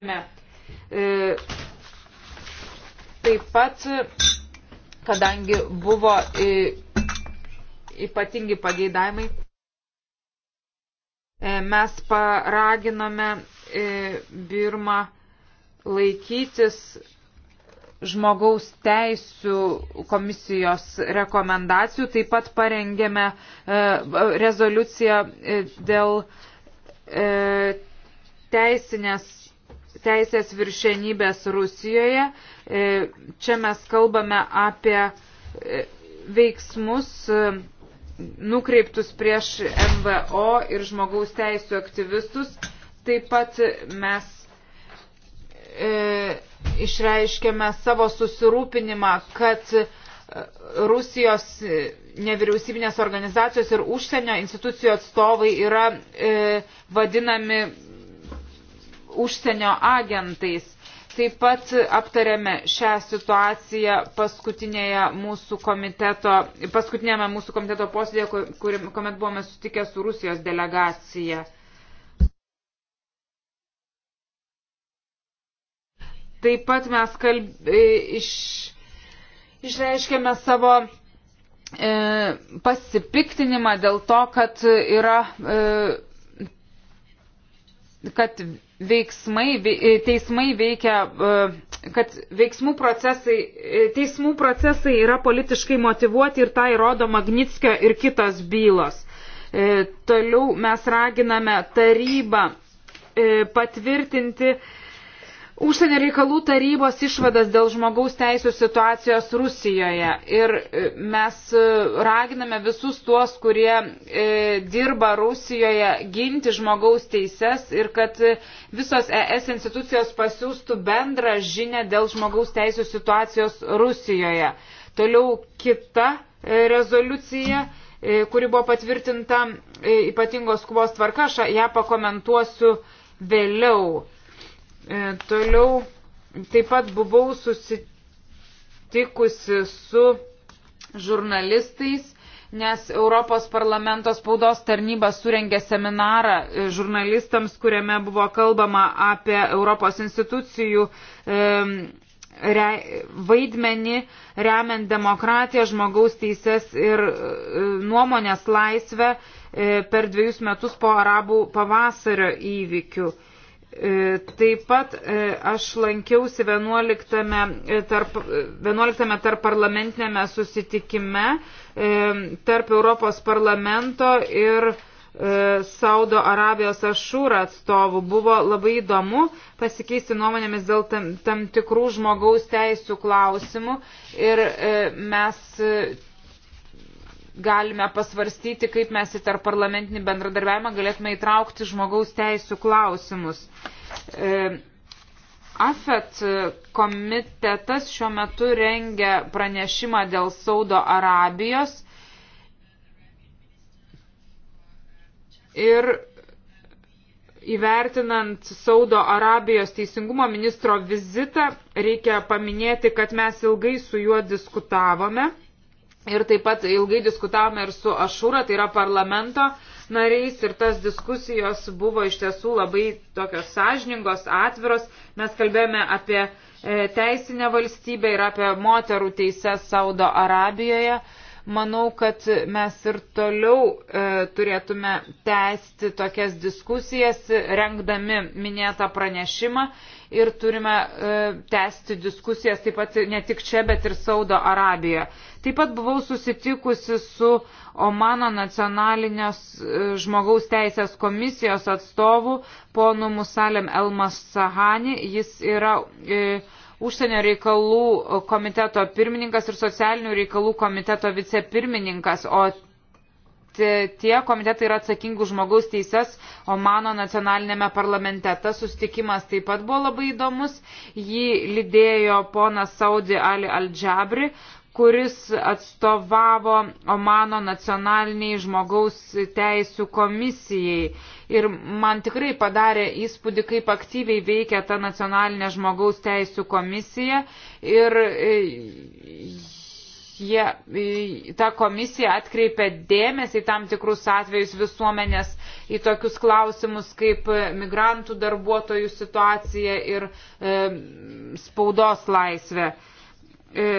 E, taip pat, kadangi buvo e, ypatingi pageidavimai, e, mes paraginome Birmą laikytis žmogaus teisų komisijos rekomendacijų. Taip pat parengėme rezoliuciją dėl teisinės teisės viršenybės Rusijoje. E, čia mes kalbame apie e, veiksmus e, nukreiptus prieš MVO ir žmogaus teisų aktyvistus. Taip pat mes e, išreiškėme savo susirūpinimą, kad Rusijos nevyriausybinės organizacijos ir užsienio institucijų atstovai yra e, vadinami užsienio agentais. Taip pat aptarėme šią situaciją mūsų komiteto, paskutinėme mūsų komiteto posėdėje, kur, kuomet buvome sutikę su Rusijos delegacija. Taip pat mes kalb, e, iš, išreiškėme savo e, pasipiktinimą dėl to, kad yra. E, kad veiksmai, e, teismai veikia, e, kad veiksmų procesai, e, teismų procesai yra politiškai motivuoti ir tai rodo Magnitskio ir kitos bylos. Toliau mes raginame tarybą patvirtinti Užsienio reikalų tarybos išvadas dėl žmogaus teisų situacijos Rusijoje. Ir e, mes e, raginame visus tuos, kurie e, dirba Rusijoje, ginti žmogaus teises ir kad e, visos ES institucijos pasiūstų bendrą žinę dėl žmogaus teisų situacijos Rusijoje. Toliau kita rezoliucija e, kuri buvo patvirtinta e, ypatingos skubos tvarka, aš ją pakomentuosiu vėliau. E, toliau taip pat buvau susitikusi su žurnalistais nes Europos parlamento spaudos tarnyba surengė seminarą e, žurnalistams, kuriame buvo kalbama apie Europos institucijų e, vaidmenį remiant demokratiją, žmogaus teises ir nuomonės laisvę per dviejus metus po arabų pavasario įvykių. E, taip pat e, aš lankiausi 11 e, tarp, 11 tarp parlamentinėme susitikime tarp Europos parlamento ir Saudo Arabijos Ašūra atstovų. Buvo labai įdomu pasikeisti nuomonėmis dėl tam, tam tikrų žmogaus teisų klausimų ir mes galime pasvarstyti, kaip mes į tarp parlamentinį bendradarbiavimą galėtume įtraukti žmogaus teisų klausimus. E, AFET komitetas šiuo metu rengia pranešimą dėl Saudo Arabijos ir įvertinant Saudo Arabijos teisingumo ministro vizitą, reikia paminėti, kad mes ilgai su juo diskutavome Ir taip pat ilgai diskutavome ir su Ašūra, tai yra parlamento nariais, ir tas diskusijos buvo iš tiesų labai tokios sąžiningos, atviros. Mes kalbėjome apie e, teisinę valstybę ir apie moterų teises Saudo Arabijoje. E, Manau, kad mes ir toliau e, turėtume tęsti tokias diskusijas, rengdami minėtą pranešimą ir turime e, tęsti diskusijas taip pat ne tik čia, bet ir Saudo Arabijoje. Taip pat buvau susitikusi su Omano nacionalinės e, žmogaus teisės komisijos atstovu, ponu Musalem Elmas Sahani. Jis yra. E, užsienio reikalų komiteto pirmininkas ir socialinių reikalų komiteto vicepirmininkas, o tie komitetai yra atsakingi už žmogaus teises, o mano nacionalinėme parlamente. Tas sustikimas taip pat buvo labai įdomus. Jį lydėjo ponas Saudi Ali Aldžabri, kuris atstovavo Omano nacionaliniai žmogaus teisų komisijai. Ir man tikrai padarė įspūdį, kaip aktyviai veikia ta nacionalinė žmogaus teisų komisija. Ir e, jie, e, ta komisija atkreipia dėmesį tam tikrus atvejus visuomenės į tokius klausimus kaip migrantų darbuotojų situacija ir e, spaudos laisvė. E,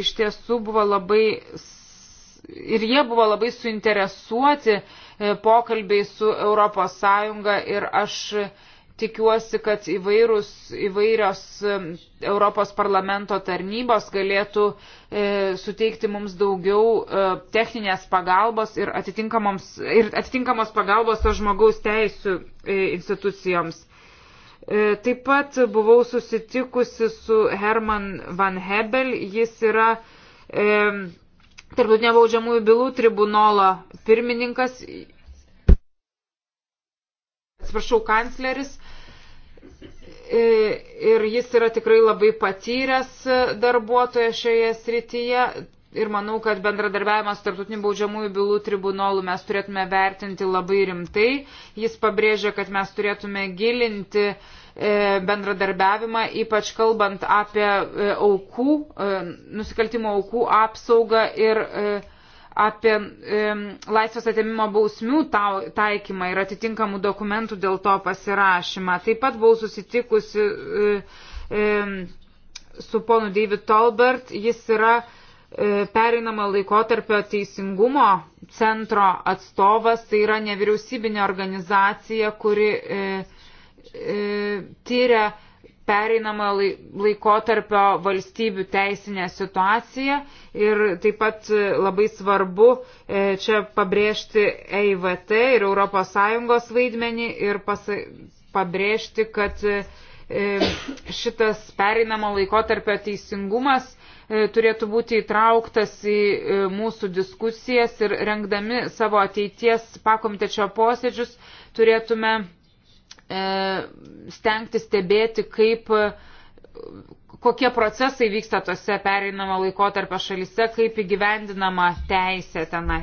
iš tiesų buvo labai ir jie buvo labai suinteresuoti e, pokalbiai su ES ir aš tikiuosi, kad įvairūs, įvairios e, Europos parlamento tarnybos galėtų e, suteikti mums daugiau e, techninės pagalbos ir, ir atitinkamos pagalbos žmogaus teisų e, institucijoms. E, taip pat buvau susitikusi su Herman Van Hebel, jis yra e, tarptautinio baudžiamųjų bylų tribunolo pirmininkas, atsiprašau, kancleris. E, ir jis yra tikrai labai patyręs darbuotojas šioje srityje ir manau, kad bendradarbiavimas tarptautinių baudžiamųjų bylų tribunolų mes turėtume vertinti labai rimtai. Jis pabrėžia, kad mes turėtume gilinti e, bendradarbiavimą, ypač kalbant apie e, aukų, e, nusikaltimo aukų apsaugą ir apie laisvės atėmimo bausmių taikymą ir atitinkamų dokumentų dėl to pasirašymą. Taip pat buvau susitikusi su ponu David Tolbert, jis yra E, pereinama laikotarpio teisingumo centro atstovas, tai yra nevyriausybinė organizacija, kuri e, e, tyria pereinamą laikotarpio valstybių teisinę situaciją ir taip pat e, labai svarbu e, čia pabrėžti EIVT ir ES vaidmenį ir pasa, pabrėžti, kad šitas pereinamo laikotarpio teisingumas E, turėtų būti įtrauktas į e, mūsų diskusijas ir rengdami savo ateities pakomitečio posėdžius turėtume e, stengti stebėti, kaip, kokie procesai vyksta tose pereinamo laikotarpio šalise, kaip įgyvendinama teisė tenai.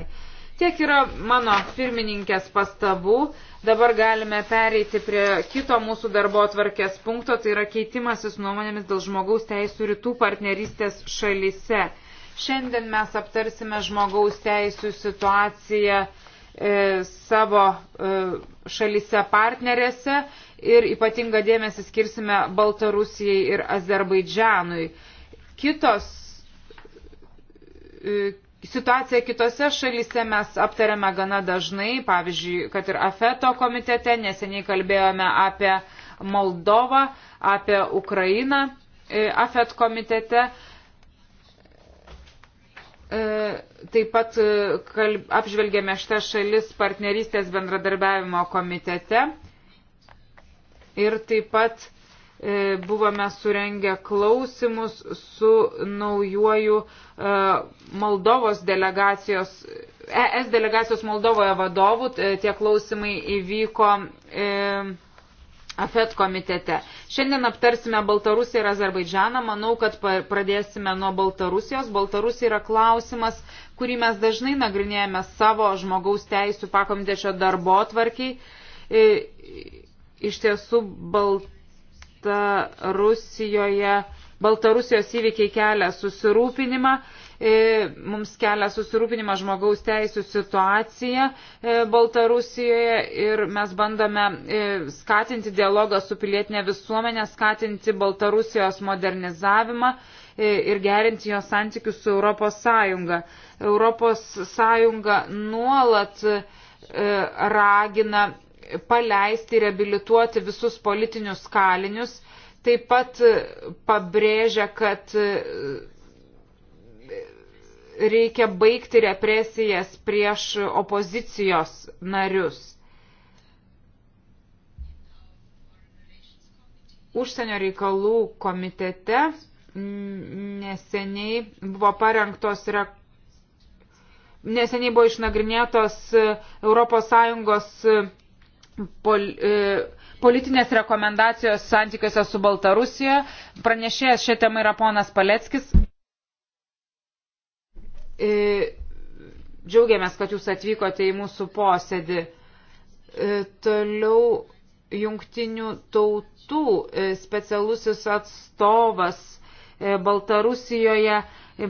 Tiek yra mano pirmininkės pastabų. Dabar galime pereiti prie kito mūsų darbo atvarkės punkto, tai yra keitimasis nuomonėmis dėl žmogaus teisų rytų partnerystės šalyse. Šiandien mes aptarsime žmogaus teisų situaciją e, savo e, šalyse partnerėse ir ypatingą dėmesį skirsime Baltarusijai ir Azerbaidžianui. Kitos e, Situaciją kitose šalyse mes aptariame gana dažnai, pavyzdžiui, kad ir AFETO komitete neseniai kalbėjome apie Moldovą, apie Ukrainą e, AFET komitete. E, taip pat e, kalb, apžvelgėme šitą šalis partnerystės bendradarbiavimo komitete ir taip pat E, buvome surengę klausimus su naujuoju e, Moldovos delegacijos, ES delegacijos Moldovoje vadovu. E, tie klausimai įvyko AFET komitete. Šiandien aptarsime Baltarusiją ir Azerbaidžaną. Manau, kad pradėsime nuo Baltarusijos. Baltarusija yra klausimas, kurį mes dažnai nagrinėjame savo žmogaus teisų pakomitečio darbo tvarkiai. Iš tiesų, Baltarusija Baltarusijoje, Baltarusijos įvykiai kelia susirūpinimą. E, mums kelia susirūpinimą žmogaus teisų situacija e, Baltarusijoje ir mes bandome e, skatinti dialogą su pilietinė visuomenė, skatinti Baltarusijos modernizavimą ir gerinti jos santykius su Europos Sąjunga. Europos Sąjunga nuolat ragina paleisti, reabilituoti visus politinius kalinius. Taip pat e, pabrėžia, kad e, reikia baigti represijas prieš opozicijos narius. Užsienio reikalų komitete neseniai buvo parengtos rekomendacijos neseniai buvo išnagrinėtos ES pol, e, politinės rekomendacijos santykiuose su Baltarusija. Pranešėjas šią temą yra ponas Paleckis. E, džiaugiamės, kad jūs atvykote į mūsų posėdį. E, toliau jungtinių tautų specialusis atstovas Baltarusijoje,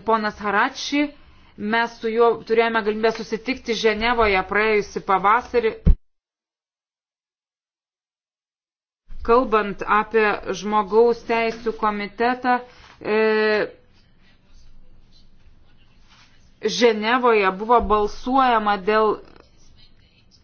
ponas Harači. Mes su juo turėjome galimybę susitikti Ženevoje praėjusį pavasarį. kalbant apie žmogaus teisų komitetą, e, Ženevoje buvo balsuojama dėl,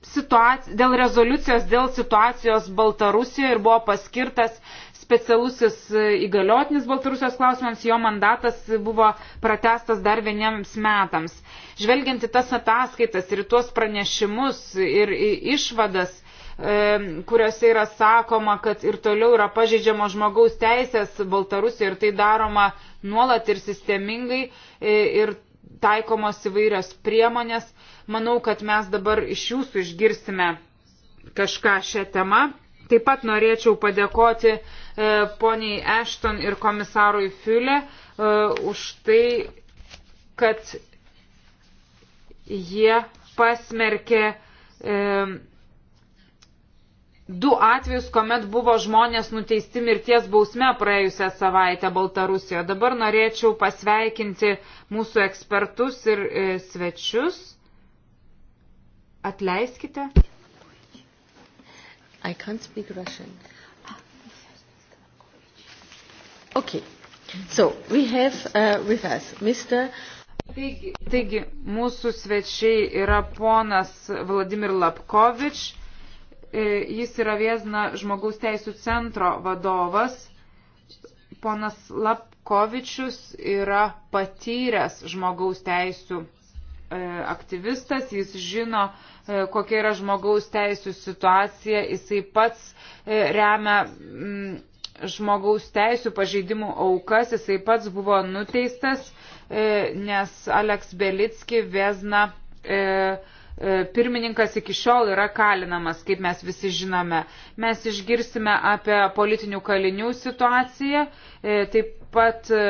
situaci, dėl rezoliucijos dėl situacijos Baltarusijoje ir buvo paskirtas specialusis e, įgaliotinis Baltarusijos klausimams, jo mandatas buvo pratestas dar vieniems metams. Žvelgiant į tas ataskaitas ir tuos pranešimus ir išvadas, E, kuriuose yra sakoma, kad ir toliau yra pažeidžiamo žmogaus teisės Baltarusijoje ir tai daroma nuolat ir sistemingai e, ir taikomos įvairios priemonės. Manau, kad mes dabar iš jūsų išgirsime kažką šią temą. Taip pat norėčiau padėkoti e, poniai Ashton ir komisarui Fiulė e, už tai, kad jie pasmerkė e, du atvejus, kuomet buvo žmonės nuteisti mirties bausme praėjusią savaitę Baltarusijoje. Dabar norėčiau pasveikinti mūsų ekspertus ir e, svečius. Atleiskite. I can't speak Russian. Okay. So, we have uh, with us Mr. Taigi, taigi, mūsų svečiai yra ponas Vladimir Lapkovič, E, jis yra Viezna žmogaus teisų centro vadovas. Ponas Lapkovičius yra patyręs žmogaus teisų e, aktyvistas, jis žino, e, kokia yra žmogaus teisų situacija, jisai pats remia mm, žmogaus teisų pažeidimų aukas, jisai pats buvo nuteistas, nes Aleks Belitski Viezna E, pirmininkas iki šiol yra kalinamas, kaip mes visi žinome. Mes išgirsime apie politinių kalinių situaciją, e, taip pat e,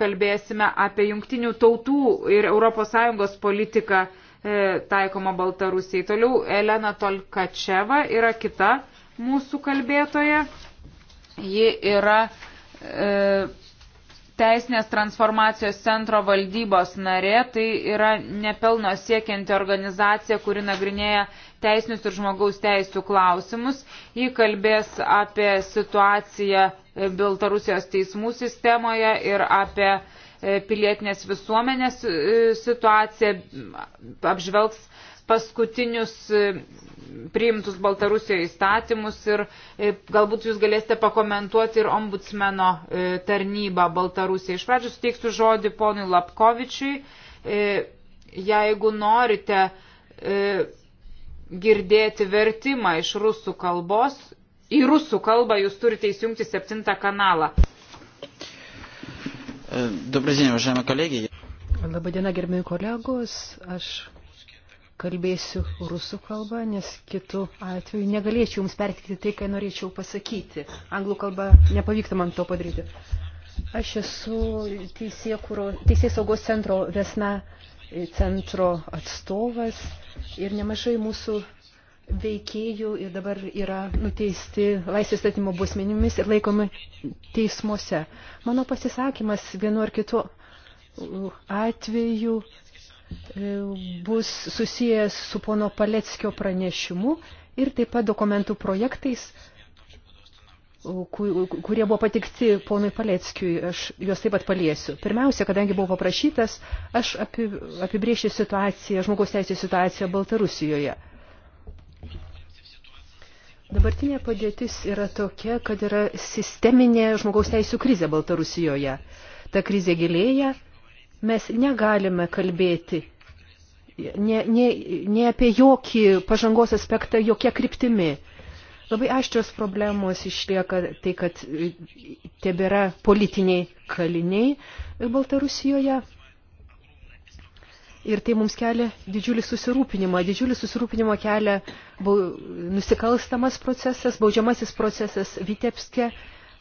kalbėsime apie jungtinių tautų ir ES politiką taikomą Baltarusiai. Toliau Elena Tolkačeva yra kita mūsų kalbėtoja. Ji yra e, teisinės transformacijos centro valdybos narė. Tai yra nepelno siekianti organizacija, kuri nagrinėja teisinius ir žmogaus teisų klausimus. Ji kalbės apie situaciją Baltarusijos teismų sistemoje ir apie e, pilietinės visuomenės e, situaciją, apžvelgs paskutinius e, priimtus Baltarusijoje įstatymus ir e, galbūt jūs galėsite pakomentuoti ir ombudsmeno e, tarnybą Baltarusijoje. Iš pradžių suteiksiu žodį ponui Lapkovičiui. Jeigu norite girdėti vertimą iš rusų kalbos, į rusų kalbą jūs turite įsijungti septintą kanalą. Dobrą dieną, važiavame kolegiją. Labadiena, gerbėjai kolegos. Aš kalbėsiu rusų kalbą, nes kitų atveju negalėčiau jums pertikti tai, ką norėčiau pasakyti. Anglų kalba nepavyktų man to padaryti. Aš esu teisės saugos centro Vesna e, centro atstovas ir nemažai mūsų veikėjų ir dabar yra nuteisti laisvės statymo bausmenimis ir laikomi teismuose. Mano pasisakymas vienu ar kitu atveju E, bus susijęs su pono Paleckio pranešimu ir taip pat dokumentų projektais, kurie buvo patikti ponui Paleckiui. Aš juos taip pat paliesiu. Pirmiausia, kadangi buvau paprašytas, aš apibrėšiu situaciją, žmogaus teisės situaciją Baltarusijoje. Dabartinė padėtis yra tokia, kad yra sisteminė žmogaus teisų krizė Baltarusijoje. Ta krizė gilėja Mes negalime kalbėti ne, ne, ne apie jokį pažangos aspektą, jokia kryptimi. Labai aštrios problemos išlieka tai, kad tebėra politiniai kaliniai Baltarusijoje. Ir tai mums kelia didžiulį susirūpinimą. Didžiulį susirūpinimą kelia nusikalstamas procesas, baudžiamasis procesas Vitepske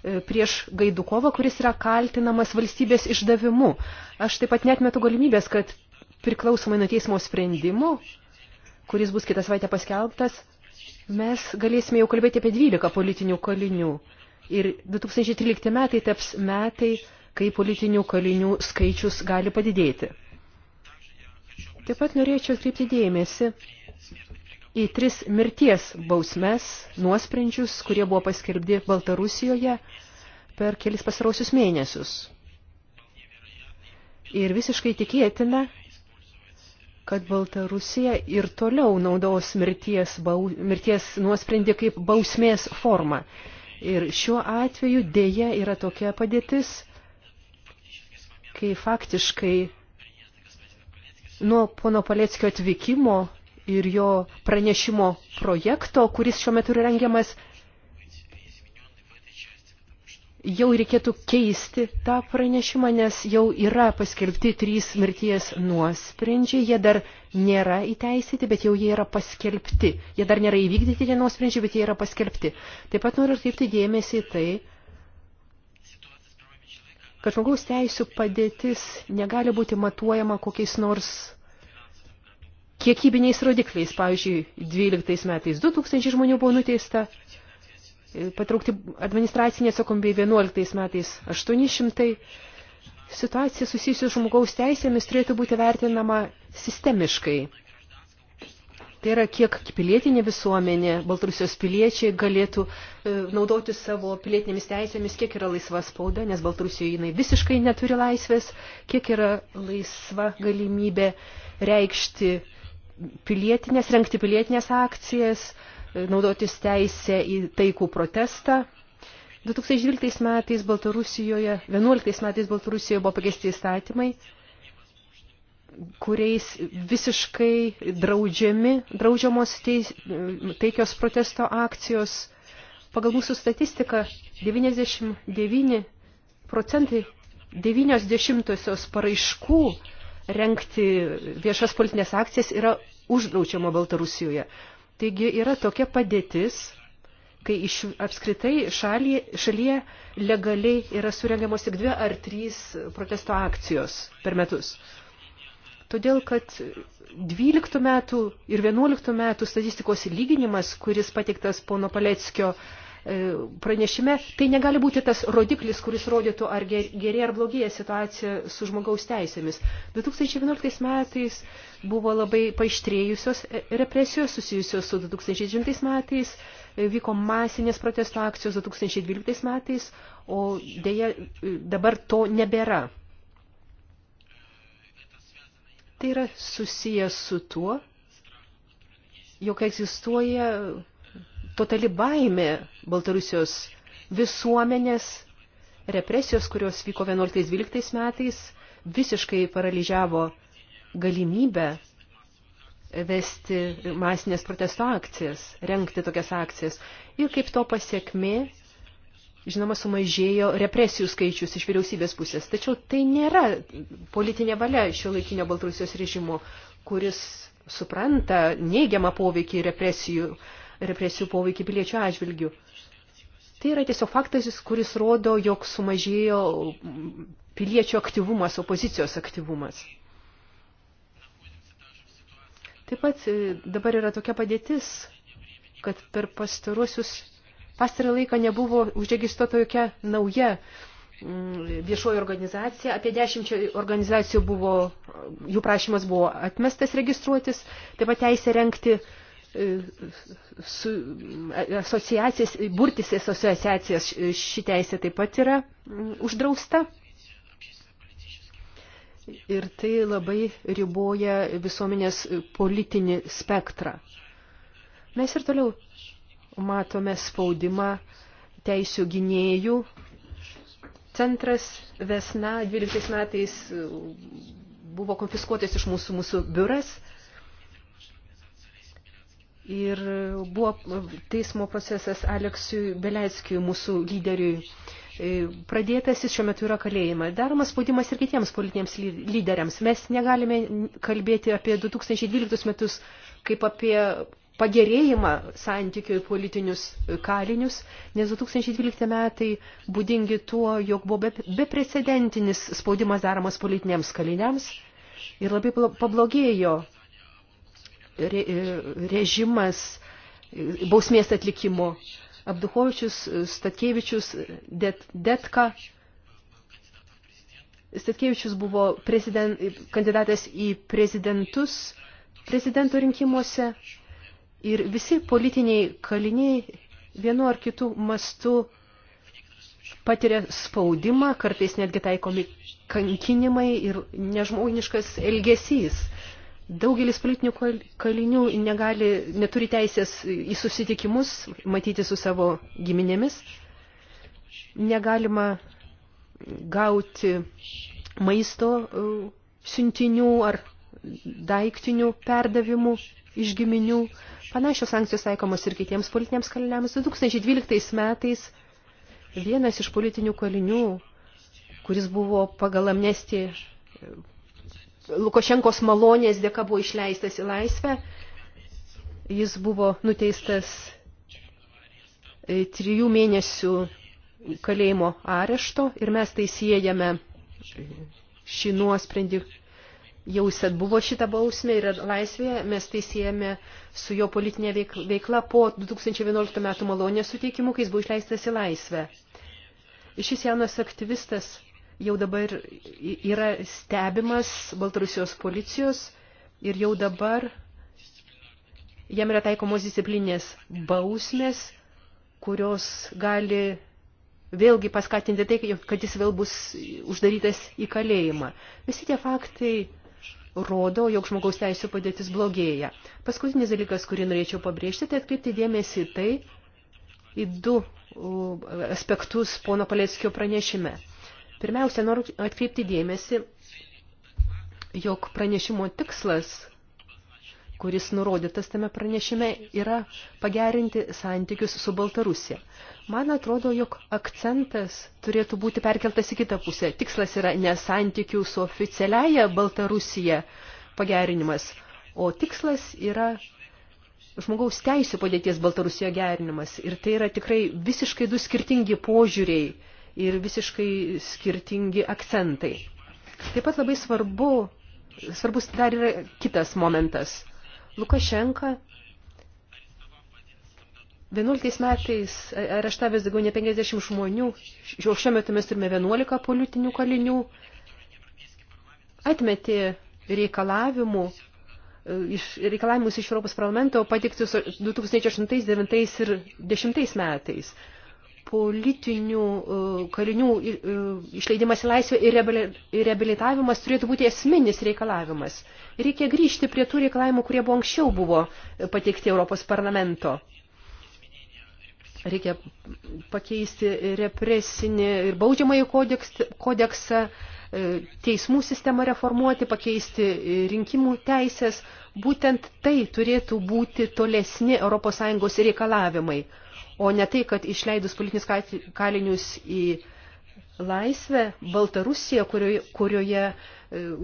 E, prieš Gaidukovą, kuris yra kaltinamas valstybės išdavimu. Aš taip pat netmetu galimybės, kad priklausomai nuo teismo sprendimo, kuris bus kitą savaitę paskelbtas, mes galėsime jau kalbėti apie 12 politinių kalinių. Ir 2013 metai taps metai, kai politinių kalinių skaičius gali padidėti. Taip pat norėčiau atkreipti dėmesį į tris mirties bausmes, nuosprendžius, kurie buvo paskirdi Baltarusijoje per kelis pasarausius mėnesius. Ir visiškai tikėtina, kad Baltarusija ir toliau naudos mirties, bau, mirties nuosprendį kaip bausmės formą. Ir šiuo atveju dėja yra tokia padėtis, kai faktiškai nuo pono Paleckio atvykimo ir jo pranešimo projekto, kuris šiuo metu yra rengiamas, jau reikėtų keisti tą pranešimą, nes jau yra paskelbti trys mirties nuosprendžiai, jie dar nėra įteisyti, bet jau jie yra paskelbti. Jie dar nėra įvykdyti tie nuosprendžiai, bet jie yra paskelbti. Taip pat noriu atkreipti dėmesį į tai, kad žmogaus teisų padėtis negali būti matuojama kokiais nors kiekybiniais rodikliais. Pavyzdžiui, 12 metais 2000 žmonių buvo nuteista, e, patraukti administracinė atsakomybė 11 metais 800. Situacija susijusi žmogaus teisėmis turėtų būti vertinama sistemiškai. Tai yra, kiek pilietinė visuomenė, Baltarusijos piliečiai galėtų e, naudoti savo pilietinėmis teisėmis, kiek yra laisva spauda, nes Baltarusijoje jinai visiškai neturi laisvės, kiek yra laisva galimybė reikšti pilietinės, rengti pilietinės akcijas, e, naudotis teisę į taikų protestą. 2012 metais Baltarusijoje, 11 metais Baltarusijoje buvo pakeisti įstatymai, kuriais visiškai draudžiami, draudžiamos teis, taikios protesto akcijos. Pagal mūsų statistiką 99 procentai 90 paraiškų renkti viešas politinės akcijas yra uždraučiama Baltarusijoje. Taigi yra tokia padėtis, kai iš, apskritai šalyje, šalyje legaliai yra surengiamos tik dvi ar trys protesto akcijos per metus. Todėl, kad 12 metų ir 11 metų statistikos lyginimas, kuris pateiktas pono Paleckio uh, E, pranešime, tai negali būti tas rodiklis, kuris rodytų, ar gerėja ar blogėja situacija su žmogaus teisėmis. 2011 metais buvo labai paaištrėjusios e, represijos susijusios su 2010 metais, e, vyko masinės protesto akcijos 2012 metais, o dėja dabar to nebėra. Tai yra susijęs su tuo, jog egzistuoja totali baimė Baltarusijos visuomenės, represijos, kurios vyko 11-12 metais, visiškai paralyžiavo galimybę vesti masinės protesto akcijas, renkti tokias akcijas. Ir kaip to pasiekmi, žinoma, sumažėjo represijų skaičius iš vyriausybės pusės. Tačiau tai nėra politinė valia šio laikinio Baltarusijos režimo, kuris supranta neigiamą poveikį represijų uh, represijų poveikį piliečių atžvilgių. Tai yra tiesiog faktas, kuris rodo, jog sumažėjo piliečių aktyvumas, opozicijos aktyvumas. Taip pat e, dabar yra tokia padėtis, kad per pastaruosius pastarą laiką nebuvo užregistruota jokia nauja mm, viešoji organizacija. Apie dešimt organizacijų buvo, jų prašymas buvo atmestas registruotis, taip pat teisė renkti uh, su, asociacijas, burtis į asociacijas ši teisė taip pat yra mm, uždrausta. Ir tai labai riboja visuomenės politinį spektrą. Mes ir toliau matome spaudimą teisių gynėjų. Centras Vesna 12 metais buvo konfiskuotas iš mūsų, mūsų biuras Ir buvo teismo procesas Aleksiui Beleiskiui, mūsų lyderiui, e, pradėtas, jis šiuo metu yra kalėjime. Daromas spaudimas ir kitiems politiniams lyderiams. Mes negalime kalbėti apie 2012 metus kaip apie pagerėjimą santykių į politinius kalinius, nes 2012 metai būdingi tuo, jog buvo beprecedentinis spaudimas daromas politiniams kaliniams ir labai pablogėjo re, režimas bausmės atlikimo. Abduhovičius, Statkevičius, Det, Detka. Statkevičius buvo prezident, kandidatas į prezidentus prezidento rinkimuose ir visi politiniai kaliniai vienu ar kitu mastu patiria spaudimą, kartais netgi taikomi kankinimai ir nežmoniškas elgesys. Daugelis politinių kalinių negali, neturi teisės į susitikimus, matyti su savo giminėmis. Negalima gauti maisto e, siuntinių ar daiktinių perdavimų iš giminių. Panašios sankcijos taikomos ir kitiems politiniams kaliniams. 2012 metais vienas iš politinių kalinių, kuris buvo pagal amnestiją Lukošenkos malonės dėka buvo išleistas į laisvę. Jis buvo nuteistas e, trijų mėnesių kalėjimo arešto ir mes tai siejame e, šį nuosprendį jau jis atbuvo šitą bausmę ir laisvėje, mes tai siejame su jo politinė veikla po 2011 metų malonės suteikimu, kai jis buvo išleistas į laisvę. Šis jaunas aktyvistas jau dabar yra stebimas Baltarusijos policijos ir jau dabar jam yra taikomos disciplinės bausmės, kurios gali vėlgi paskatinti tai, kad jis vėl bus uždarytas į kalėjimą. Visi tie faktai rodo, jog žmogaus teisų padėtis blogėja. Paskutinis dalykas, kurį norėčiau pabrėžti, tai atkreipti dėmesį į tai, į du aspektus pono Paleckio pranešime. Pirmiausia, noriu atkreipti dėmesį, jog pranešimo tikslas, kuris nurodytas tame pranešime, yra pagerinti santykius su Baltarusija. Man atrodo, jog akcentas turėtų būti perkeltas į kitą pusę. Tikslas yra ne santykių su oficialiaja Baltarusija pagerinimas, o tikslas yra žmogaus teisų padėties Baltarusijoje gerinimas. Ir tai yra tikrai visiškai du skirtingi požiūriai ir visiškai skirtingi akcentai. Taip pat labai svarbu, svarbus dar yra kitas momentas. Lukašenka 11 metais areštavęs daugiau ne 50 žmonių, šiuo metu mes turime 11 politinių kalinių, atmetė reikalavimų, e, iš, reikalavimus iš Europos parlamento patikti 2008, 2009 ir 2010 metais politinių e, kalinių e, išleidimas į laisvę ir reabilitavimas turėtų būti esminis reikalavimas. Reikia grįžti prie tų reikalavimų, kurie buvo anksčiau buvo pateikti Europos parlamento. Reikia pakeisti represinį ir baudžiamąjį kodeksą, e, teismų sistemą reformuoti, pakeisti rinkimų teisės. Būtent tai turėtų būti tolesni ES reikalavimai o ne tai, kad išleidus politinius kalinius į laisvę Baltarusija, kurioje, kurioje e,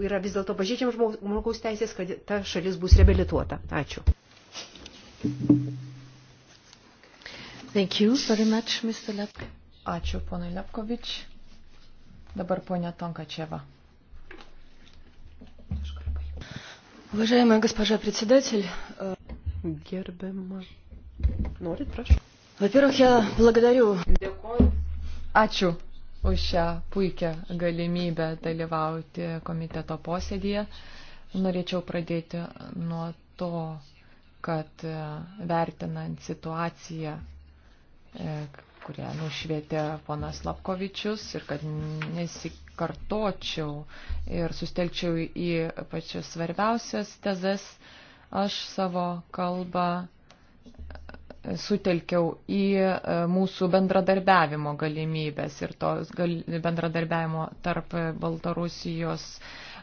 yra vis dėlto pažeidžiam žmogaus teisės, kad ta šalis bus reabilituota. Ačiū. Thank you very much, Mr. Lep. Ačiū, ponai Lepkovič. Dabar ponia Tonkačeva. Уважаемая госпожа председатель, э, Гербема. Норит, прошу. Dėkuoju. Ačiū už šią puikią galimybę dalyvauti komiteto posėdėje. Norėčiau pradėti nuo to, kad e, vertinant situaciją, e, kurią nušvietė ponas Lapkovičius ir kad nesikartočiau ir sustelkčiau į pačias svarbiausias tezas, aš savo kalbą sutelkiau į e, mūsų bendradarbiavimo galimybės ir tos gal, bendradarbiavimo tarp Baltarusijos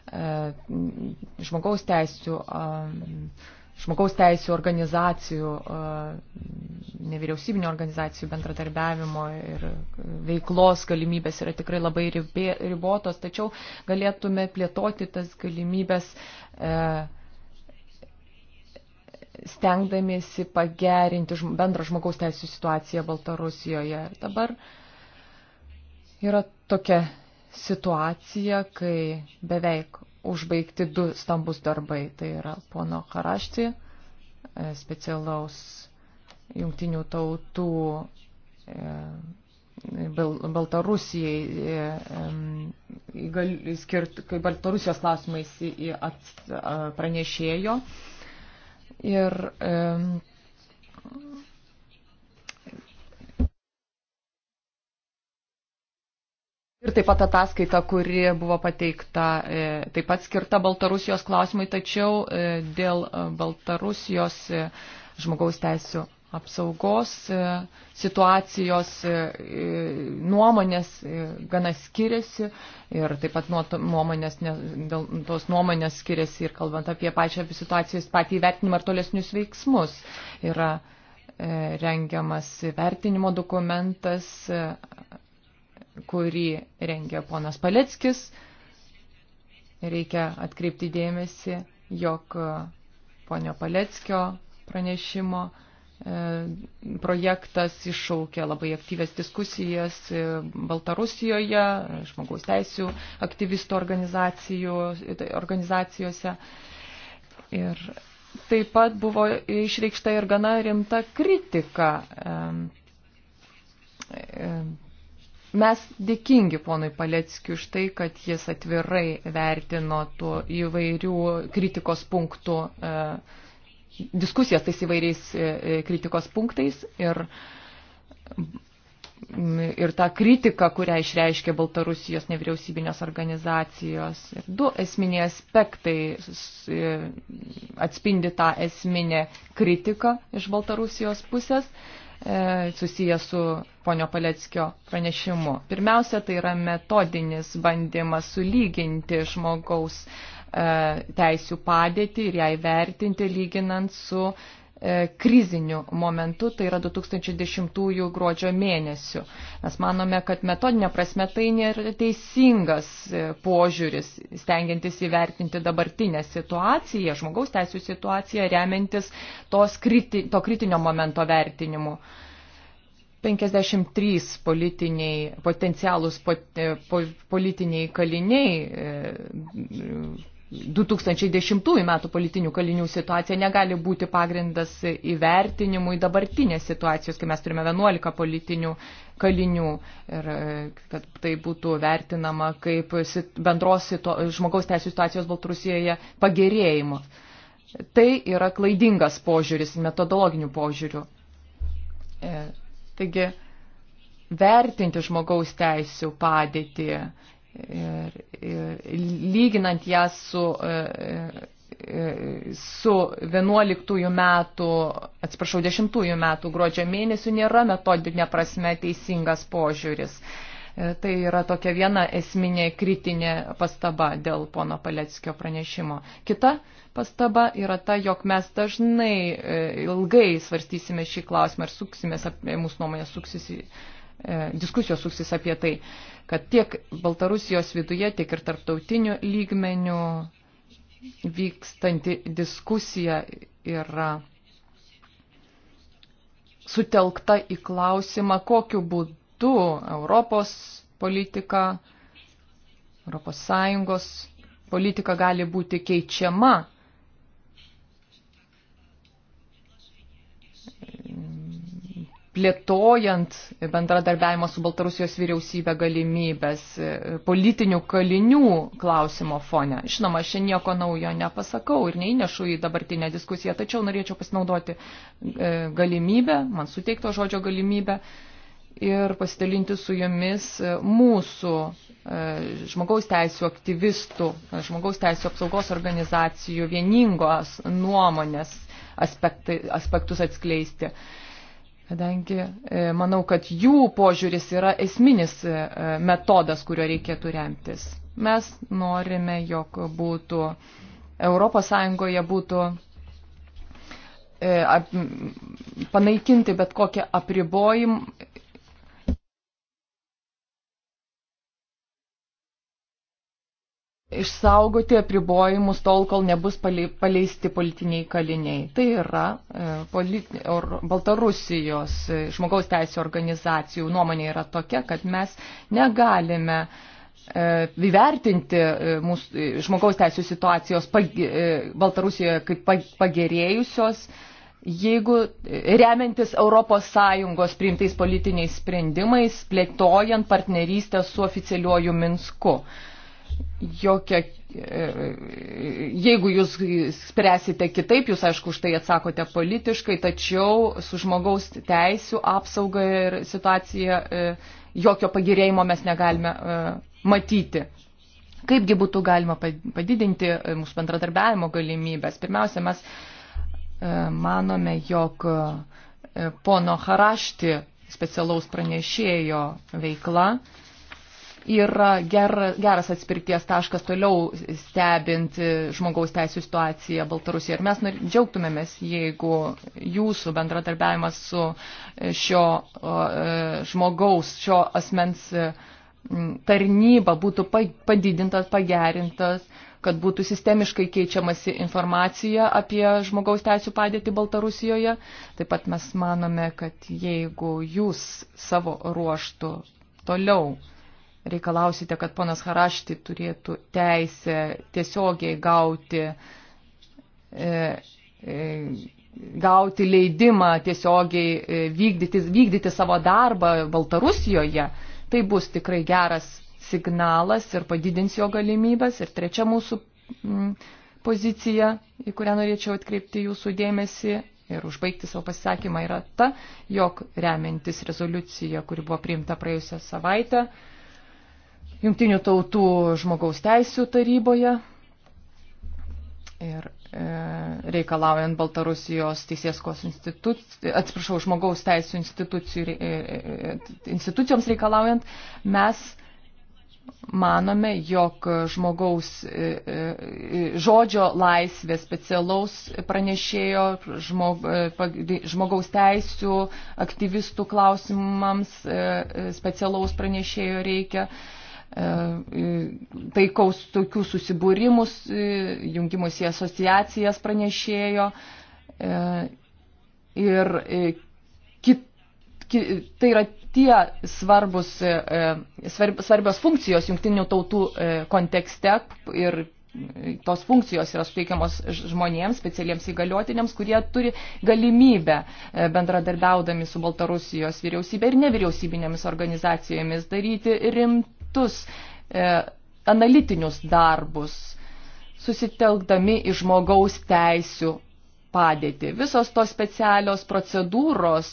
e, žmogaus teisų, žmogaus teisų organizacijų, nevyriausybinio organizacijų bendradarbiavimo ir veiklos galimybės yra tikrai labai ribotos, tačiau galėtume plėtoti tas galimybės e, stengdamiesi pagerinti bendrą žmogaus teisų situaciją Baltarusijoje. Ir dabar yra tokia situacija, kai beveik užbaigti du stambus darbai. Tai yra pono Harašti, e, specialaus jungtinių tautų e, Baltarusijai, e, skirt, kai Baltarusijos klausimais pranešėjo Ir e, Ir taip pat ataskaita, kuri buvo pateikta, e, taip pat skirta Baltarusijos klausimai, tačiau e, dėl Baltarusijos e, žmogaus teisų apsaugos e, situacijos e, e, nuomonės gana skiriasi ir taip pat nuo nuomonės, dėl tos nuomonės skiriasi ir kalbant apie pačią situacijos patį įvertinimą ir tolesnius veiksmus. Yra rengiamas vertinimo dokumentas, kurį rengia ponas Paleckis. Reikia atkreipti dėmesį, jog ponio Paleckio pranešimo E, projektas iššaukė labai aktyves diskusijas e, Baltarusijoje, žmogaus teisų aktyvistų e, organizacijose. Ir taip pat buvo išreikšta ir gana rimta kritika. Mes dėkingi ponui Paleckiu už tai, kad jis atvirai vertino tų įvairių kritikos punktų uh, diskusijas tais įvairiais e, e, kritikos punktais ir, ir tą kritiką, kurią išreiškė Baltarusijos nevyriausybinės organizacijos. Ir du esminiai aspektai e, atspindi tą esminę kritiką iš Baltarusijos pusės susijęs su ponio Paleckio pranešimu. Pirmiausia, tai yra metodinis bandymas sulyginti žmogaus uh, E, teisių padėtį ir ją įvertinti lyginant su e, kriziniu momentu, tai yra 2010 gruodžio mėnesiu. Mes manome, kad metodinė prasme tai nėra teisingas e, požiūris, stengiantis įvertinti dabartinę situaciją, žmogaus teisų situaciją, remiantis kriti, to kritinio momento vertinimu. 53 politiniai, potencialus po, po, politiniai kaliniai 2010 metų politinių kalinių situacija negali būti pagrindas įvertinimui dabartinės situacijos, kai mes turime 11 politinių kalinių ir e, kad tai būtų vertinama kaip bendros situ, žmogaus teisų situacijos Baltarusijoje pagerėjimo. Tai yra klaidingas požiūris, metodologinių požiūrių. E, taigi, vertinti žmogaus teisų padėtį ir, ir lyginant ją su, e, e, su 11 metų, atsiprašau, 10 metų gruodžio mėnesių nėra metodinė prasme teisingas požiūris. E, tai yra tokia viena esminė kritinė pastaba dėl pono Paleckio pranešimo. Kita pastaba yra ta, jog mes dažnai ilgai svarstysime šį klausimą ir suksimės, mūsų nuomonė suksis E, diskusijos suksis apie tai, kad tiek Baltarusijos viduje, tiek ir tarptautiniu lygmeniu vykstanti diskusija yra sutelkta į klausimą, kokiu būdu Europos politika, Europos Sąjungos politika gali būti keičiama plėtojant bendradarbiavimo su Baltarusijos vyriausybė galimybės e, politinių kalinių klausimo fone. Žinoma, aš nieko naujo nepasakau ir neįnešu į dabartinę diskusiją, tačiau norėčiau pasinaudoti e, galimybę, man suteikto žodžio galimybę ir pasidalinti su jumis e, mūsų žmogaus teisų aktyvistų, žmogaus teisų apsaugos organizacijų vieningos nuomonės aspektai, aspektus atskleisti. Kadangi e, manau, kad jų požiūris yra esminis e, e, metodas, kurio reikėtų remtis. Mes norime, jog būtų ES būtų panaikinti bet kokią apribojimą išsaugoti apribojimus tol, kol nebus paleisti politiniai kaliniai. Tai yra e, politi, or, Baltarusijos e, žmogaus teisų organizacijų nuomonė yra tokia, kad mes negalime e, įvertinti mūsų žmogaus teisų situacijos pag, Baltarusijoje kaip pagerėjusios, jeigu remiantis ES priimtais politiniais sprendimais, plėtojant partnerystę su oficialiuoju Minsku jokia, e, jeigu jūs spręsite kitaip, jūs aišku už tai atsakote politiškai, tačiau su žmogaus teisų apsauga ir situacija e, jokio pagirėjimo mes negalime e, matyti. Kaipgi būtų galima padidinti mūsų bendradarbiavimo galimybės? Pirmiausia, mes manome, jog pono Harašti specialaus pranešėjo veikla yra ger, geras atspirties taškas toliau stebint žmogaus teisų situaciją Baltarusijoje. Ir mes džiaugtumėmės, jeigu jūsų bendradarbiavimas su e, šio e, žmogaus, šio asmens e, tarnyba būtų padidintas, pagerintas, kad būtų sistemiškai keičiamasi informacija apie žmogaus teisų padėtį Baltarusijoje. Taip pat mes manome, kad jeigu jūs savo ruoštų toliau uh, reikalausite, kad ponas Harašti turėtų teisę tiesiogiai gauti, e, e, gauti leidimą tiesiogiai e, vykdyti, vykdyti savo darbą Baltarusijoje, tai bus tikrai geras signalas ir padidins jo galimybės. Ir trečia mūsų m, pozicija, į kurią norėčiau atkreipti jūsų dėmesį, ir užbaigti savo pasisakymą yra ta, jog remiantis rezoliucija, kuri buvo priimta praėjusią savaitę, Jungtinių tautų žmogaus teisų taryboje ir e, reikalaujant Baltarusijos teisėskos institucijų, atsiprašau, žmogaus teisų institucijų, e, e, institucijoms reikalaujant, mes manome, jog žmogaus e, e, žodžio laisvės specialaus pranešėjo žmog, žmogaus teisų aktyvistų klausimams specialaus pranešėjo reikia. E, taikaus tokių susibūrimus, e, jungimus į asociacijas pranešėjo e, ir kit, kit, tai yra tie svarbus, svarbios funkcijos jungtinių tautų kontekste ir tos funkcijos yra suteikiamos žmonėms, specialiems įgaliotiniams, kurie turi galimybę bendradarbiaudami su Baltarusijos vyriausybė ir nevyriausybinėmis organizacijomis daryti rimt kitus e, analitinius darbus, susitelkdami į žmogaus teisių padėtį. Visos tos specialios procedūros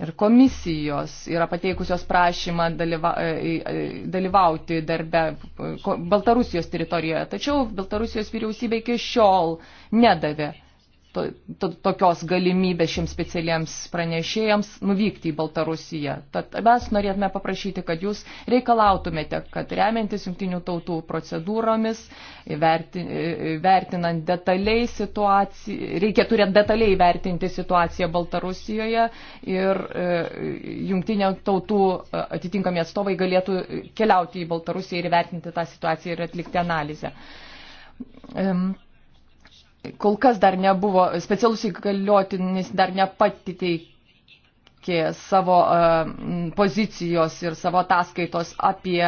ir komisijos yra pateikusios prašymą dalyva, e, e, dalyvauti darbe e, Baltarusijos teritorijoje, tačiau Baltarusijos vyriausybė iki šiol nedavė to, to, tokios galimybės šiems specialiems pranešėjams nuvykti į Baltarusiją. Tad mes norėtume paprašyti, kad jūs reikalautumėte, kad remiantis jungtinių tautų procedūromis, verti, vertinant detaliai situaciją, reikia turėti detaliai vertinti situaciją Baltarusijoje ir e, jungtinių tautų atitinkami atstovai galėtų keliauti į Baltarusiją ir vertinti tą situaciją ir atlikti analizę. Um, kol kas dar nebuvo, specialus įgaliotinis dar nepatiteikė savo pozicijos ir savo ataskaitos apie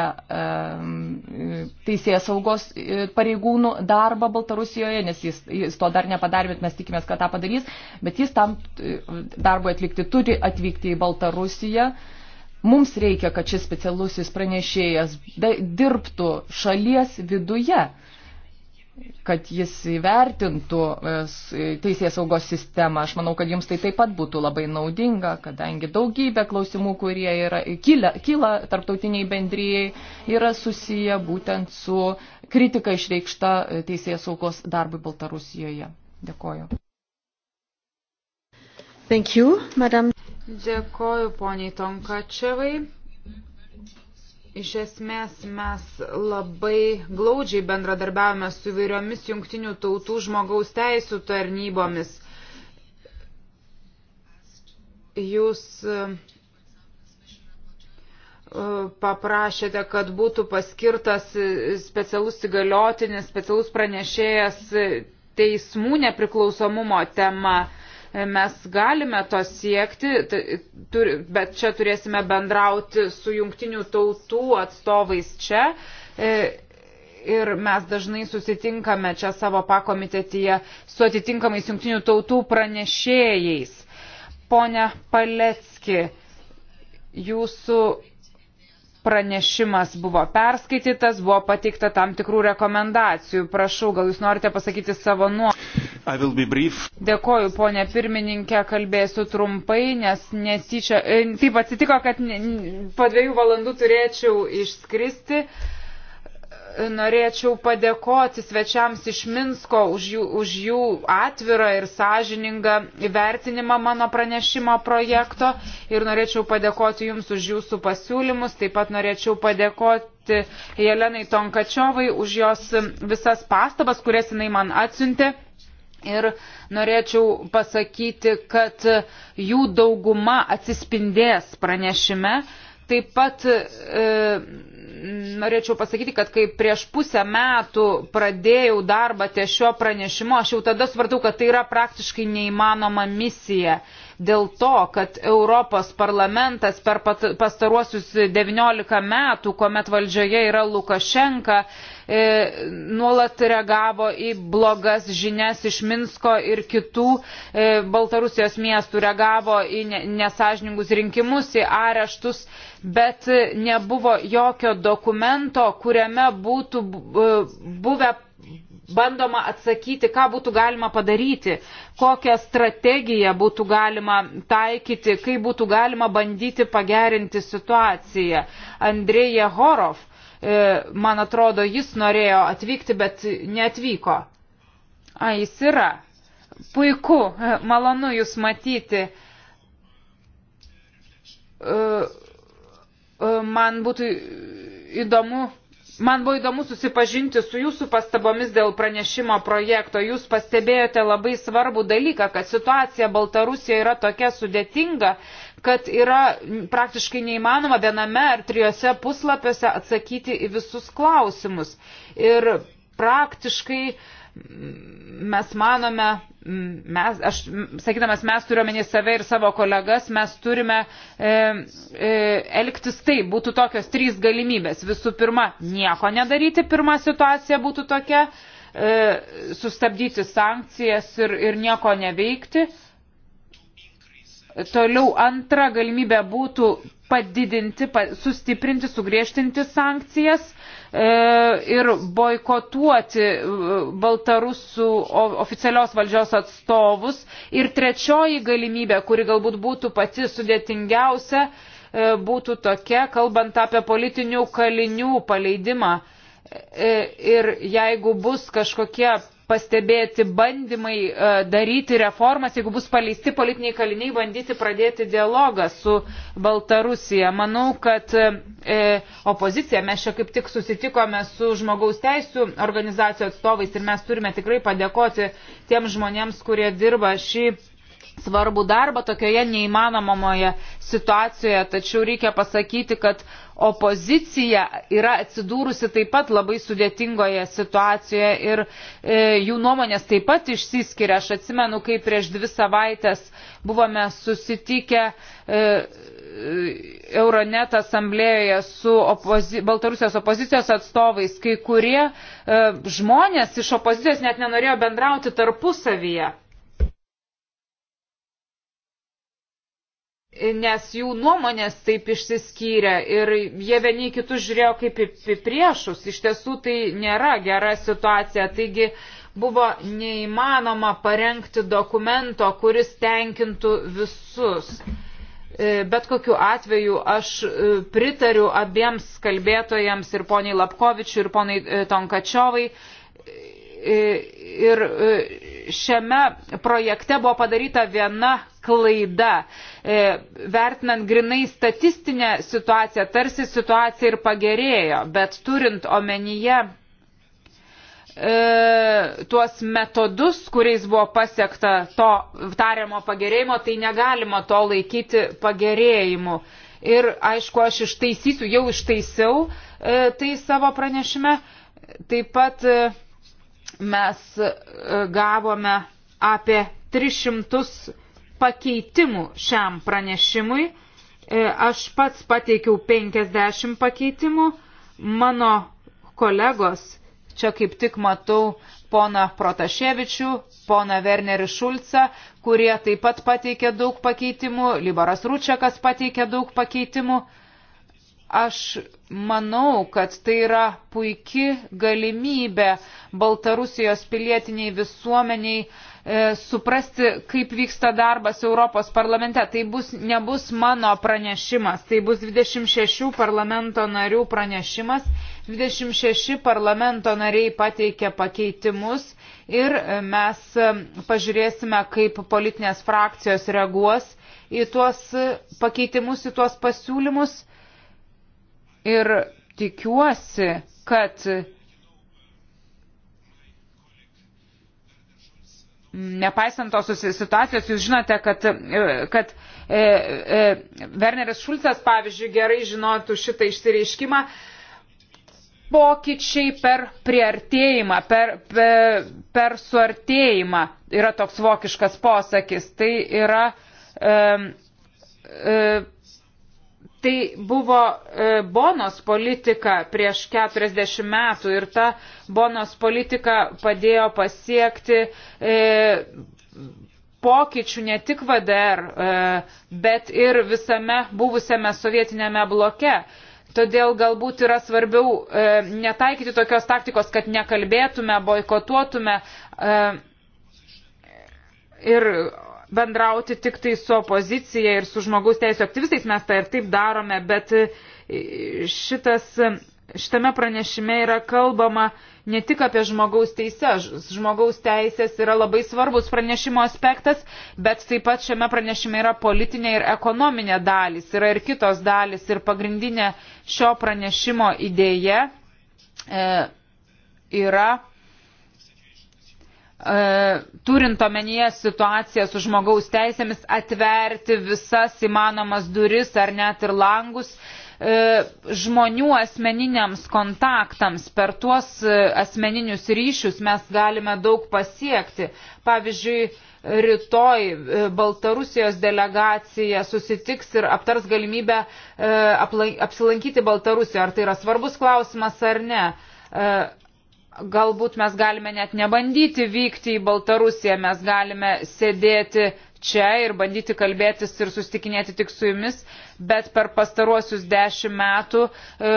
teisėjas saugos e, pareigūnų darbą Baltarusijoje, nes jis, jis to dar nepadarė, bet mes tikimės, kad tą padarys, bet jis tam e, darbui atlikti turi atvykti į Baltarusiją. Mums reikia, kad šis specialusis pranešėjas dirbtų šalies viduje kad jis įvertintų e, e, teisės saugos sistemą. Aš manau, kad jums tai taip pat būtų labai naudinga, kadangi daugybė klausimų, kurie yra, kyla, kyla tarptautiniai bendryjei, yra susiję būtent su kritika išreikšta e, teisės saugos darbui Baltarusijoje. Dėkoju. Thank you, madam. Dėkoju poniai Tonkačevai. Iš esmės mes labai glaudžiai bendradarbiavome su įvairiomis jungtinių tautų žmogaus teisų tarnybomis. Jūs e, e, paprašėte, kad būtų paskirtas e, specialus įgaliotinis, specialus pranešėjas teismų nepriklausomumo tema. E, mes galime to siekti, bet čia turėsime bendrauti su jungtinių tautų atstovais čia. E, ir mes dažnai susitinkame čia savo pakomitetyje su atitinkamais jungtinių tautų pranešėjais. Pone Palecki, jūsų pranešimas buvo perskaitytas, buvo pateikta tam tikrų rekomendacijų. Prašau, gal jūs norite pasakyti savo nuomonę? Dėkoju, ponė pirmininkė, kalbėsiu trumpai, nes netyčia. E, taip atsitiko, kad po dviejų valandų turėčiau išskristi. Norėčiau padėkoti svečiams iš Minsko už jų, už jų atvirą ir sąžiningą vertinimą mano pranešimo projekto ir norėčiau padėkoti Jums už Jūsų pasiūlymus, taip pat norėčiau padėkoti Jelenai Tonkačiovai už jos visas pastabas, kurias jinai man atsiuntė. Ir norėčiau pasakyti, kad jų dauguma atsispindės pranešime. Taip pat e, norėčiau pasakyti, kad kai prieš pusę metų pradėjau darbą ties šio pranešimu, aš jau tada svartau, kad tai yra praktiškai neįmanoma misija. E, dėl to, kad Europos parlamentas per pastaruosius 19 metų, kuomet valdžioje yra Lukašenka, e, nuolat reagavo į blogas žinias iš Minsko ir kitų e, Baltarusijos miestų, reagavo į nesažiningus rinkimus, į areštus, bet nebuvo jokio dokumento, kuriame būtų e, buvę bandoma atsakyti, ką būtų galima padaryti, kokią strategiją būtų galima taikyti, kaip būtų galima bandyti pagerinti situaciją. Andrėja Horov, e, man atrodo, jis norėjo atvykti, bet neatvyko. A, jis yra. Puiku, malonu jūs matyti. E, e, man būtų įdomu Man buvo įdomu susipažinti su jūsų pastabomis dėl pranešimo projekto. Jūs pastebėjote labai svarbų dalyką, kad situacija Baltarusijoje yra tokia sudėtinga, kad yra praktiškai neįmanoma viename ar trijose puslapiuose atsakyti į visus klausimus. Ir praktiškai uh, mes manome, mes, aš sakydamas, mes turiuomenį save ir savo kolegas, mes turime e, e, elgtis taip, būtų tokios trys galimybės. Visų pirma, nieko nedaryti, pirma situacija būtų tokia, e, sustabdyti sankcijas ir, ir nieko neveikti. Toliau antra galimybė būtų padidinti, sustiprinti, sugriežtinti sankcijas. E, E, ir boikotuoti e, Baltarusų oficialios valdžios atstovus. Ir trečioji galimybė, kuri galbūt būtų pati sudėtingiausia, e, būtų tokia, kalbant apie politinių kalinių paleidimą. Ir jeigu bus kažkokie pastebėti bandymai e, daryti reformas, jeigu bus paleisti politiniai kaliniai, bandyti pradėti dialogą su Baltarusija. Manau, kad e, e, opozicija, mes čia kaip tik susitikome su žmogaus teisų organizacijų atstovais ir mes turime tikrai padėkoti tiem žmonėms, kurie dirba šį svarbu darbą tokioje neįmanomoje situacijoje, tačiau reikia pasakyti, kad opozicija yra atsidūrusi taip pat labai sudėtingoje situacijoje ir e, jų nuomonės taip pat išsiskiria. Aš atsimenu, kai prieš dvi savaitės buvome susitikę e, Euronet asamblėjoje su opozi Baltarusijos opozicijos atstovais, kai kurie e, žmonės iš opozicijos net nenorėjo bendrauti tarpusavyje. nes jų nuomonės taip išsiskyrė ir jie vieni kitus žiūrėjo kaip į priešus. Iš tiesų tai nėra gera situacija. Taigi buvo neįmanoma parengti dokumento, kuris tenkintų visus. E, bet kokiu atveju aš e, pritariu abiems kalbėtojams ir poniai Lapkovičiui ir poniai e, Tonkačiovai ir šiame projekte buvo padaryta viena klaida. E, vertinant grinai statistinę situaciją, tarsi situacija ir pagerėjo, bet turint omenyje e, tuos metodus, kuriais buvo pasiekta to tariamo pagerėjimo, tai negalima to laikyti pagerėjimu. Ir aišku, aš ištaisysiu, jau ištaisiau e, tai savo pranešime. Taip pat e, mes e, gavome apie 300 pakeitimų šiam pranešimui. E, aš pats pateikiau 50 pakeitimų. Mano kolegos, čia kaip tik matau pona Protaševičių, pona Wernerį Šulcą, kurie taip pat pateikė daug pakeitimų, Liboras Rūčiakas pateikė daug pakeitimų. Aš manau, kad tai yra puiki galimybė Baltarusijos pilietiniai visuomeniai E, suprasti, kaip vyksta darbas Europos parlamente. Tai bus, nebus mano pranešimas, tai bus 26 parlamento narių pranešimas. 26 parlamento nariai pateikė pakeitimus ir e, mes e, pažiūrėsime, kaip politinės frakcijos reaguos į tuos pakeitimus, į tuos pasiūlymus. Ir tikiuosi, kad Nepaisant tos situacijos, jūs žinote, kad, e, kad e, e, Werneris Šulcas, pavyzdžiui, gerai žinotų šitą išsireiškimą. Pokyčiai per priartėjimą, per, per, per suartėjimą yra toks vokiškas posakis. Tai yra e, e, Tai buvo e, bonos politika prieš 40 metų ir ta bonos politika padėjo pasiekti e, pokyčių ne tik VDR, e, bet ir visame buvusiame sovietinėme bloke. Todėl galbūt yra svarbiau netaikyti tokios taktikos, kad nekalbėtume, boikotuotume ir bendrauti tik tai su opozicija ir su žmogaus teisų aktyvistais, mes tai ir taip darome, bet e, šitas, šitame pranešime yra kalbama ne tik apie žmogaus teises. Žmogaus teisės yra labai svarbus pranešimo aspektas, bet taip pat šiame pranešime yra politinė ir ekonominė dalis, yra ir kitos dalis ir pagrindinė šio pranešimo idėja e, yra E, turint omenyje situaciją su žmogaus teisėmis, atverti visas įmanomas duris ar net ir langus e, žmonių asmeniniams kontaktams. Per tuos e, asmeninius ryšius mes galime daug pasiekti. Pavyzdžiui, rytoj Baltarusijos delegacija susitiks ir aptars galimybę apsilankyti Baltarusijoje. Ar tai yra svarbus klausimas ar ne? galbūt mes galime net nebandyti vykti į Baltarusiją, mes galime sėdėti čia ir bandyti kalbėtis ir sustikinėti tik su jumis, bet per pastaruosius dešimt metų e,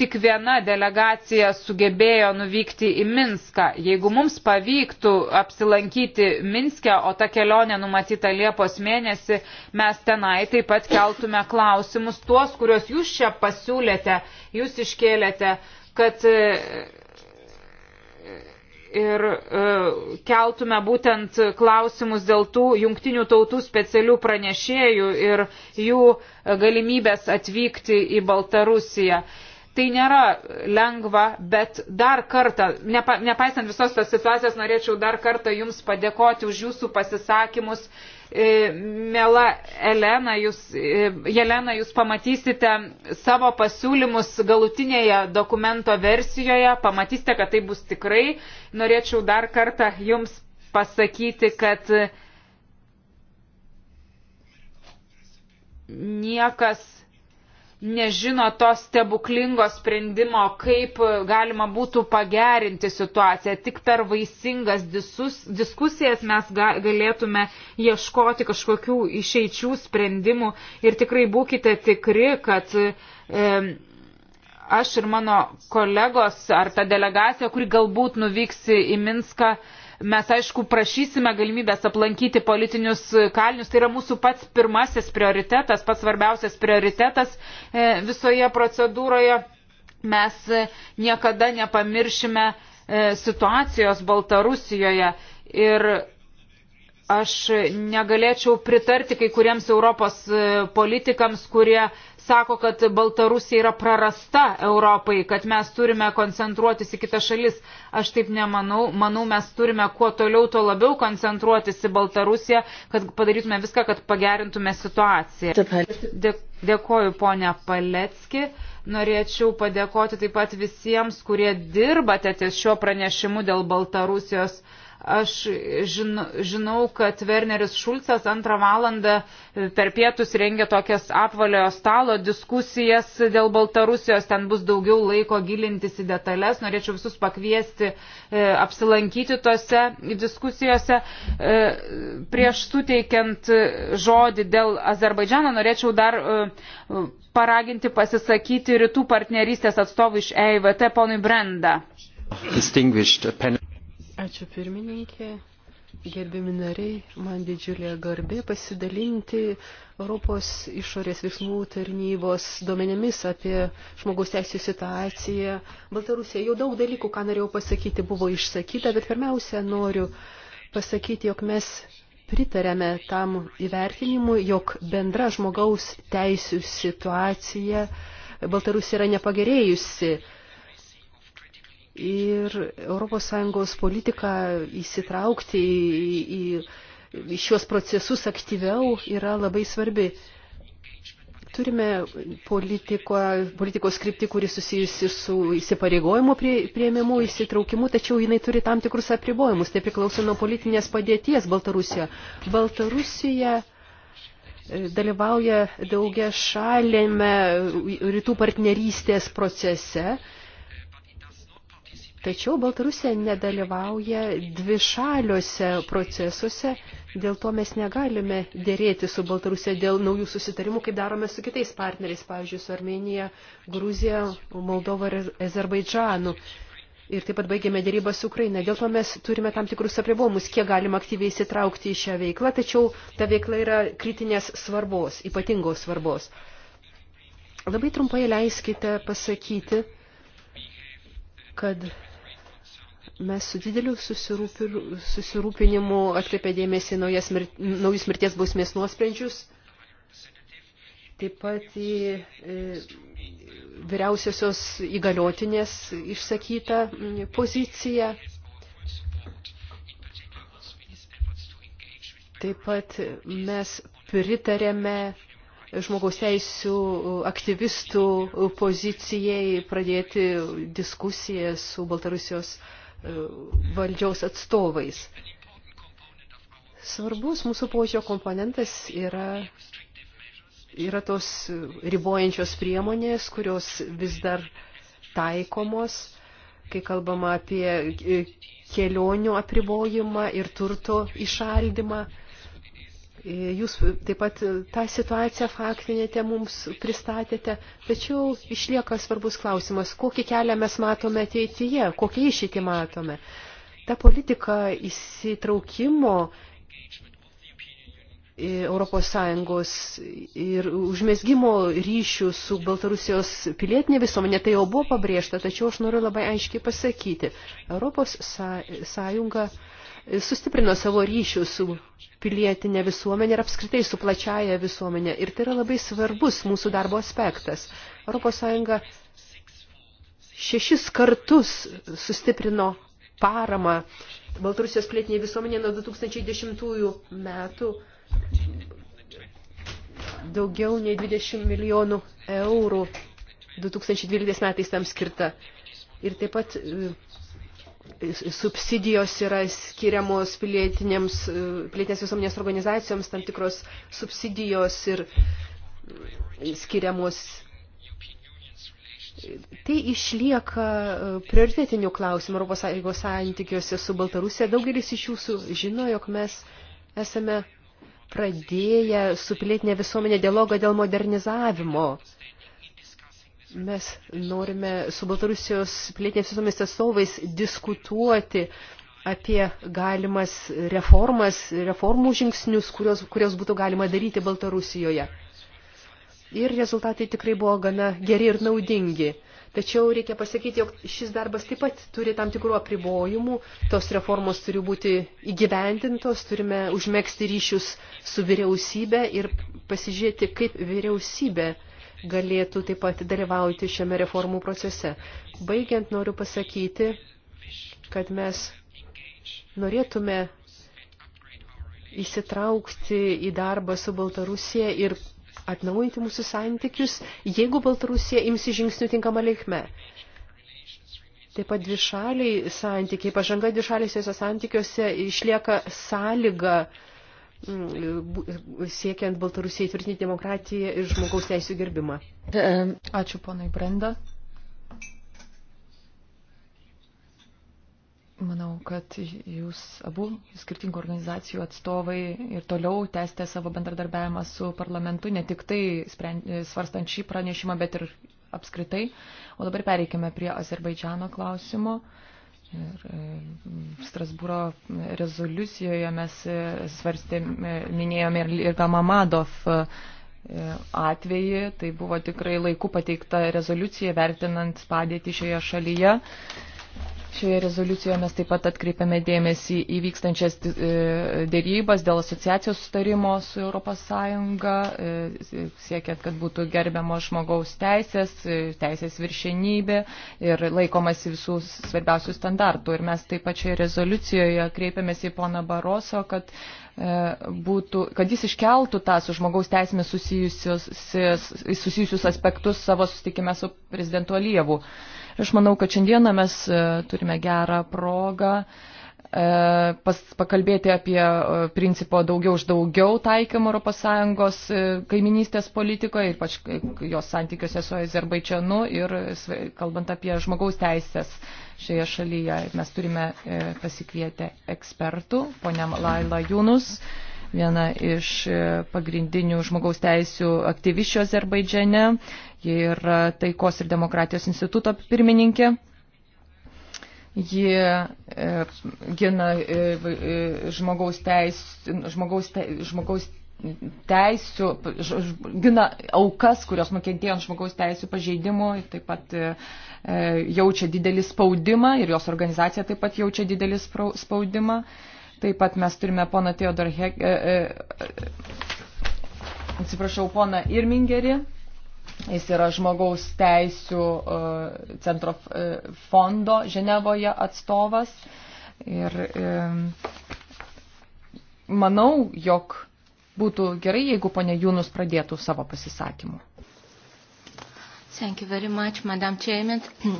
tik viena delegacija sugebėjo nuvykti į Minską. Jeigu mums pavyktų apsilankyti Minske, o ta kelionė numatyta Liepos mėnesį, mes tenai taip pat keltume klausimus tuos, kuriuos jūs čia pasiūlėte, jūs iškėlėte, kad e, ir e, keltume būtent klausimus dėl tų jungtinių tautų specialių pranešėjų ir jų e, galimybės atvykti į Baltarusiją. E, Tai nėra lengva, bet dar kartą, nepa, nepaisant visos tos situacijos, norėčiau dar kartą Jums padėkoti už Jūsų pasisakymus. E, Mėla Elena, jūs, e, Jelena, jūs pamatysite savo pasiūlymus galutinėje dokumento versijoje, pamatysite, kad tai bus tikrai. Norėčiau dar kartą Jums pasakyti, kad niekas nežino to stebuklingo sprendimo, kaip galima būtų pagerinti situaciją. Tik per vaisingas disus, diskusijas mes ga, galėtume ieškoti kažkokių išeičių sprendimų ir tikrai būkite tikri, kad e, aš ir mano kolegos ar ta delegacija, kuri galbūt nuvyks į Minską, e, Mes, aišku, prašysime galimybės aplankyti politinius kalnius. Tai yra mūsų pats pirmasis prioritetas, pats svarbiausias prioritetas e, visoje procedūroje. Mes e, niekada nepamiršime e, situacijos Baltarusijoje. Ir aš negalėčiau pritarti kai kuriems Europos politikams, kurie sako, kad Baltarusija yra prarasta Europai, kad mes turime koncentruotis į kitas šalis. Aš taip nemanau. Manau, mes turime kuo toliau, tuo labiau koncentruotis į Baltarusiją, kad padarytume viską, kad pagerintume situaciją. Dėkoju, ponia Palecki. Norėčiau padėkoti taip pat visiems, kurie dirbate ties šiuo pranešimu dėl Baltarusijos. Aš žinau, kad Werneris Šulcas antrą valandą per pietus rengia tokias apvaliojo stalo diskusijas dėl Baltarusijos, ten bus daugiau laiko gilintis į detalės. Norėčiau visus pakviesti e, apsilankyti tose diskusijose. E, prieš suteikiant žodį dėl Azerbaidžiano norėčiau dar e, paraginti pasisakyti rytų partnerystės atstovų iš EIVT ponui Brenda. Distinguished panel. Ačiū pirmininkė. Gerbimi nariai, man didžiulė garbė pasidalinti Europos išorės veiksmų tarnybos duomenėmis apie žmogaus teisų situaciją Baltarusijoje. Jau daug dalykų, ką norėjau pasakyti, buvo išsakyta, bet pirmiausia noriu pasakyti, jog mes pritarėme tam įvertinimui, jog bendra žmogaus teisų situacija Baltarusija yra nepagerėjusi ir ES politiką įsitraukti į, į, į šios procesus aktyviau yra labai svarbi. Turime politiko, politikos skripti, kuri susijusi su įsipareigojimu prie, prieimimu, įsitraukimu, tačiau jinai turi tam tikrus apribojimus. Tai priklauso nuo politinės padėties Baltarusija. Baltarusija e, dalyvauja daugia šalėme rytų partnerystės procese Tačiau Baltarusija nedalyvauja dvišaliuose procesuose, dėl to mes negalime dėrėti su Baltarusija dėl naujų susitarimų, kaip darome su kitais partneriais, pavyzdžiui, su Armenija, Gruzija, Moldova ir Azerbaidžanu. Ir taip pat baigėme dėrybą su Ukraina. Dėl to mes turime tam tikrus apribomus, kiek galima aktyviai įsitraukti į šią veiklą, tačiau ta veikla yra kritinės svarbos, ypatingos svarbos. Labai trumpai leiskite pasakyti, kad Mes su dideliu susirūpinimu atkreipė dėmesį naujas, naujus mirties bausmės nuosprendžius, taip pat į e, vyriausiosios įgaliotinės išsakytą poziciją. Taip pat mes pritarėme žmogaus teisų aktyvistų pozicijai pradėti diskusiją su Baltarusijos uh, E, valdžiaus atstovais. Svarbus mūsų požiūrio komponentas yra, yra tos ribojančios priemonės, kurios vis dar taikomos, kai kalbama apie e, kelionių apribojimą ir turto išaldymą. E, jūs taip pat tą situaciją faktinėte mums pristatėte, tačiau išlieka svarbus klausimas, kokį kelią mes matome ateityje, kokį išeitį matome. Ta politika įsitraukimo ES ir užmėsgymo ryšių su Baltarusijos pilietinė visuomenė, tai jau buvo pabrėžta, tačiau aš noriu labai aiškiai pasakyti, ES sąjunga. Są, sustiprino savo ryšių su pilietinė visuomenė ir apskritai su plačiaja visuomenė. Ir tai yra labai svarbus mūsų darbo aspektas. ES šešis kartus sustiprino paramą Baltarusijos plėtinė visuomenė nuo 2010 metų daugiau nei 20 milijonų eurų 2012 metais tam skirta. Ir taip pat e, subsidijos yra skiriamos pilietinėms, pilietinės visuomenės organizacijoms, tam tikros subsidijos ir skiriamos. Tai išlieka prioritetinių klausimų ES santykiuose su Baltarusija. Daugelis iš jūsų žino, jog mes esame pradėję su pilietinė visuomenė dialogą dėl modernizavimo Mes norime su Baltarusijos pilietinės visuomis atstovais diskutuoti apie galimas reformas, reformų žingsnius, kurios, kurios būtų galima daryti Baltarusijoje. Ir rezultatai tikrai buvo gana geri ir naudingi. Tačiau reikia pasakyti, jog šis darbas taip pat turi tam tikrų apribojimų, tos reformos turi būti įgyvendintos, turime užmėgsti ryšius su vyriausybė ir pasižiūrėti, kaip vyriausybė uh, galėtų taip pat dalyvauti šiame reformų procese. Baigiant noriu pasakyti, kad mes norėtume įsitraukti į darbą su Baltarusija ir atnaujinti mūsų santykius, jeigu Baltarusija imsi žingsnių tinkamą linkme. Taip pat dvišaliai santykiai, pažanga dvišalėse santykiuose išlieka sąlyga uh, Mm, e, siekiant Baltarusijai tvirtinti demokratiją ir žmogaus teisų gerbimą. Ačiū ponai Brenda. Manau, kad jūs abu skirtingų organizacijų atstovai ir toliau tęstė savo bendradarbiavimą su parlamentu, ne tik tai sprend, svarstant šį pranešimą, bet ir apskritai. O dabar pereikime prie Azerbaidžiano klausimo. Uh, Ir e, Strasbūro rezoliucijoje mes e, svarstėme, minėjome ir Gamamadov e, atvejį, tai buvo tikrai laiku pateikta rezoliucija vertinant padėtį šioje šalyje. Šioje rezoliucijoje mes taip pat atkreipiame dėmesį į vykstančias e, dėrybas dėl asociacijos sutarimo su ES, e, siekiant, kad būtų gerbiamos žmogaus teisės, e, teisės viršenybė ir laikomasi visų svarbiausių standartų. Ir mes taip pat šioje rezoliucijoje kreipiamės į poną Baroso, kad būtų, kad jis iškeltų tą su žmogaus teisėmis susijusius, susijusius aspektus savo sustikime su prezidentu Alievu. Aš manau, kad šiandieną mes e, turime gerą progą e, pas, pakalbėti apie e, principo daugiau už daugiau taikymą ES kaiminystės politikoje, ypač jos santykiuose su Azerbaidžianu ir kalbant apie žmogaus teisės šioje šalyje. Mes turime pasikvietę ekspertų, ponia Laila Junus. Mm -hmm viena iš e, pagrindinių žmogaus teisų aktyviščių Azerbaidžiane. Ji yra Taikos ir demokratijos instituto pirmininkė. Ji e, gina e, žmogaus teisų, žmogaus teisų, žmogaus teisų, gina aukas, kurios nukentėjo ant žmogaus teisų pažeidimų, taip pat e, jaučia didelį spaudimą ir jos organizacija taip pat jaučia didelį spaudimą. E, Taip pat mes turime poną Teodor Hek... E, e, atsiprašau, poną Irmingerį. Jis yra žmogaus teisų e, centro fondo Ženevoje atstovas. Ir manau, jog būtų gerai, jeigu ponė Jūnus pradėtų savo pasisakymu. Thank you very much, Madam Chairman.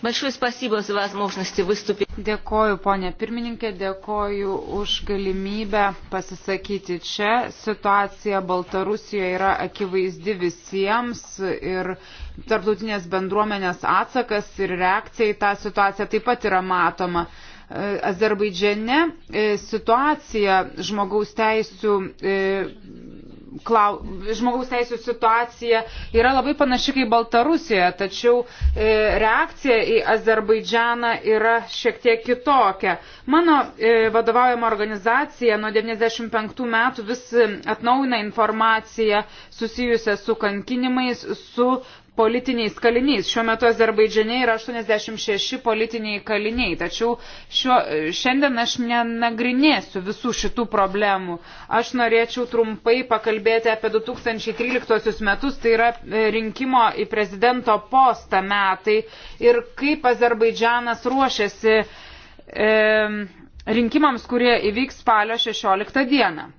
Большое спасибо за возможности выступить. Dėkoju, ponė pirmininkė, dėkoju už galimybę pasisakyti čia. Situacija Baltarusijoje yra akivaizdi visiems ir tarptautinės bendruomenės atsakas ir reakcija į tą situaciją taip pat yra matoma. Azerbaidžiane situacija žmogaus teisų klau, žmogaus teisų situacija yra labai panaši kaip Baltarusijoje, tačiau e, reakcija į Azerbaidžianą yra šiek tiek kitokia. Mano e, vadovaujama organizacija nuo 95 metų vis atnauna informaciją susijusią su kankinimais, su politiniais kaliniais. Šiuo metu Azerbaidžiane yra 86 politiniai kaliniai, tačiau šio, šiandien aš nenagrinėsiu visų šitų problemų. Aš norėčiau trumpai pakalbėti apie 2013 metus, tai yra e, rinkimo į prezidento postą metai ir kaip Azerbaidžianas ruošiasi e, rinkimams, kurie įvyks spalio 16 dieną.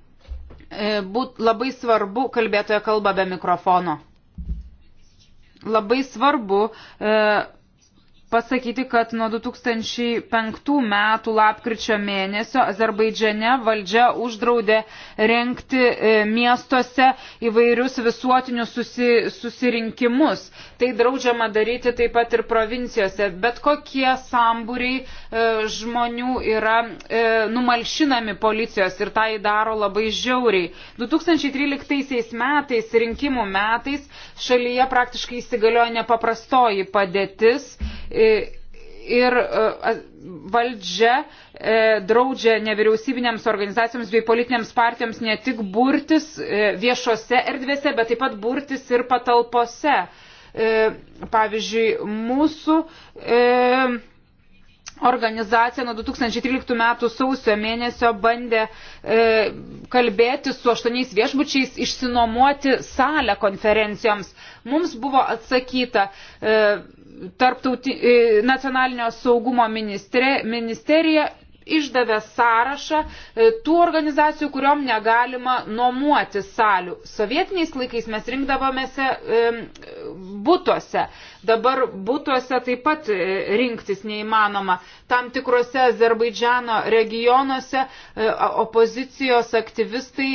E, būt labai svarbu, kalbėtoje kalba be mikrofono. Labai svarbu e, pasakyti, kad nuo 2005 metų lapkričio mėnesio Azerbaidžiane valdžia uždraudė renkti e, miestuose įvairius visuotinius susi, susirinkimus. Tai draudžiama daryti taip pat ir provincijose. Bet kokie sambūriai e, žmonių yra e, numalšinami policijos ir tai daro labai žiauriai. 2013 metais, rinkimų metais, šalyje praktiškai įsigaliojo nepaprastoji padėtis. E, ir e, valdžia e, draudžia nevyriausybinėms organizacijoms bei politinėms partijoms ne tik burtis viešose erdvėse, bet taip pat burtis ir patalpose. Pavyzdžiui, mūsų organizacija nuo 2013 metų sausio mėnesio bandė e, kalbėti su aštuoniais viešbučiais, išsinuomoti salę konferencijoms. Mums buvo atsakyta, e, tarptauti, e, nacionalinio saugumo ministrė, ministerija išdavė sąrašą e, tų organizacijų, kuriuom negalima nuomuoti salių. Sovietiniais laikais mes rinkdavomėse e, būtuose. Dabar būtuose taip pat rinktis neįmanoma. Tam tikrose Azerbaidžiano regionuose opozicijos aktyvistai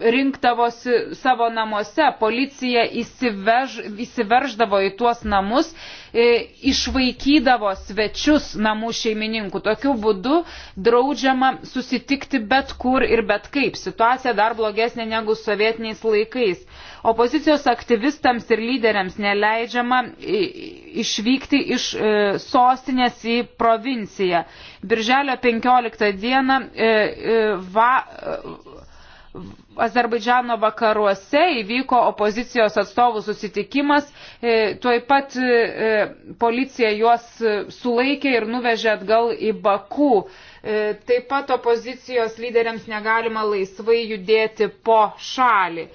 rinkdavosi savo namuose, policija įsivež, įsiverždavo į tuos namus, e, išvaikydavo svečius namų šeimininkų. Tokiu būdu draudžiama susitikti bet kur ir bet kaip. Situacija dar blogesnė negu sovietiniais laikais. Opozicijos aktyvistams ir lyderiams neleidžiama išvykti iš e, sostinės į provinciją. Birželio 15 dieną e, va, Azerbaidžiano vakaruose įvyko opozicijos atstovų susitikimas, e, tuoj pat e, policija juos e, sulaikė ir nuvežė atgal į Baku. Taip pat opozicijos lyderiams negalima laisvai judėti po šalį.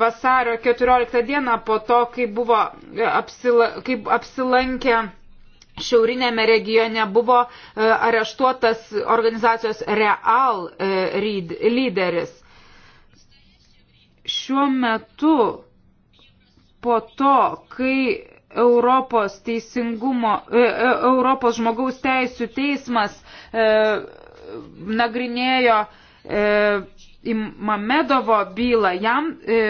Vasario 14 dieną po to, kai buvo apsila, kaip apsilankė šiaurinėme regione buvo areštuotas organizacijos Real lyderis šiuo metu po to, kai Europos teisingumo, e, e, Europos žmogaus teisų teismas e, nagrinėjo e, Mamedovo bylą, jam e,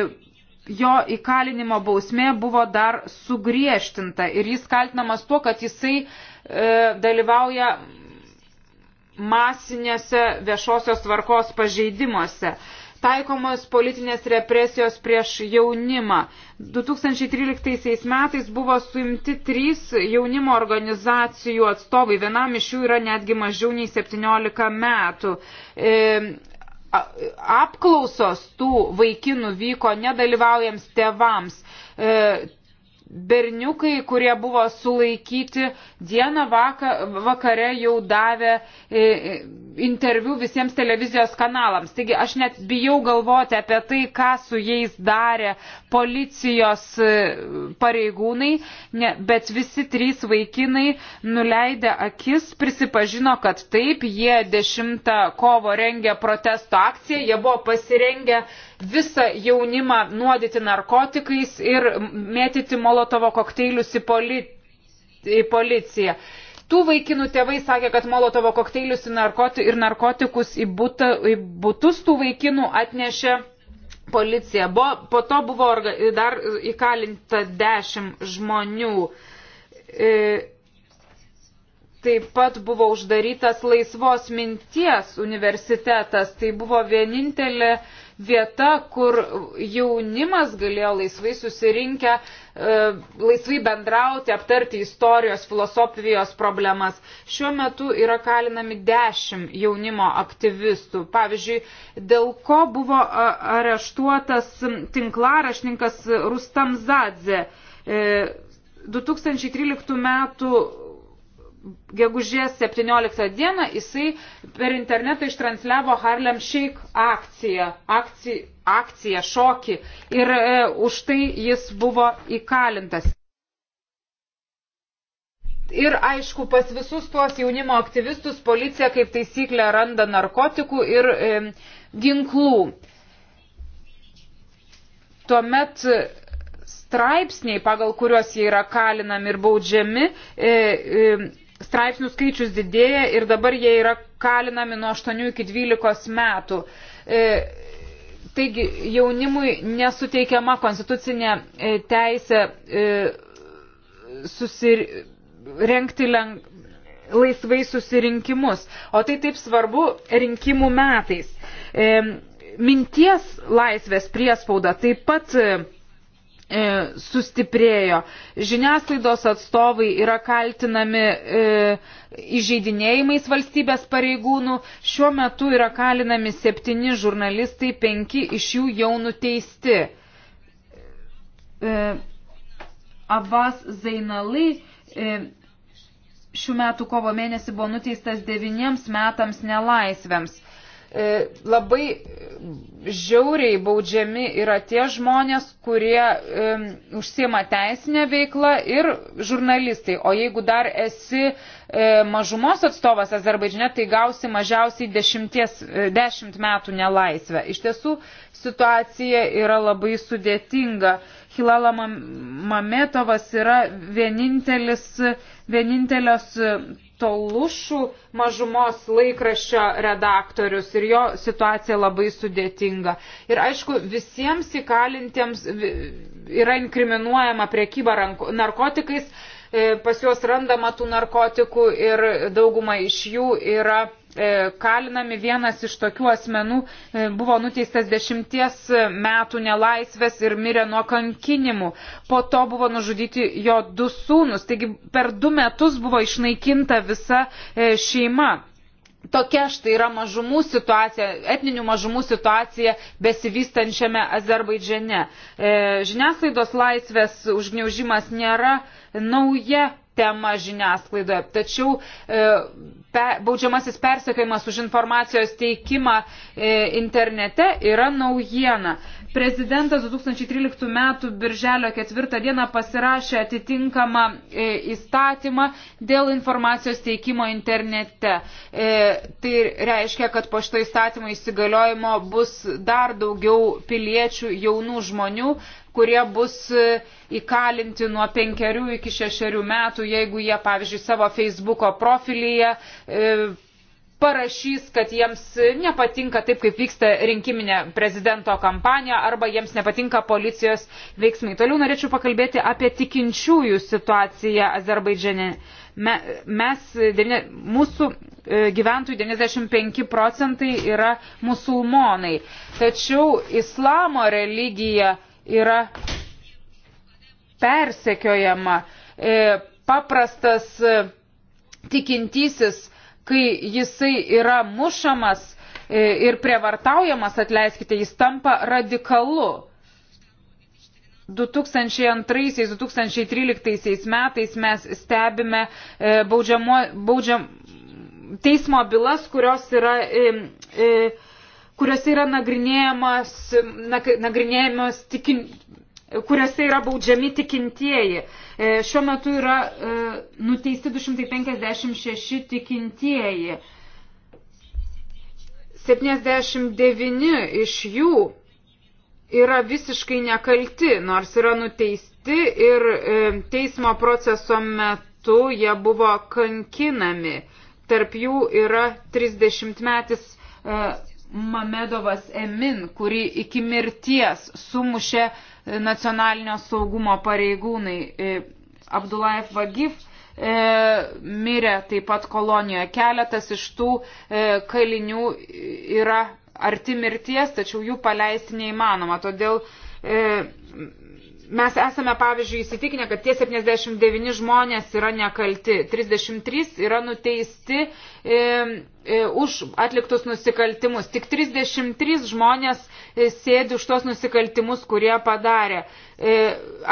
jo įkalinimo bausmė buvo dar sugriežtinta ir jis kaltinamas tuo, kad jisai e, dalyvauja masinėse viešosios tvarkos pažeidimuose. E, taikomos politinės represijos prieš jaunimą. 2013 metais buvo suimti trys jaunimo organizacijų atstovai, vienam iš jų yra netgi mažiau nei 17 metų. E, apklausos tų vaikinų vyko nedalyvaujams tevams. E, berniukai, kurie buvo sulaikyti dieną vakare, jau davė e, e, interviu visiems televizijos kanalams. Taigi aš net bijau galvoti apie tai, ką su jais darė policijos e, pareigūnai, bet visi trys vaikinai nuleidę akis prisipažino, kad taip, jie 10 kovo rengė protesto akciją, jie buvo pasirengę visą jaunimą nuodyti narkotikais ir mėtyti molotovo kokteilius į, poli, į policiją. Tų vaikinų tėvai sakė, kad molotovo kokteilius narkoti, ir narkotikus į, butą, į butus tų vaikinų atnešė policija. Bo, po to buvo orga, dar įkalinta dešimt žmonių. E, taip pat buvo uždarytas laisvos minties universitetas. Tai buvo vienintelė e, vieta, kur jaunimas galėjo laisvai susirinkę, e, laisvai bendrauti, aptarti istorijos, filosofijos problemas. Šiuo metu yra kalinami dešimt jaunimo aktyvistų. Pavyzdžiui, dėl ko buvo areštuotas tinklarašninkas Rustam Zadze. 2013 e, metų gegužės 17 dieną jisai per internetą ištransliavo Harlem Shake akciją, akci, akciją šokį ir e, už tai jis buvo įkalintas. Ir aišku, pas visus tuos jaunimo aktyvistus policija kaip taisyklė randa narkotikų ir e, ginklų. Tuomet straipsniai, pagal kuriuos jie yra kalinami ir baudžiami, e, e, straipsnių skaičius didėja ir dabar jie yra kalinami nuo 8 iki 12 metų. E, taigi jaunimui nesuteikiama konstitucinė e, teisė e, susirengti laisvai susirinkimus, o tai taip svarbu rinkimų metais. Minties laisvės priespauda taip pat E, sustiprėjo. Žiniasklaidos atstovai yra kaltinami e, įžeidinėjimais valstybės pareigūnų. Šiuo metu yra kalinami septyni žurnalistai, penki iš jų jau nuteisti. E, Abbas Zainalai e, šių metų kovo mėnesį buvo nuteistas devyniems metams nelaisvėms. E, E, labai žiauriai baudžiami yra tie žmonės, kurie um, užsima teisinę veiklą ir žurnalistai. O jeigu dar esi e, mažumos atstovas Azerbaidžine, tai gausi mažiausiai dešimties, e, dešimt metų nelaisvę. Iš tiesų situacija yra labai sudėtinga. Hilala Mametovas yra vienintelis, vienintelės Tolušų mažumos laikraščio redaktorius ir jo situacija labai sudėtinga. Ir aišku, visiems įkalintiems yra inkriminuojama priekyba narkotikais, e, pas juos randama tų narkotikų ir dauguma iš jų yra E, kalinami vienas iš tokių asmenų e, buvo nuteistas dešimties metų nelaisvės ir mirė nuo kankinimų. Po to buvo nužudyti jo du sūnus, taigi per du metus buvo išnaikinta visa e, šeima. Tokia štai yra mažumų situacija, etninių mažumų situacija besivystančiame Azerbaidžiane. Žiniasklaidos laisvės užgniaužimas nėra nauja tema žiniasklaidoje. Tačiau e, pe, baudžiamasis persekiojimas už informacijos teikimą e, internete yra naujiena. Prezidentas 2013 m. birželio 4 d. pasirašė atitinkamą e, įstatymą dėl informacijos teikimo internete. E, tai reiškia, kad po šito įstatymo įsigaliojimo bus dar daugiau piliečių, jaunų žmonių kurie bus e, įkalinti nuo penkerių iki šešerių metų, jeigu jie, pavyzdžiui, savo Facebooko profilyje e, parašys, kad jiems nepatinka taip, kaip vyksta rinkiminė prezidento kampanija arba jiems nepatinka policijos veiksmai. Toliau norėčiau pakalbėti apie tikinčiųjų situaciją Azerbaidžiane. Mes, mūsų e, gyventojų 95 procentai yra musulmonai, tačiau islamo religija yra persekiojama. E, paprastas e, tikintysis, kai jisai yra mušamas e, ir prievartaujamas, atleiskite, jis tampa radikalu. 2002-2013 metais mes stebime baudžiamo, baudžiam, teismo bylas, kurios yra. E, e, kuriuose yra nagrinėjamas, nagrinėjamas tikin, kuriuose yra baudžiami tikintieji. E, šiuo metu yra e, nuteisti 256 tikintieji. 79 iš jų yra visiškai nekalti, nors yra nuteisti ir e, teismo proceso metu jie buvo kankinami. Tarp jų yra 30 metis Mamedovas Emin, kuri iki mirties sumušė e, nacionalinio saugumo pareigūnai. E, Abdulaev Vagif e, mirė taip pat kolonijoje. Keletas iš tų e, kalinių yra arti mirties, tačiau jų paleisti neįmanoma. Todėl e, Mes esame, pavyzdžiui, įsitikinę, kad tie 79 žmonės yra nekalti, 33 yra nuteisti e, e, už atliktus nusikaltimus, tik 33 žmonės e, sėdi už tos nusikaltimus, kurie padarė. E,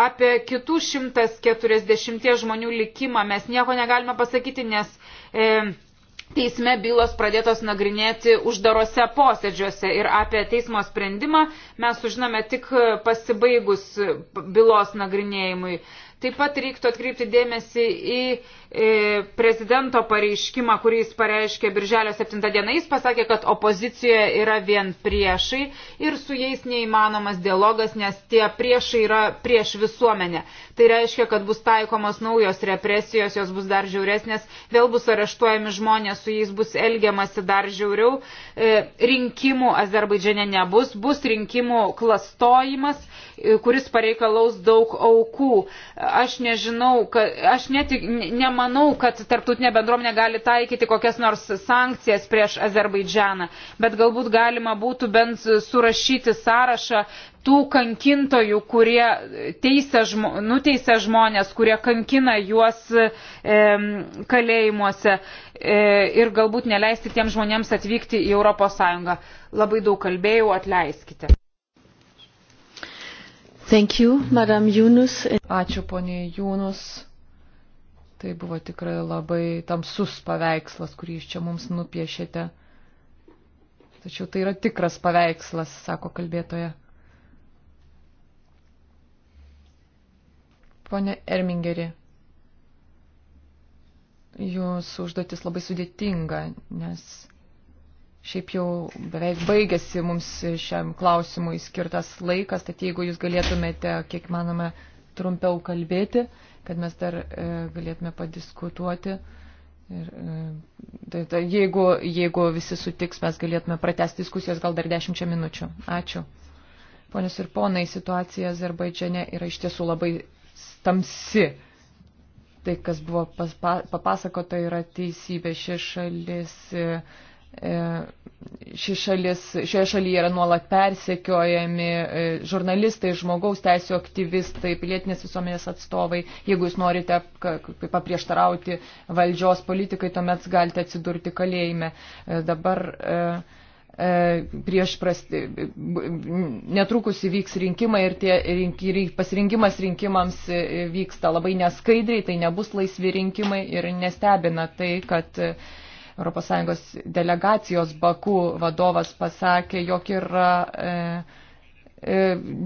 apie kitų 140 žmonių likimą mes nieko negalime pasakyti, nes. E, teisme bylos pradėtos nagrinėti uždarose posėdžiuose ir apie teismo sprendimą mes sužinome tik pasibaigus bylos nagrinėjimui. Taip pat reiktų atkreipti dėmesį į e, prezidento pareiškimą, kurį jis pareiškė birželio 7 dieną. Jis pasakė, kad opozicijoje yra vien priešai ir su jais neįmanomas dialogas, nes tie priešai yra prieš visuomenę. Tai reiškia, kad bus taikomos naujos represijos, jos bus dar žiauresnės, vėl bus areštuojami žmonės, su jais bus elgiamasi dar žiauriau. E, rinkimų Azerbaidžiane nebus, bus rinkimų klastojimas kuris pareikalaus daug aukų. Aš nežinau, kad, aš netik, nemanau, kad tarptautinė bendruomenė gali taikyti kokias nors sankcijas prieš Azerbaidžianą, bet galbūt galima būtų bent surašyti sąrašą tų kankintojų, kurie teisė, žmo, nuteisė žmonės, kurie kankina juos e, kalėjimuose e, ir galbūt neleisti tiem žmonėms atvykti į ES. Labai daug kalbėjau, atleiskite. Thank you, Madam Junus. Ačiū, ponė Junus. Tai buvo tikrai labai tamsus paveikslas, kurį jūs čia mums nupiešėte. Tačiau tai yra tikras paveikslas, sako kalbėtoja. Pone Ermingeri, jūsų užduotis labai sudėtinga, nes Šiaip jau beveik baigėsi mums šiam klausimui skirtas laikas, tad jeigu jūs galėtumėte, kiek manome, trumpiau kalbėti, kad mes dar e, galėtume padiskutuoti. Ir, e, tai, tai, jeigu, jeigu visi sutiks, mes galėtume pratesti diskusijas gal dar dešimčia minučių. Ačiū. Ponios ir ponai, situacija Azerbaidžiane yra iš tiesų labai tamsi tai, kas buvo papasakota, yra teisybė. Ši šalis e, E, ši šalis, šioje šalyje yra nuolat persekiojami e, žurnalistai, žmogaus teisų aktyvistai, pilietinės visuomenės atstovai. Jeigu jūs norite paprieštarauti valdžios politikai, tuomet galite atsidurti kalėjime. E, dabar prieš prasti, netrukus įvyks rinkimai ir tie rinki, pasirinkimas rinkimams vyksta labai neskaidriai, tai nebus laisvi rinkimai ir nestebina tai, kad ES delegacijos Baku vadovas pasakė, jog yra e, e,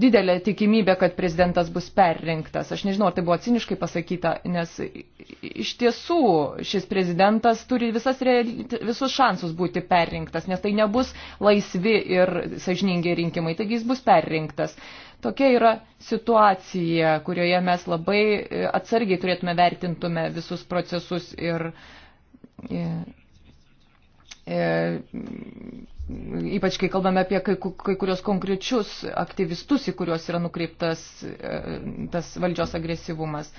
didelė tikimybė, kad prezidentas bus perrinktas. Aš nežinau, ar tai buvo ciniškai pasakyta, nes iš tiesų šis prezidentas turi visas, visus šansus būti perrinktas, nes tai nebus laisvi ir sažiningi rinkimai, taigi jis bus perrinktas. Tokia yra situacija, kurioje mes labai e, atsargiai turėtume vertintume visus procesus ir, ir E, ypač kai kalbame apie kai, kai kurios konkrečius aktyvistus, į kuriuos yra nukreiptas e, tas valdžios agresyvumas.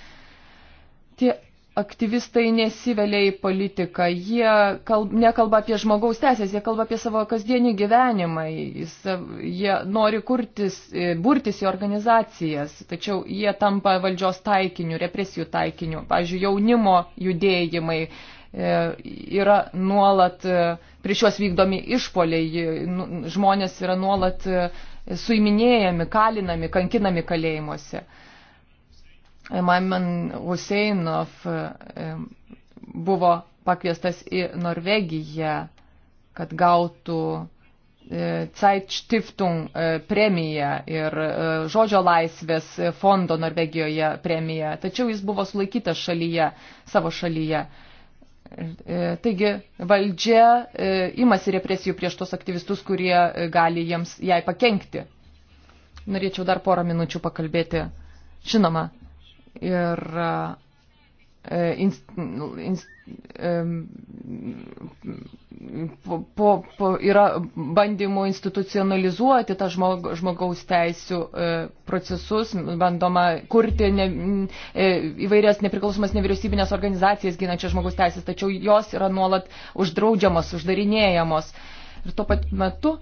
Tie aktyvistai nesivelia į politiką, jie kalb, nekalba apie žmogaus teisės, jie kalba apie savo kasdienį gyvenimą, jis, jie nori kurtis, e, burtis į organizacijas, tačiau jie tampa valdžios taikiniu, represijų taikiniu, pavyzdžiui, jaunimo judėjimai, E, yra nuolat, e, prieš juos vykdomi išpoliai, e, nu, žmonės yra nuolat suiminėjami, kalinami, kankinami kalėjimuose. Maiman Huseinov buvo pakviestas į Norvegiją, kad gautų Zeitstiftung premiją ir žodžio laisvės fondo Norvegijoje premiją, tačiau jis buvo sulaikytas šalyje, savo šalyje. E, taigi valdžia e, imasi represijų prieš tos aktyvistus, kurie e, gali jiems jai pakenkti. Norėčiau dar porą minučių pakalbėti. Žinoma, ir E, inst, inst, e, po, po, yra bandymų institucionalizuoti tą žmog, žmogaus teisų e, procesus, bandoma kurti ne, įvairias nepriklausomas nevyriausybinės organizacijas ginančias žmogaus teisės, tačiau jos yra nuolat uždraudžiamos, uždarinėjamos. Ir tuo pat metu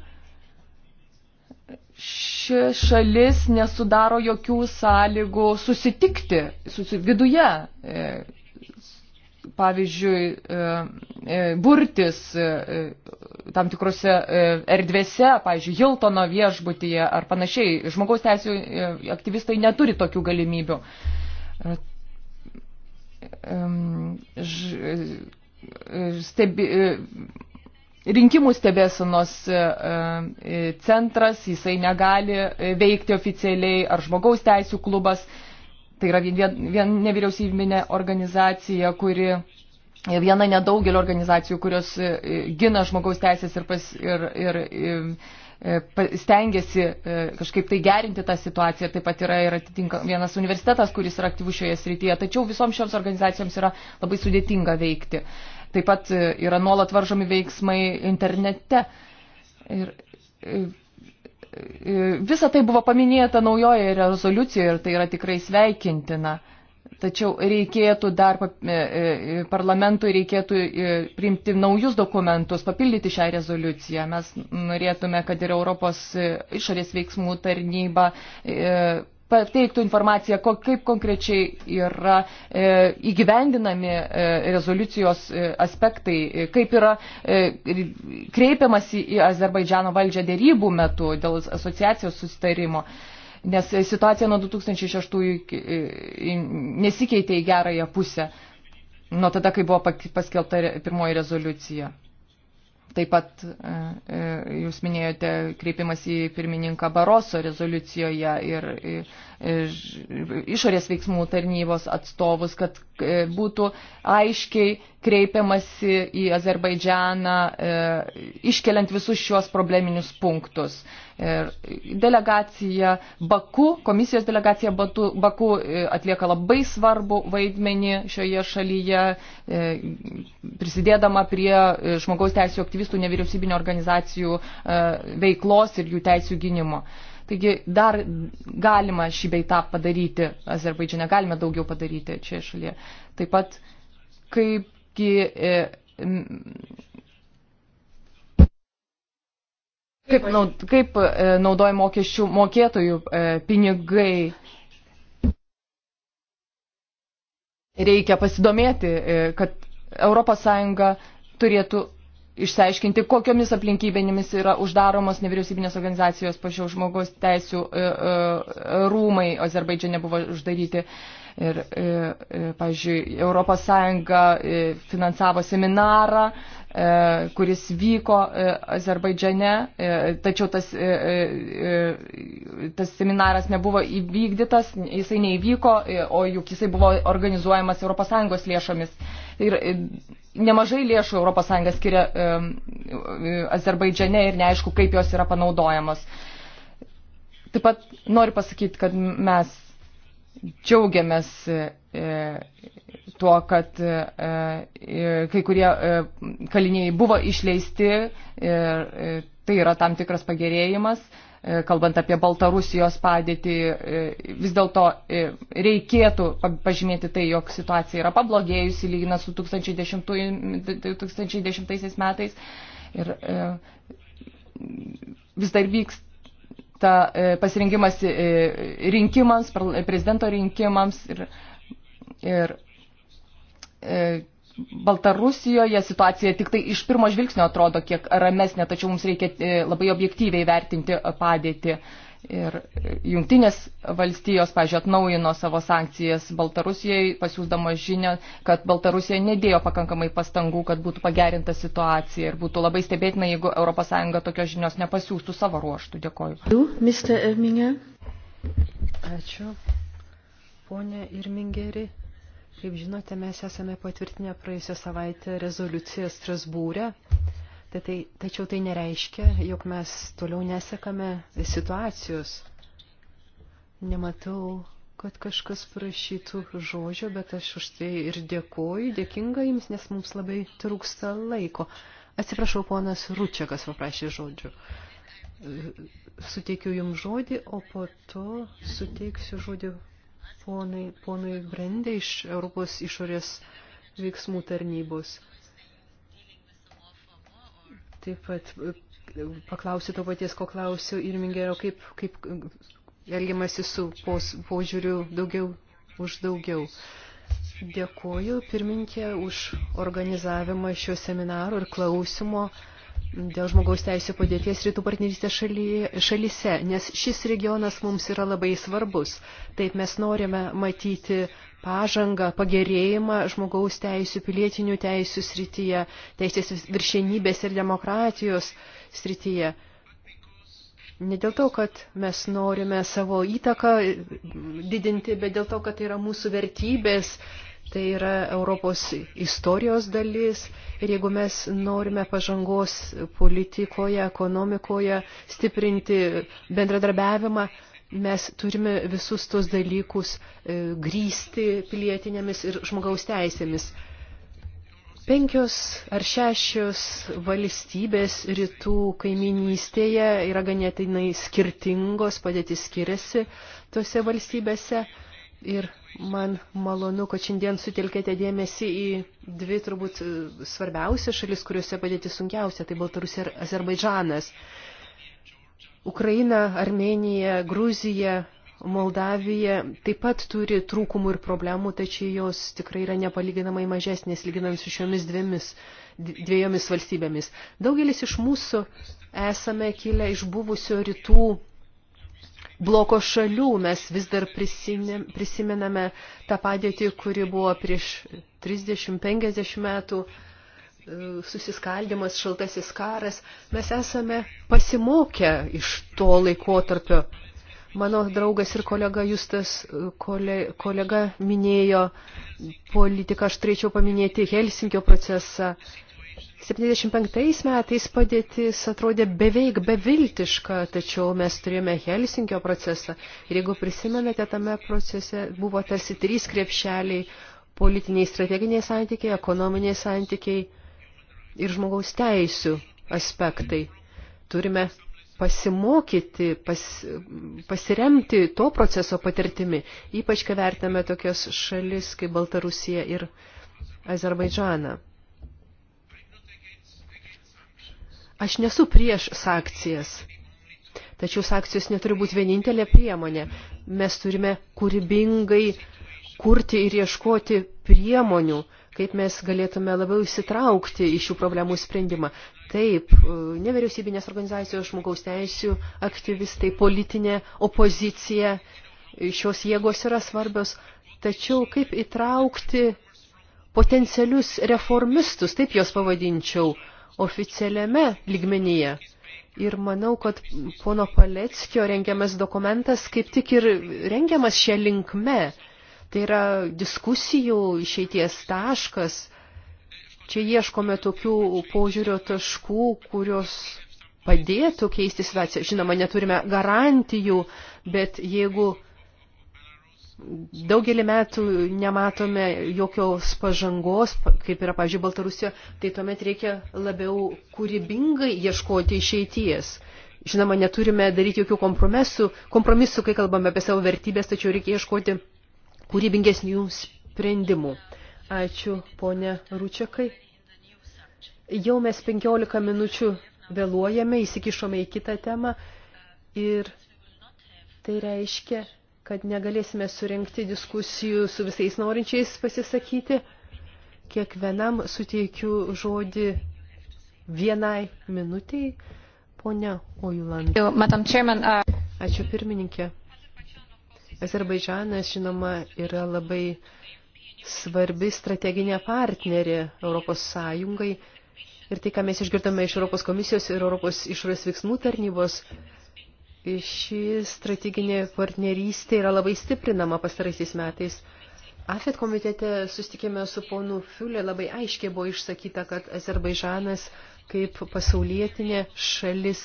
ši šalis nesudaro jokių sąlygų susitikti susi, viduje pavyzdžiui, e, e, burtis e, tam tikrose erdvėse, pavyzdžiui, Hiltono viešbutyje ar panašiai. Žmogaus teisų aktyvistai neturi tokių galimybių. Stebi, rinkimų stebėsenos centras, jisai negali veikti oficialiai, ar žmogaus teisų klubas Tai yra vien, vien nevyriausybinė organizacija, kuri viena nedaugelio organizacijų, kurios e, gina žmogaus teisės ir, pas, ir, ir, ir e, e, stengiasi kažkaip tai gerinti tą situaciją. Taip pat yra ir atitinka vienas universitetas, kuris yra aktyvus šioje srityje. Tačiau visoms šioms organizacijoms yra labai sudėtinga veikti. Taip pat yra nuolat varžomi veiksmai internete. Ir, E, visa tai buvo paminėta naujoje rezoliucijoje ir tai yra tikrai sveikintina. Tačiau reikėtų dar e, e, parlamentui reikėtų priimti naujus dokumentus, papildyti šią rezoliuciją. Mes norėtume, kad ir Europos išorės veiksmų tarnyba pateiktų informaciją, kaip konkrečiai yra e, įgyvendinami e, rezoliucijos e, aspektai, e, kaip yra e, kreipiamasi į Azerbaidžiano valdžią dėrybų metu dėl asociacijos susitarimo. Nes situacija nuo 2006 e, nesikeitė į gerąją pusę, nuo tada, kai buvo paskelbta pirmoji rezoliucija. Taip pat e, e, jūs minėjote kreipimas į pirmininką Baroso rezoliucijoje ir e, išorės veiksmų tarnybos atstovus, kad būtų aiškiai kreipiamasi į Azerbaidžianą, iškeliant visus šios probleminius punktus. Ir delegacija Baku, komisijos delegacija Batu, Baku e, atlieka labai svarbu vaidmenį šioje šalyje, e, prisidėdama prie e, žmogaus teisų aktyvistų nevyriausybinio organizacijų veiklos ir jų teisų gynimo. Taigi dar galima šį beitą padaryti Azerbaidžiane, galime daugiau padaryti čia šalyje. Taip pat kaipgi Kaip, naud, kaip e, naudoja mokesčių mokėtojų e, pinigai? Reikia pasidomėti, e, kad ES turėtų išsiaiškinti, kokiomis aplinkybėmis yra uždaromos nevyriausybinės organizacijos, pažiūrėjau, žmogaus teisų rūmai Azerbaidžiane buvo uždaryti. Ir, pavyzdžiui, ES finansavo seminarą E, kuris vyko e, Azerbaidžiane, e, tačiau tas, tas seminaras nebuvo įvykdytas, jisai neįvyko, o juk jisai buvo organizuojamas ES lėšomis. Ir nemažai lėšų ES skiria Azerbaidžiane ir neaišku, kaip jos yra panaudojamos. Taip pat noriu pasakyti, kad mes džiaugiamės tuo, kad e, e, kai kurie e, kaliniai buvo išleisti ir tai yra tam tikras pagerėjimas. Kalbant apie Baltarusijos padėtį, vis dėlto reikėtų pažymėti tai, jog situacija yra pablogėjusi lyginant su 2010, 2010 metais. Ir vis dar vyks ta pasirinkimas rinkimams, prezidento rinkimams ir, ir E, Baltarusijoje situacija tik tai iš pirmo žvilgsnio atrodo kiek ramesnė, tačiau mums reikia e, labai objektyviai vertinti padėtį. Ir e, jungtinės valstijos, pažiūrėjau, atnaujino savo sankcijas Baltarusijai, pasiūsdamo žinę, kad Baltarusija nedėjo pakankamai pastangų, kad būtų pagerinta situacija. Ir būtų labai stebėtina, jeigu ES tokios žinios nepasiūstų savo ruoštų. Dėkoju. Ačiū, ponė Irmingeri. Kaip žinote, mes esame patvirtinę praėjusią savaitę rezoliuciją Strasbūrę, tai, tai, tačiau tai nereiškia, jog mes toliau nesekame situacijos. Nematau, kad kažkas prašytų žodžio, bet aš už tai ir dėkuoju, dėkinga jums, nes mums labai trūksta laiko. Atsiprašau, ponas Ručiakas paprašė žodžių. Suteikiu jums žodį, o po to suteiksiu žodį ponai, ponui Brendė iš Europos išorės veiksmų tarnybos. Taip pat paklausiu to paties, ko klausiu ir Mingerio, kaip, kaip elgiamasi su pos, požiūriu daugiau už daugiau. Dėkuoju pirminkė už organizavimą šio seminaro ir klausimo dėl žmogaus teisų padėties rytų partnerystės šalyse, nes šis regionas mums yra labai svarbus. Taip mes norime matyti pažangą, pagerėjimą žmogaus teisų, pilietinių teisų srityje, teisės viršenybės ir demokratijos srityje. Ne dėl to, kad mes norime savo įtaką didinti, bet dėl to, kad tai yra mūsų vertybės, Tai yra Europos istorijos dalis ir jeigu mes norime pažangos politikoje, ekonomikoje, stiprinti bendradarbiavimą, mes turime visus tos dalykus e, grįsti pilietinėmis ir žmogaus teisėmis. Penkios ar šešios valstybės rytų kaiminystėje yra ganėtinai skirtingos, padėtis skiriasi tose valstybėse. Ir man malonu, kad šiandien sutelkėte dėmesį į dvi turbūt e, svarbiausias šalis, kuriuose padėti sunkiausia, tai Baltarusija ir Azerbaidžanas. Ukraina, Armenija, Gruzija, Moldavija taip pat turi trūkumų ir problemų, tačiau jos tikrai yra nepalyginamai mažesnės, lyginant su šiomis dviemis, dviejomis valstybėmis. Daugelis iš mūsų esame kilę iš buvusio rytų bloko šalių. Mes vis dar prisimename tą padėtį, kuri buvo prieš 30-50 metų e, susiskaldimas, šaltasis karas. Mes esame pasimokę iš to laikotarpio. Mano draugas ir kolega Justas, e, kole, kolega minėjo politiką, aš turėčiau paminėti Helsinkio procesą, 75 metais padėtis atrodė beveik beviltiška, tačiau mes turėjome Helsinkio procesą. Ir jeigu prisimenate, tame procese buvo tarsi trys krepšeliai – politiniai strateginiai santykiai, ekonominiai santykiai ir žmogaus teisių aspektai. Turime pasimokyti, pas, pasiremti to proceso patirtimi, ypač kai vertame tokias šalis kaip Baltarusija ir Azerbaidžaną. Aš nesu prieš sankcijas. Tačiau sankcijos neturi būti vienintelė priemonė. Mes turime kūrybingai kurti ir ieškoti priemonių, kaip mes galėtume labiau įsitraukti į šių problemų sprendimą. Taip, nevyriausybinės organizacijos, žmogaus teisių aktyvistai, politinė opozicija, šios jėgos yra svarbios. Tačiau kaip įtraukti potencialius reformistus, taip jos pavadinčiau, oficialiame lygmenyje. Ir manau, kad pono Paleckio rengiamas dokumentas kaip tik ir rengiamas šią linkme. Tai yra diskusijų išeities taškas. Čia ieškome tokių požiūrio taškų, kurios padėtų keisti situaciją. Žinoma, neturime garantijų, bet jeigu Daugelį metų nematome jokios pažangos, kaip yra, pavyzdžiui, Baltarusijoje, tai tuomet reikia labiau kūrybingai ieškoti išeities. Žinoma, neturime daryti jokių kompromisų, kompromisų, kai kalbame apie savo vertybės, tačiau reikia ieškoti kūrybingesnių sprendimų. Ačiū, ponė Ručiakai. Jau mes 15 minučių vėluojame, įsikišome į kitą temą ir tai reiškia, kad negalėsime surenkti diskusijų su visais norinčiais pasisakyti. Kiekvienam suteikiu žodį vienai minutiai. Pone Ojuland. Uh, Ačiū pirmininkė. Azerbaidžanas, žinoma, yra labai svarbi strateginė partnerė Europos Sąjungai. Ir tai, ką mes išgirdome iš Europos komisijos ir Europos išorės veiksmų tarnybos, ši strateginė partnerystė yra labai stiprinama pastaraisiais metais. AFET komitete sustikėme su ponu Fiulė, labai aiškiai buvo išsakyta, kad Azerbaižanas kaip pasaulietinė šalis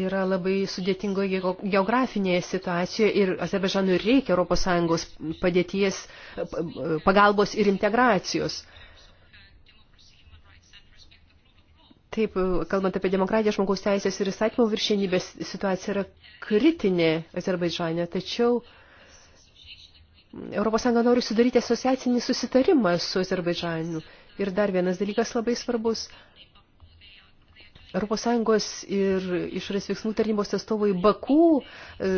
yra labai sudėtingoje geografinėje situacijoje ir Azerbaidžanui reikia ES padėties pagalbos ir integracijos. Taip, kalbant apie demokratiją, žmogaus teisės ir įstatymų viršienybės situacija yra kritinė Azerbaidžane, tačiau ES nori sudaryti asociacinį susitarimą su Azerbaidžanu. Ir dar vienas dalykas labai svarbus. ES ir išorės veiksmų tarnybos atstovai Baku e,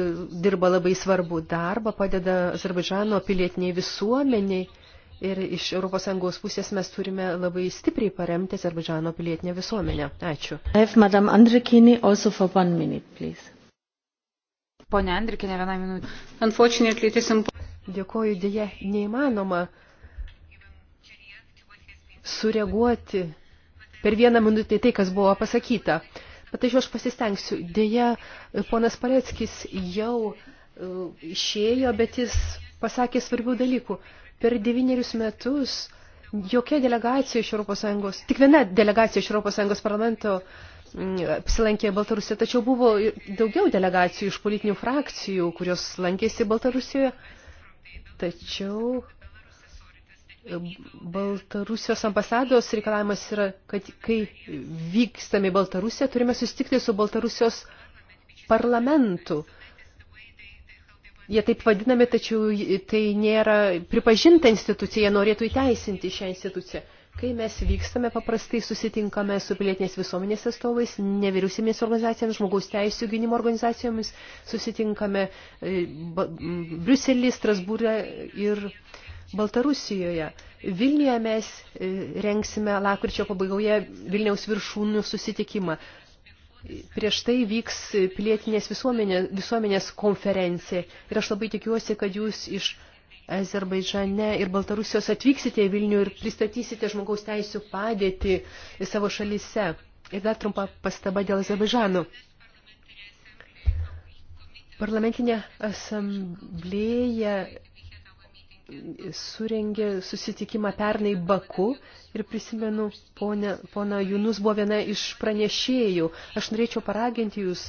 dirba labai svarbu darbą, padeda Azerbaidžano pilietiniai visuomeniai. Ir iš ES pusės mes turime labai stipriai paremti Azerbaidžano pilietinę visuomenę. Ačiū. Minute, Pone Andrikinė, vieną minutę. Dėkoju, dėje neįmanoma sureaguoti per vieną minutę tai, kas buvo pasakyta. Bet aš aš pasistengsiu. Dėja, ponas Paleckis jau e, išėjo, bet jis pasakė svarbių dalykų. Per devynerius metus jokia delegacija iš ES, tik viena delegacija iš ES parlamento mm, apsilankė Baltarusijoje, tačiau buvo daugiau delegacijų iš politinių frakcijų, kurios lankėsi Baltarusijoje, tačiau e, Baltarusijos ambasados reikalavimas yra, kad kai vykstame į Baltarusiją, turime susitikti su Baltarusijos parlamentu. Jie taip vadinami, tačiau tai nėra pripažinta institucija, norėtų įteisinti šią instituciją. Kai mes vykstame, paprastai susitinkame su pilietinės visuomenės atstovais, nevyriausybinės organizacijomis, žmogaus teisų gynimo organizacijomis, susitinkame e, Briuselį, Strasbūrę ir Baltarusijoje. Vilniuje mes e, rengsime lakryčio pabaigoje Vilniaus viršūnių susitikimą prieš tai vyks pilietinės visuomenės, visuomenės konferencija. Ir aš labai tikiuosi, kad jūs iš Azerbaidžane ir Baltarusijos atvyksite į Vilnių ir pristatysite žmogaus teisų padėtį savo šalyse. Ir dar trumpa pastaba dėl Azerbaidžano. Parlamentinė asamblėja surengė susitikimą pernai Baku ir prisimenu, ponė, pona Junus buvo viena iš pranešėjų. Aš norėčiau paraginti jūs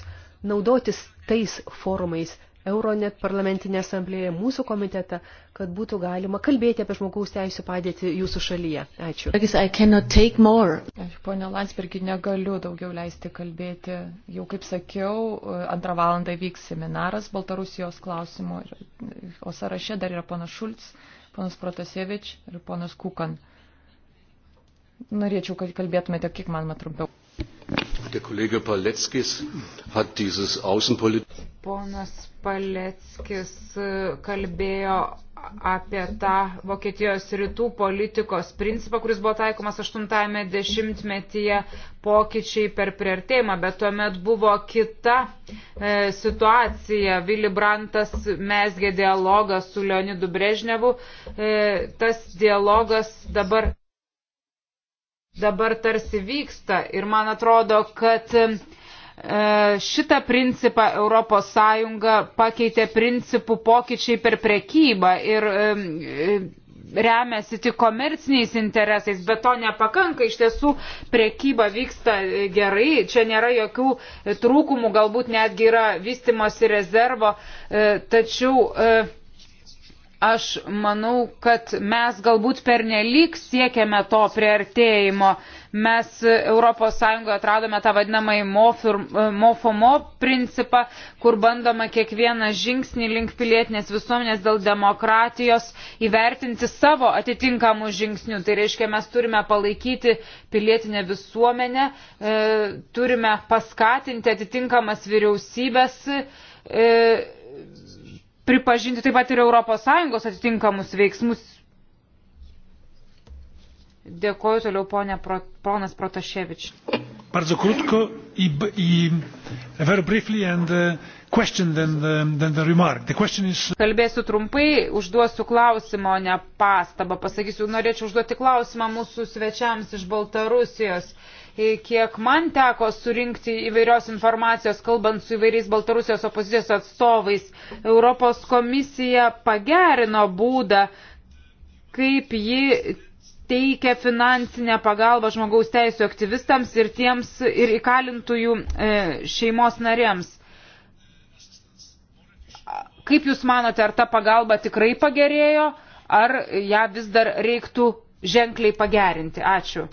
naudotis tais forumais, Euronet parlamentinė asamblėje, mūsų komitetą, kad būtų galima kalbėti apie žmogaus teisų padėtį jūsų šalyje. Ačiū. Aš, ponė Landsbergi, negaliu daugiau leisti kalbėti. Jau kaip sakiau, antrą valandą vyks seminaras Baltarusijos klausimų, o sąraše dar yra ponas Šulc, ponas Protasievič ir ponas Kukan. Norėčiau, kad kalbėtumėte kiek manoma trumpiau. Der Kollege Paleckis hat dieses Außenpolitik. Ponas Paleckis kalbėjo apie tą Vokietijos rytų politikos principą, kuris buvo taikomas 80-ame dešimtmetyje pokyčiai per priartėjimą, bet tuomet buvo kita e, situacija. Vili Brantas mesgė dialogą su Leonidu Brežnevu. E, tas dialogas dabar, dabar tarsi vyksta ir man atrodo, kad e, E, šitą principą ES pakeitė principų pokyčiai per prekybą ir e, remiasi tik komerciniais interesais, bet to nepakanka, iš tiesų prekyba vyksta gerai, čia nėra jokių trūkumų, galbūt netgi yra vystimosi rezervo, e, tačiau aš manau, kad mes galbūt pernelyg siekiame to priartėjimo mes europos sąjungoje atradome tą vadinamąjį mofomo principą kur bandoma kiekvieną žingsnį link pilietinės visuomenės dėl demokratijos įvertinti savo atitinkamu žingsniu tai reiškia mes turime palaikyti pilietinę visuomenę e, turime paskatinti atitinkamas vyriausybes e, pripažinti taip pat ir europos sąjungos atitinkamus veiksmus Dėkoju toliau ponė, Pro, ponas Protaševič. Bardzo krótko i, i very briefly and uh, question than the, than the remark. The question is... Kalbėsiu trumpai, užduosiu klausimą, o ne pastabą. Pasakysiu, norėčiau užduoti klausimą mūsų svečiams iš Baltarusijos. E, kiek man teko surinkti įvairios informacijos, kalbant su įvairiais Baltarusijos opozicijos atstovais, Europos komisija pagerino būdą, kaip ji teikia finansinę pagalbą žmogaus teisų aktyvistams ir tiems ir įkalintųjų e, šeimos narėms. Kaip Jūs manote, ar ta pagalba tikrai pagerėjo, ar ją vis dar reiktų ženkliai pagerinti? Ačiū.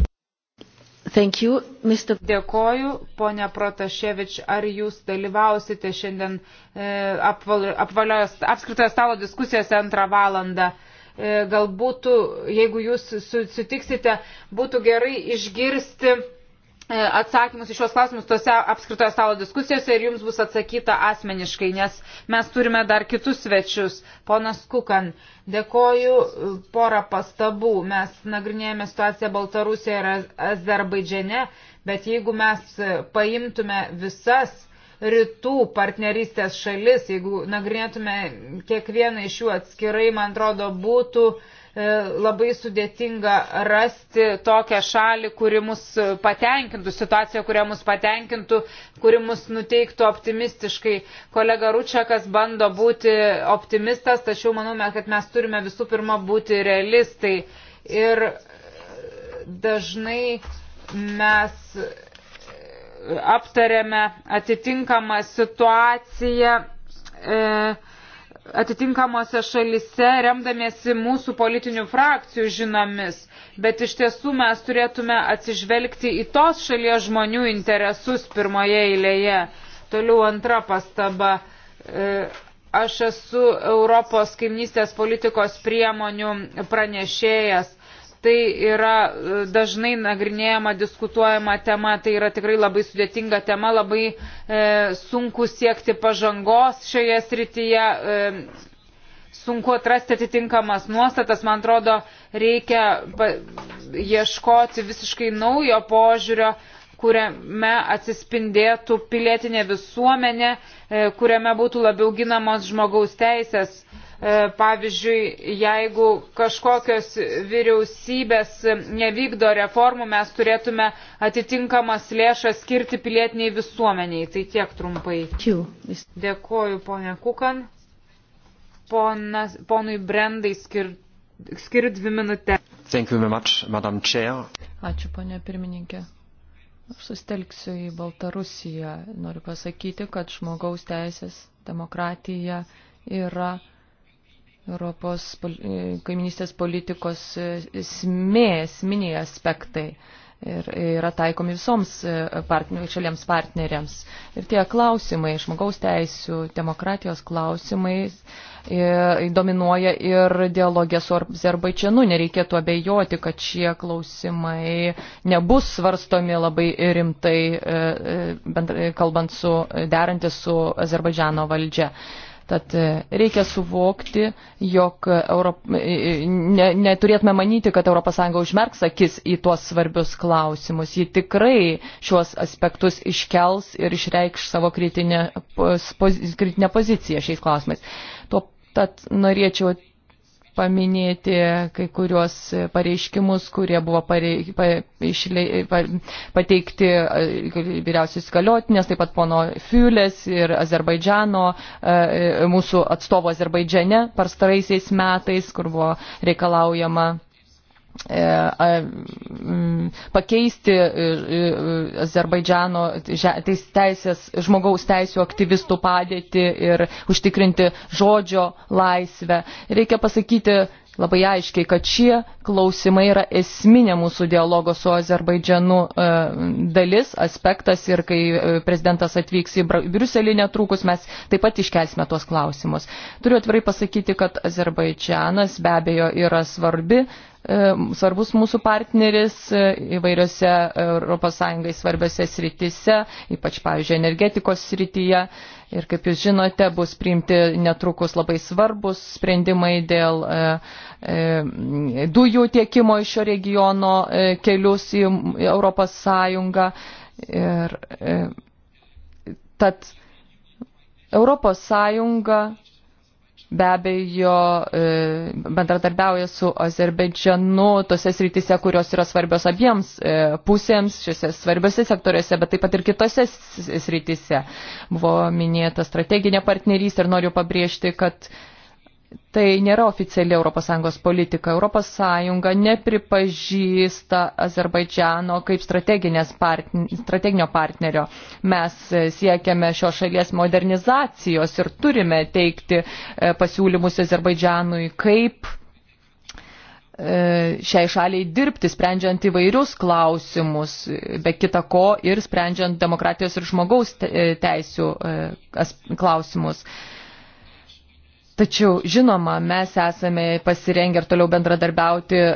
Thank you, Mr. Dėkoju, ponia Protaševič, ar jūs dalyvausite šiandien e, apvaliojo apskritojo stalo diskusijose antrą valandą? E, E, galbūt, jeigu jūs sutiksite, būtų gerai išgirsti e, atsakymus iš šios klausimus tose apskritoje stalo diskusijose ir jums bus atsakyta asmeniškai, nes mes turime dar kitus svečius. Ponas Kukan, dėkoju e, porą pastabų. Mes nagrinėjame situaciją Baltarusijoje ir Azerbaidžiane, bet jeigu mes paimtume visas rytų partnerystės šalis. Jeigu nagrinėtume kiekvieną iš jų atskirai, man atrodo, būtų e, labai sudėtinga rasti tokią šalį, kuri mus patenkintų, situaciją, kurią mus patenkintų, kuri mus nuteiktų optimistiškai. Kolega Ručiakas bando būti optimistas, tačiau manome, kad mes turime visų pirma būti realistai. Ir e, dažnai mes aptarėme atitinkamą situaciją. E, atitinkamose šalise remdamiesi mūsų politinių frakcijų žinomis, bet iš tiesų mes turėtume atsižvelgti į tos šalies žmonių interesus pirmoje eilėje. Toliau antra pastaba. E, aš esu Europos kaimnystės politikos priemonių pranešėjas tai yra e, dažnai nagrinėjama, diskutuojama tema, tai yra tikrai labai sudėtinga tema, labai e, sunku siekti pažangos šioje srityje. E, sunku atrasti atitinkamas nuostatas, man atrodo, reikia ieškoti visiškai naujo požiūrio, kuriame atsispindėtų pilietinė visuomenė, e, kuriame būtų labiau ginamos žmogaus teisės. E, pavyzdžiui, jeigu kažkokios vyriausybės nevykdo reformų, mes turėtume atitinkamas lėšas skirti pilietiniai visuomeniai. Tai tiek trumpai. Dėkoju, ponė Kukan. Ponas, ponui Brendai skir, skir dvi minutę. Much, Ačiū, ponė pirmininkė. Aš sustelksiu į Baltarusiją. Noriu pasakyti, kad žmogaus teisės, demokratija yra Europos e, kaiminystės politikos e, smė, esminiai aspektai ir yra taikomi visoms e, partner, šaliems partneriams. Ir tie klausimai, žmogaus teisų, demokratijos klausimai dominuoja ir dialogė su Azerbaidžianu. Nereikėtų abejoti, kad šie klausimai nebus svarstomi labai rimtai, kalbant su, derantis su Azerbaidžiano valdžia. Tad e, reikia suvokti, jog e, Europ... E, ne, neturėtume manyti, kad ES užmerks akis į tuos svarbius klausimus. Ji tikrai šiuos aspektus iškels ir išreikš savo kritinę, kritinę poziciją šiais klausimais. Tuo, tad norėčiau paminėti kai kuriuos pareiškimus, kurie buvo parei, pa, išle, pa, pateikti e, vyriausiais galiotinės, taip pat pono Fiulės ir Azerbaidžiano, e, e, mūsų atstovo Azerbaidžiane parstaraisiais metais, kur buvo reikalaujama E, pakeisti e, e, Azerbaidžiano teisės, žmogaus teisų aktyvistų padėtį ir užtikrinti žodžio laisvę. Reikia pasakyti labai aiškiai, kad šie klausimai yra esminė mūsų dialogo su Azerbaidžianu dalis, aspektas ir kai prezidentas atvyks į Briuselį netrukus, mes taip pat iškelsime tuos klausimus. Turiu atvirai pasakyti, kad Azerbaidžianas be abejo yra svarbi E, svarbus mūsų partneris e, įvairiose ES svarbiose sritise, ypač, pavyzdžiui, energetikos srityje. Ir kaip jūs žinote, bus priimti netrukus labai svarbus sprendimai dėl e, e, dujų tiekimo iš šio regiono e, kelius į Europos Sąjungą. Ir e, tad Europos Sąjunga be abejo e, bendradarbiauja su Azerbaidžianu tose srityse, kurios yra svarbios abiems e, pusėms, šiuose svarbiose sektoriuose, bet taip pat ir kitose srityse. Buvo minėta strateginė partnerystė ir noriu pabrėžti, kad Tai nėra oficiali ES politika. ES nepripažįsta Azerbaidžiano kaip partn strateginio partnerio. Mes e, siekiame šios šalies modernizacijos ir turime teikti e, pasiūlymus Azerbaidžianui, kaip e, šiai šaliai dirbti, sprendžiant įvairius klausimus, be kita ko ir sprendžiant demokratijos ir žmogaus teisų klausimus. Tačiau, žinoma, mes esame pasirengę ir toliau bendradarbiauti e,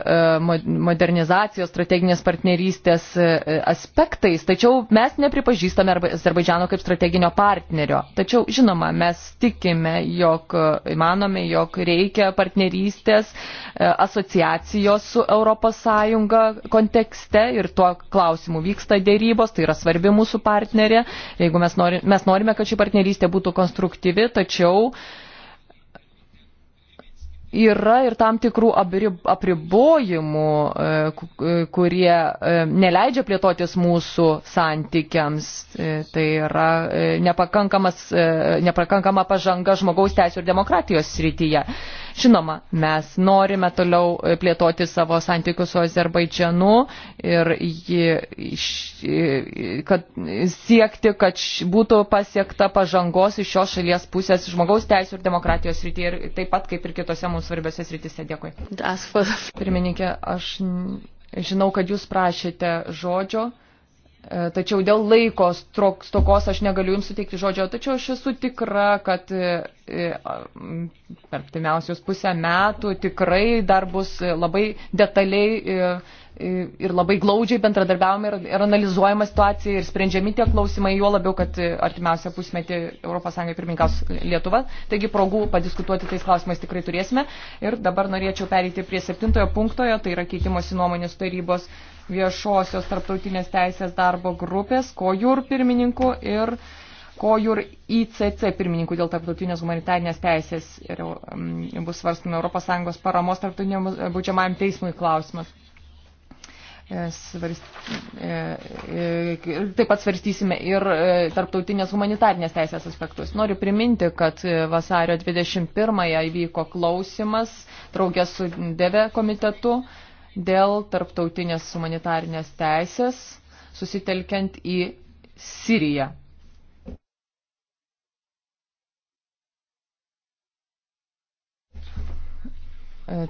modernizacijos, strateginės partnerystės e, aspektais, tačiau mes nepripažįstame Azerbaidžiano kaip strateginio partnerio. Tačiau, žinoma, mes tikime, jog manome, jog reikia partnerystės e, asociacijos su ES kontekste ir tuo klausimu vyksta dėrybos, tai yra svarbi mūsų partnerė. Jeigu mes, nori, mes norime, kad ši partnerystė būtų konstruktyvi, tačiau yra ir tam tikrų apribojimų, e, e, kurie e, neleidžia plėtotis mūsų santykiams. Tai yra nepakankama pažanga žmogaus teisų ir demokratijos srityje. Žinoma, mes norime toliau e, plėtoti savo santykius su Azerbaidžianu ir e, kad siekti, kad būtų pasiekta pažangos iš šios šalies pusės žmogaus teisų ir demokratijos srityje ir taip pat kaip ir kitose mūsų svarbiose srityse. Dėkui. Pirmininkė, aš žinau, kad jūs prašėte žodžio. E, tačiau dėl laiko stokos aš negaliu jums suteikti žodžio, tačiau aš esu tikra, kad E, per timiausius pusę metų tikrai dar bus labai detaliai e, e, ir labai glaudžiai bendradarbiavome ir, ir analizuojama situacija ir sprendžiami tie klausimai, juo labiau, kad artimiausią pusmetį ES pirmininkaus Lietuva. Taigi progų padiskutuoti tais klausimais tikrai turėsime. Ir dabar norėčiau pereiti prie septintojo punktojo, tai yra keitimosi nuomonės tarybos viešosios tarptautinės teisės darbo grupės, kojur pirmininku ir uh, COJUR ICC pirmininkų dėl tarptautinės humanitarinės teisės ir um, bus svarstama ES paramos tarptautiniam būdžiamajam teismui klausimas. E, svarst... E, e, taip pat svarstysime ir tarptautinės humanitarnės teisės aspektus. Noriu priminti, kad vasario 21-ąją įvyko klausimas draugės su DEVE komitetu dėl tarptautinės humanitarnės teisės susitelkiant į Siriją.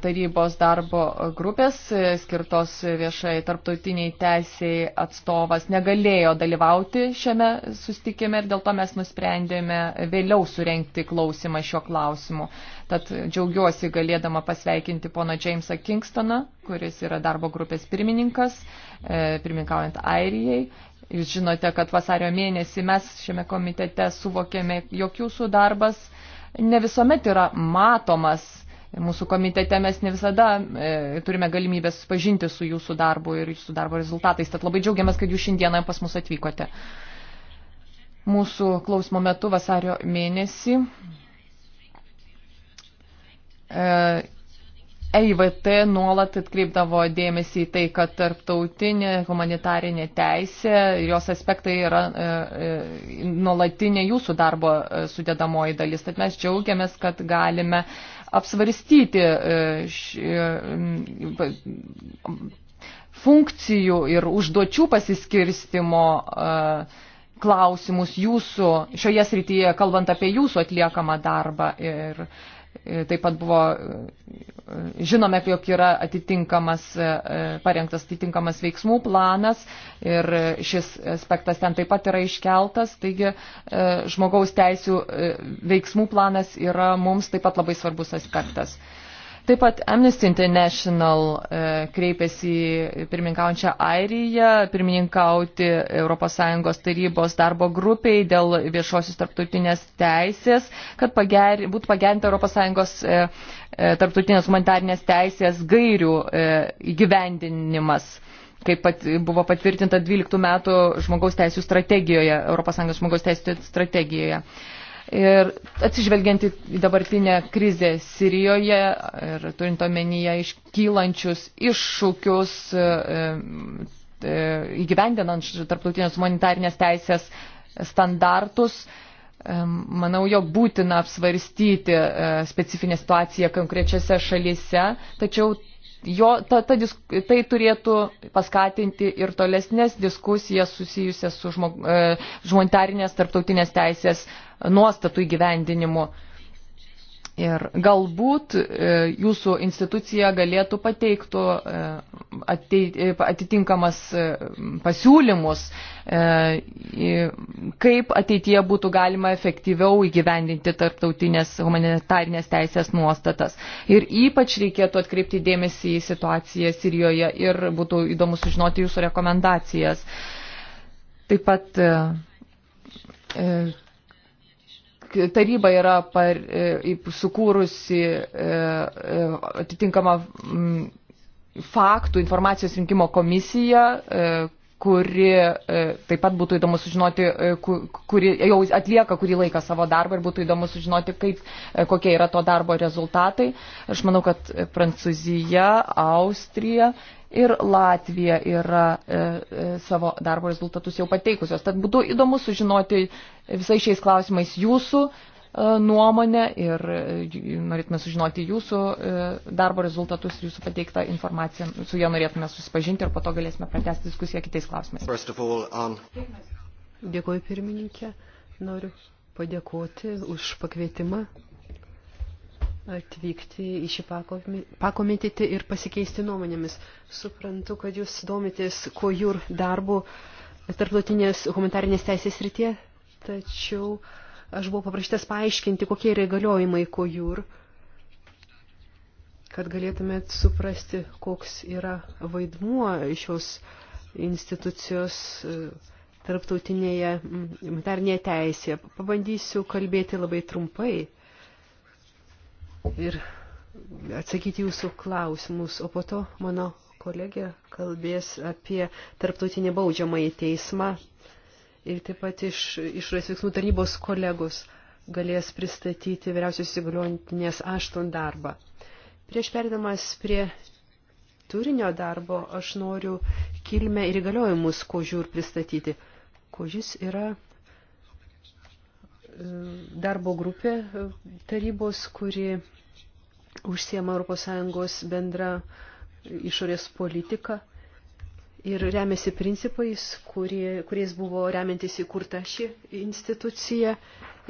tarybos darbo grupės skirtos viešai tarptautiniai teisiai atstovas negalėjo dalyvauti šiame sustikime ir dėl to mes nusprendėme vėliau surenkti klausimą šiuo klausimu. Tad džiaugiuosi galėdama pasveikinti pono Jamesą Kingstoną, kuris yra darbo grupės pirmininkas, e, pirmininkaujant Airijai. Jūs žinote, kad vasario mėnesį mes šiame komitete suvokėme, jog jūsų darbas ne visuomet yra matomas Mūsų komitete mes ne visada e, turime galimybę susipažinti su jūsų darbu ir jūsų darbo rezultatais, tad labai džiaugiamės, kad jūs šiandieną pas mus atvykote. Mūsų klausimo metu vasario mėnesį e, EIVT nuolat atkreipdavo dėmesį į tai, kad tarptautinė humanitarinė teisė ir jos aspektai yra e, e nuolatinė jūsų darbo e, sudėdamoji dalis. Tad mes džiaugiamės, kad galime apsvarstyti e, šį, e, funkcijų ir užduočių pasiskirstimo e, klausimus jūsų šioje srityje, kalbant apie jūsų atliekamą darbą. Ir, uh, Taip pat buvo, žinome, jog yra atitinkamas, parengtas atitinkamas veiksmų planas ir šis aspektas ten taip pat yra iškeltas, taigi žmogaus teisų veiksmų planas yra mums taip pat labai svarbus aspektas. Taip pat Amnesty International e, kreipėsi į pirmininkaujančią Airiją, pirmininkauti ES tarybos darbo grupiai dėl viešosios tarptautinės teisės, kad pager, būtų pagerinta ES e, e, tarptautinės humanitarnės teisės gairių įgyvendinimas kaip pat, buvo patvirtinta 12 metų žmogaus teisų strategijoje, ES žmogaus teisų strategijoje. E, Ir atsižvelgiant į dabartinę krizę Sirijoje ir turint omenyje iškylančius iššūkius e, e, įgyvendinant tarptautinės humanitarinės teisės standartus, e, manau, jog būtina apsvarstyti specifinę situaciją konkrečiose šalyse, tačiau jo, ta, ta, tai turėtų paskatinti ir tolesnės diskusijas susijusias su žmog, e, žmonitarinės tarptautinės teisės nuostatų įgyvendinimu. E, Ir galbūt e, jūsų institucija galėtų pateiktų e, e, atitinkamas pasiūlymus, kaip ateityje būtų galima efektyviau įgyvendinti tarptautinės humanitarinės teisės nuostatas. Ir ypač reikėtų atkreipti dėmesį į situaciją Sirijoje ir būtų įdomu sužinoti jūsų rekomendacijas. Taip pat taryba yra par, e, sukūrusi e, e, atitinkamą mm, faktų informacijos rinkimo komisiją, kuri taip pat būtų įdomu sužinoti, kuri jau atlieka kurį laiką savo darbą ir būtų įdomu sužinoti, kaip, kokie yra to darbo rezultatai. Aš manau, kad Prancūzija, Austrija ir Latvija yra e, e, savo darbo rezultatus jau pateikusios. Tad būtų įdomu sužinoti visais šiais klausimais jūsų e, nuomonę ir e, norėtume sužinoti jūsų e, darbo rezultatus ir jūsų pateiktą informaciją. Su ją norėtume susipažinti ir po to galėsime pratesti diskusiją kitais klausimais. All, um... Dėkuoju pirmininkė. Noriu padėkoti už pakvietimą atvykti į šį pakomitetį ir pasikeisti nuomonėmis. Suprantu, kad jūs domitės kojur darbu tarptautinės humanitarinės teisės rytie, tačiau aš buvau paprašytas paaiškinti, kokie yra įgaliojimai kojur, kad galėtumėt suprasti, koks yra vaidmuo šios institucijos e, tarptautinėje humanitarnėje teisėje. Pabandysiu kalbėti labai trumpai ir atsakyti jūsų klausimus, o po to mano kolegė kalbės apie tarptautinį baudžiamąjį teismą ir taip pat iš išorės veiksmų tarnybos kolegos galės pristatyti vyriausios įgaliotinės ašton darbą. Prieš perdamas prie turinio darbo aš noriu kilmę ir įgaliojimus kožių ir pristatyti. Kožis yra darbo grupė e, tarybos, kuri užsiema ES bendra išorės politika ir remiasi principais, kurie, kuriais buvo remiantis įkurta ši institucija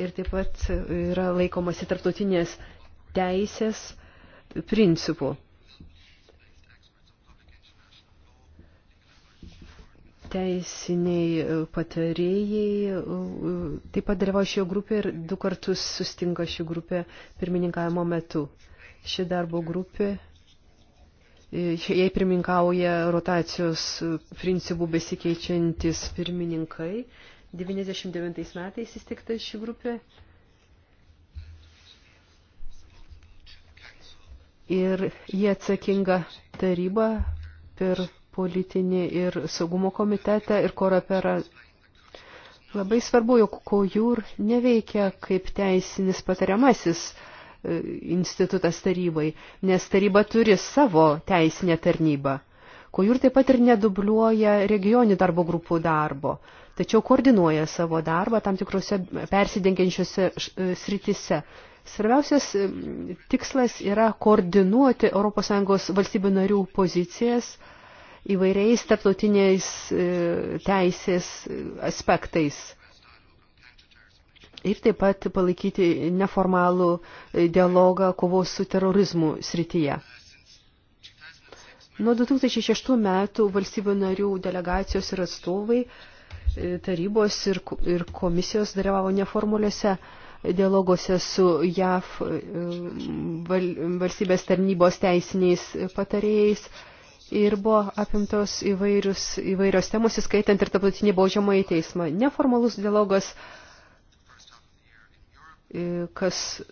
ir taip pat yra laikomasi tarptautinės teisės principų. teisiniai e, patarėjai. E, e, taip pat dalyvauja šioje grupėje ir du kartus sustinka ši grupė pirmininkavimo metu. Ši darbo grupė, jai pirmininkauja rotacijos principų besikeičiantis pirmininkai. 99 metais įsteigta ši grupė. Ir jie atsakinga taryba per politinį ir saugumo komitetą ir korapera. Labai svarbu, jog kojūr neveikia kaip teisinis patariamasis e, institutas tarybai, nes taryba turi savo teisinę tarnybą. Kojūr taip pat ir nedubliuoja regionių darbo grupų darbo, tačiau koordinuoja savo darbą tam tikrose persidengiančiose e, sritise. Svarbiausias e, tikslas yra koordinuoti ES valstybių narių pozicijas įvairiais tarptautiniais e, teisės aspektais. Ir taip pat palaikyti neformalų e, dialogą kovos su terorizmu srityje. Nuo 2006 metų valstybių narių delegacijos ir atstovai e, tarybos ir, ir komisijos dalyvavo neformuliuose dialoguose su JAV val, valstybės tarnybos teisiniais patarėjais ir buvo apimtos įvairius, įvairios temos, įskaitant ir tarptautinį baudžiamąjį teismą. Neformalus dialogas, e, kas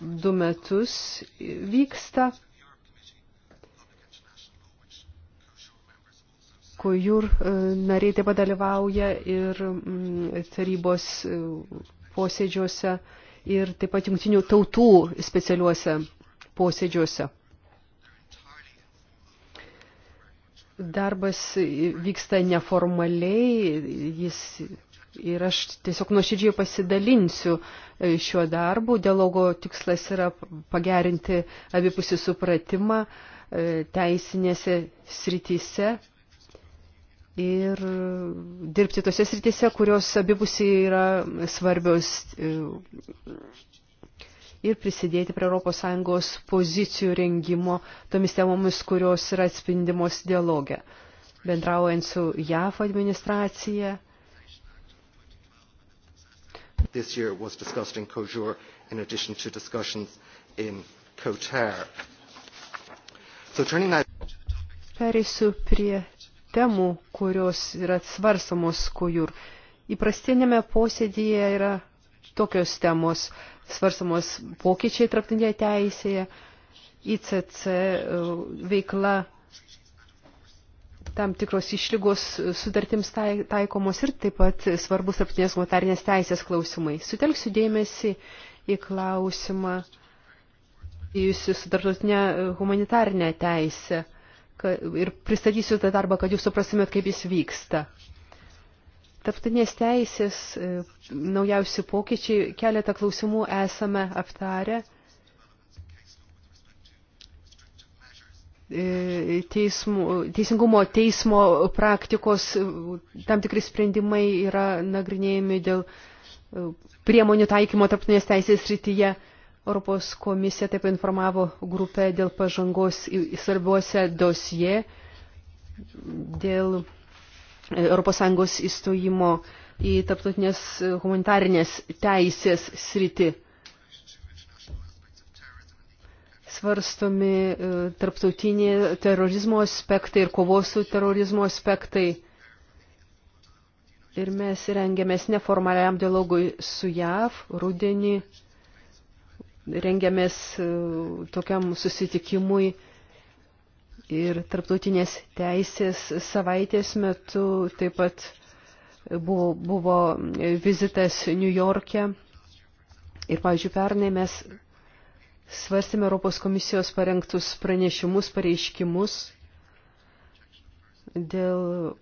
du metus vyksta, kojur e, nariai taip pat dalyvauja ir mm, tarybos e, posėdžiuose ir taip pat jungtinių tautų specialiuose posėdžiuose. Darbas vyksta neformaliai, jis ir aš tiesiog nuoširdžiai pasidalinsiu e, šiuo darbu. Dialogo tikslas yra pagerinti abipusį supratimą e, teisinėse srityse ir dirbti tose srityse, kurios abipusiai yra svarbios e, ir prisidėti prie ES pozicijų rengimo tomis temomis, kurios yra atspindimos dialogė. Bendraujant su JAF administracija. This year was discussed in Kojur in addition to discussions in Qatar. So turning now... Perėsiu prie temų, kurios yra svarstamos Kojur. Įprastinėme posėdėje yra tokios temos svarstamos pokyčiai traktinėje teisėje, ICC e, veikla tam tikros išlygos sutartims tai, taikomos ir taip pat svarbus tarptautinės humanitarinės teisės klausimai. Sutelksiu dėmesį į klausimą įjusi su tarptautinė humanitarinė teisė ir pristatysiu tą darbą, kad jūs suprasimėt, kaip jis vyksta. Tarptautinės teisės e, naujausi pokyčiai keletą klausimų esame aptarę. E, teismų, teisingumo teismo praktikos e, tam tikri sprendimai yra nagrinėjami dėl priemonių taikymo tarptautinės teisės rytyje. Europos komisija taip informavo grupę dėl pažangos svarbiuose dosie, dėl ES įstojimo į tarptautinės humanitarinės teisės sritį. Svarstomi e, tarptautiniai terorizmo aspektai ir kovos su terorizmo aspektai. Ir mes rengiamės neformaliam dialogui su JAV rudenį, rengiamės e, tokiam susitikimui Ir tarptautinės teisės savaitės metu taip pat buvo, buvo vizitas New York'e. Ir, pavyzdžiui, pernai mes svarstėme Europos komisijos parengtus pranešimus, pareiškimus dėl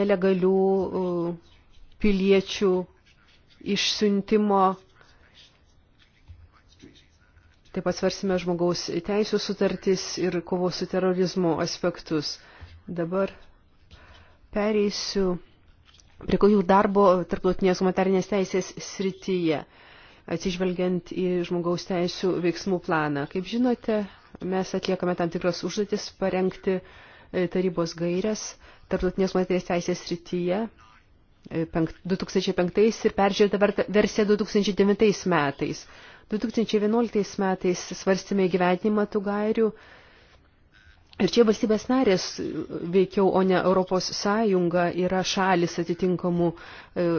nelegalių uh, piliečių išsiuntimo Taip pat svarsime žmogaus teisų sutartis ir kovos su terorizmu aspektus. Dabar pereisiu prie kojų darbo tarptautinės humanitarinės teisės srityje, atsižvelgiant į žmogaus teisų veiksmų planą. Kaip žinote, mes atliekame tam tikras užduotis parengti e, tarybos gairias tarptautinės humanitarinės teisės srityje 2005 e, ir peržiūrėta versija 2009 metais. 2011 metais svarstėme įgyvenimą tų gairių ir čia valstybės narės veikiau, o ne Europos Sąjunga yra šalis atitinkamų e,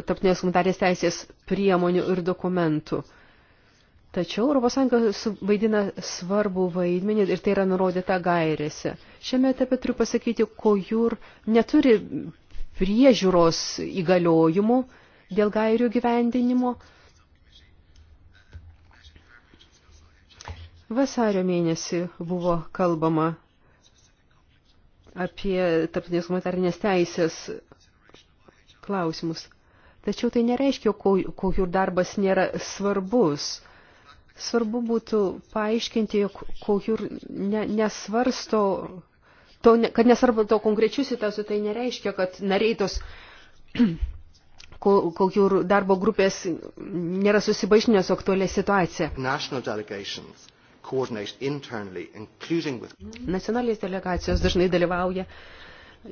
tarptinės komentarės teisės priemonių ir dokumentų. Tačiau ES vaidina svarbų vaidmenį ir tai yra nurodyta gairėse. Šiame etape turiu pasakyti, kojur neturi priežiūros įgaliojimų dėl gairių gyvendinimo, Vasario mėnesį buvo kalbama apie tarptautinės humanitarinės teisės klausimus. Tačiau tai nereiškia, kokių darbas nėra svarbus. Svarbu būtų paaiškinti, jog kokių ne, nesvarsto, to, kad nesvarbu to konkrečių situacijų, tai nereiškia, kad nariai tos kokių darbo grupės nėra susibažinęs aktualią situaciją coordinate internally, including with... Nacionalinės delegacijos dažnai dalyvauja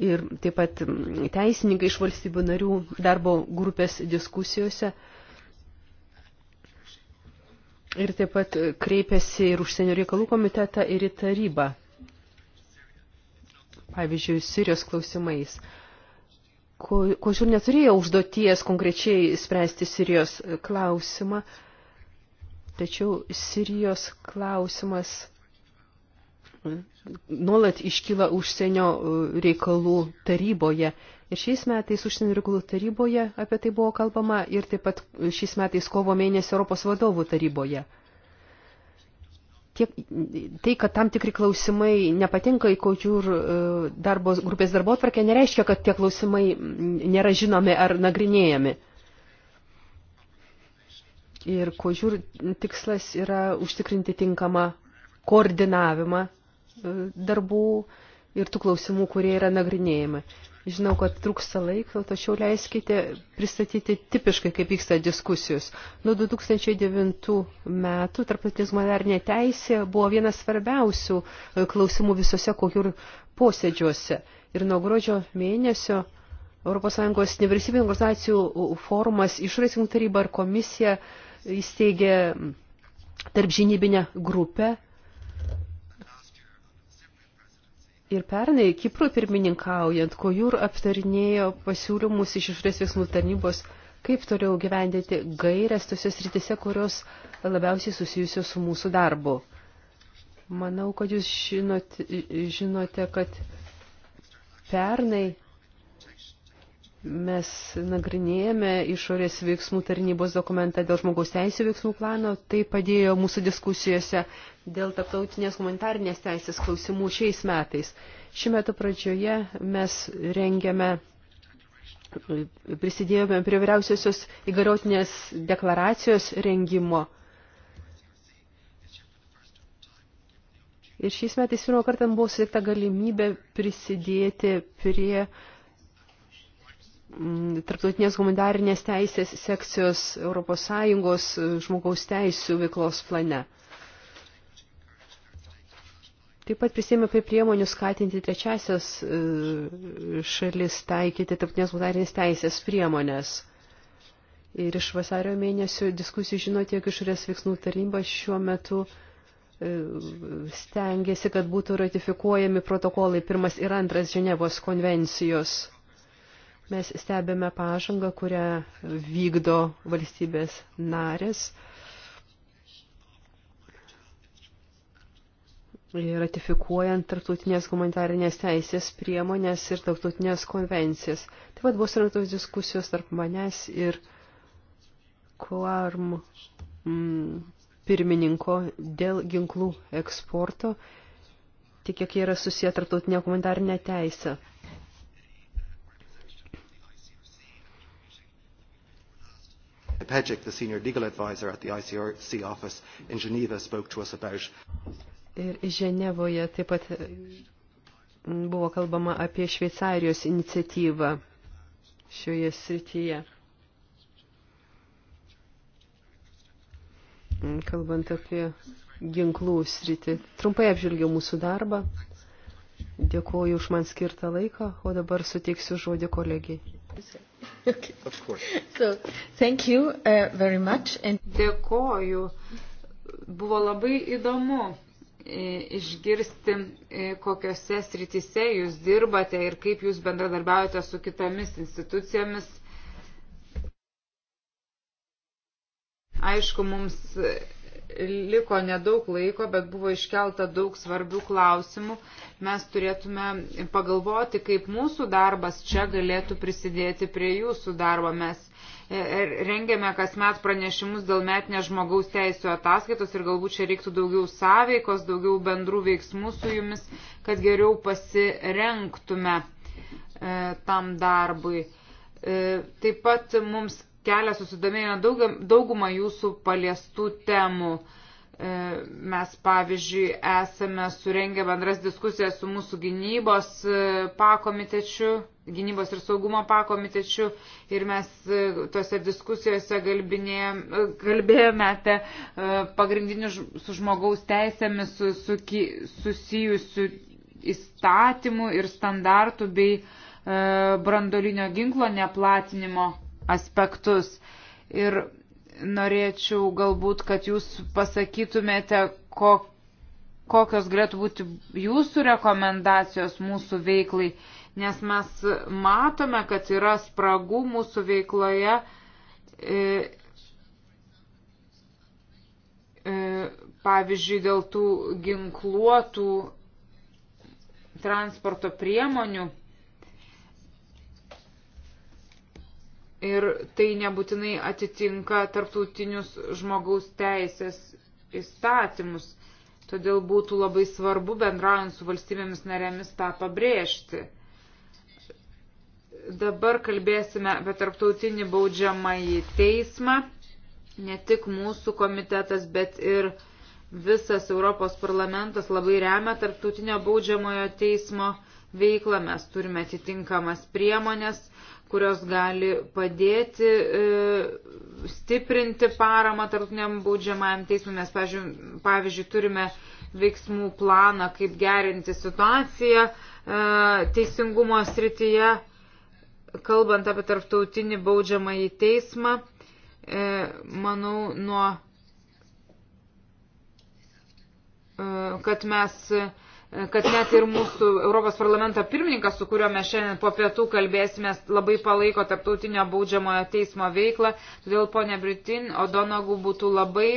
ir taip pat mm, teisininkai iš valstybių narių darbo grupės diskusijose. Ir taip pat kreipiasi ir užsienio reikalų komitetą ir į tarybą. Pavyzdžiui, Sirijos klausimais. Kožiūr neturėjo užduoties konkrečiai spręsti Sirijos klausimą, Tačiau Sirijos klausimas nuolat iškyla užsienio e, reikalų taryboje. Ir šiais metais užsienio reikalų taryboje apie tai buvo kalbama ir taip pat e, šiais metais kovo mėnesį Europos vadovų taryboje. Tiek, tai, kad tam tikri klausimai nepatinka į kočiūr e, darbo, grupės darbo atvarkę, nereiškia, kad tie klausimai nėra žinomi ar nagrinėjami. Ir kožiūr tikslas yra užtikrinti tinkamą koordinavimą e, darbų ir tų klausimų, kurie yra nagrinėjami. Žinau, kad trūksta laiko, tačiau leiskite pristatyti tipiškai, kaip vyksta diskusijos. Nuo 2009 metų tarptautinės modernė teisė buvo vienas svarbiausių e, klausimų visose kokiur posėdžiuose. Ir nuo gruodžio mėnesio ES nevyriausybinio organizacijų formas, išraisingų taryba ir komisija uh, įsteigė tarpžinybinę grupę. Ir pernai Kipro pirmininkaujant, Kojur aptarinėjo pasiūlymus iš išorės veiksmų tarnybos, kaip toliau gyvendyti gairias tose sritise, kurios labiausiai susijusios su mūsų darbu. Manau, kad jūs žinote, žinote kad pernai Mes nagrinėjame išorės veiksmų tarnybos dokumentą dėl žmogaus teisų veiksmų plano. Tai padėjo mūsų diskusijose dėl taptautinės humanitarnės teisės klausimų šiais metais. Šiuo metu pradžioje mes rengiame, prisidėjome prie vyriausiosios įgariotinės deklaracijos rengimo. Ir šiais metais pirmą kartą buvo suteikta galimybė prisidėti prie uh, Mm, tarptautinės humanitarinės teisės sekcijos ES e, žmogaus teisų veiklos plane. Taip pat prisėmė prie priemonių skatinti trečiasias e, šalis taikyti tarptautinės humanitarinės teisės priemonės. Ir iš vasario mėnesio diskusijų žino tiek išorės veiksmų taryba šiuo metu e, stengiasi, kad būtų ratifikuojami protokolai pirmas ir antras Ženevos konvencijos Mes stebime pažangą, kurią vykdo valstybės narės. ratifikuojant tarptautinės humanitarinės teisės priemonės ir tarptautinės konvencijas. Taip pat buvo surinktos diskusijos tarp manęs ir KOARM mm, pirmininko dėl ginklų eksporto, tiek kiek jie yra susiję tarptautinė humanitarinė teisė. Pejic, the senior legal advisor at the ICRC office in Geneva, spoke to us about. Ir Ženevoje taip pat mm, buvo kalbama apie Šveicarijos iniciatyvą šioje srityje. Mm, kalbant apie ginklų sritį. Trumpai apžvelgiau mūsų darbą. Dėkuoju už man skirtą laiką, o dabar suteiksiu žodį kolegijai. Okay. So, thank you uh, very much. And... Dėkoju. Buvo labai įdomu e, išgirsti, e, kokiuose srityse jūs dirbate ir kaip jūs bendradarbiaujate su kitomis institucijomis. Aišku, mums liko nedaug laiko, bet buvo iškelta daug svarbių klausimų. Mes turėtume pagalvoti, kaip mūsų darbas čia galėtų prisidėti prie jūsų darbo. Mes e, e, rengiame kasmet pranešimus dėl metinės žmogaus teisų ataskaitos ir galbūt čia reiktų daugiau sąveikos, daugiau bendrų veiksmų su jumis, kad geriau pasirenktume e, tam darbui. Taip pat mums kelia susidomėjimą daugumą jūsų paliestų temų. E, mes, pavyzdžiui, esame surengę bendras diskusijas su mūsų gynybos e, pakomitečiu, gynybos ir saugumo pakomitečiu ir mes e, tose diskusijose kalbėjome apie pagrindinius su žmogaus teisėmis su, su, susijusių įstatymų ir standartų bei brandolinio ginklo neplatinimo aspektus. Ir norėčiau galbūt, kad jūs pasakytumėte, kokie kokios galėtų būti jūsų rekomendacijos mūsų veiklai, nes mes matome, kad yra spragų mūsų veikloje. E, e, pavyzdžiui, dėl tų ginkluotų transporto priemonių ir tai nebūtinai atitinka tarptautinius žmogaus teisės įstatymus. Todėl būtų labai svarbu bendraujant su valstybėmis narėmis tą pabrėžti. Dabar kalbėsime apie tarptautinį baudžiamąjį teismą. Ne tik mūsų komitetas, bet ir visas Europos parlamentas labai remia tarptautinio baudžiamojo teismo veiklą, mes turime atitinkamas priemonės, kurios gali padėti e, stiprinti paramą tarptautiniam baudžiamajam teismui. Mes, pavyzdžiui, pavyzdžiui, turime veiksmų planą, kaip gerinti situaciją e, teisingumo srityje, kalbant apie tarptautinį baudžiamąjį teismą. E, manau, nuo e, kad mes e, kad net ir mūsų Europos parlamento pirmininkas, su kuriuo mes šiandien po pietų kalbėsime, labai palaiko tarptautinio baudžiamojo teismo veiklą. Todėl, ponė Britin, Odonogų būtų labai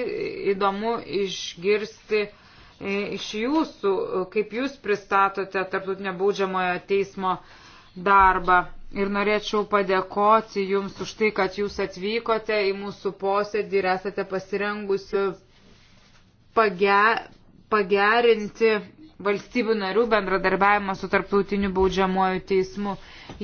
įdomu išgirsti e, iš jūsų, e, kaip jūs pristatote tarptautinio baudžiamojo teismo darbą. Ir norėčiau padėkoti Jums už tai, kad Jūs atvykote į mūsų posėdį ir esate pasirengusi page, pagerinti valstybių narių bendradarbiavimą su tarptautiniu baudžiamuoju teismu.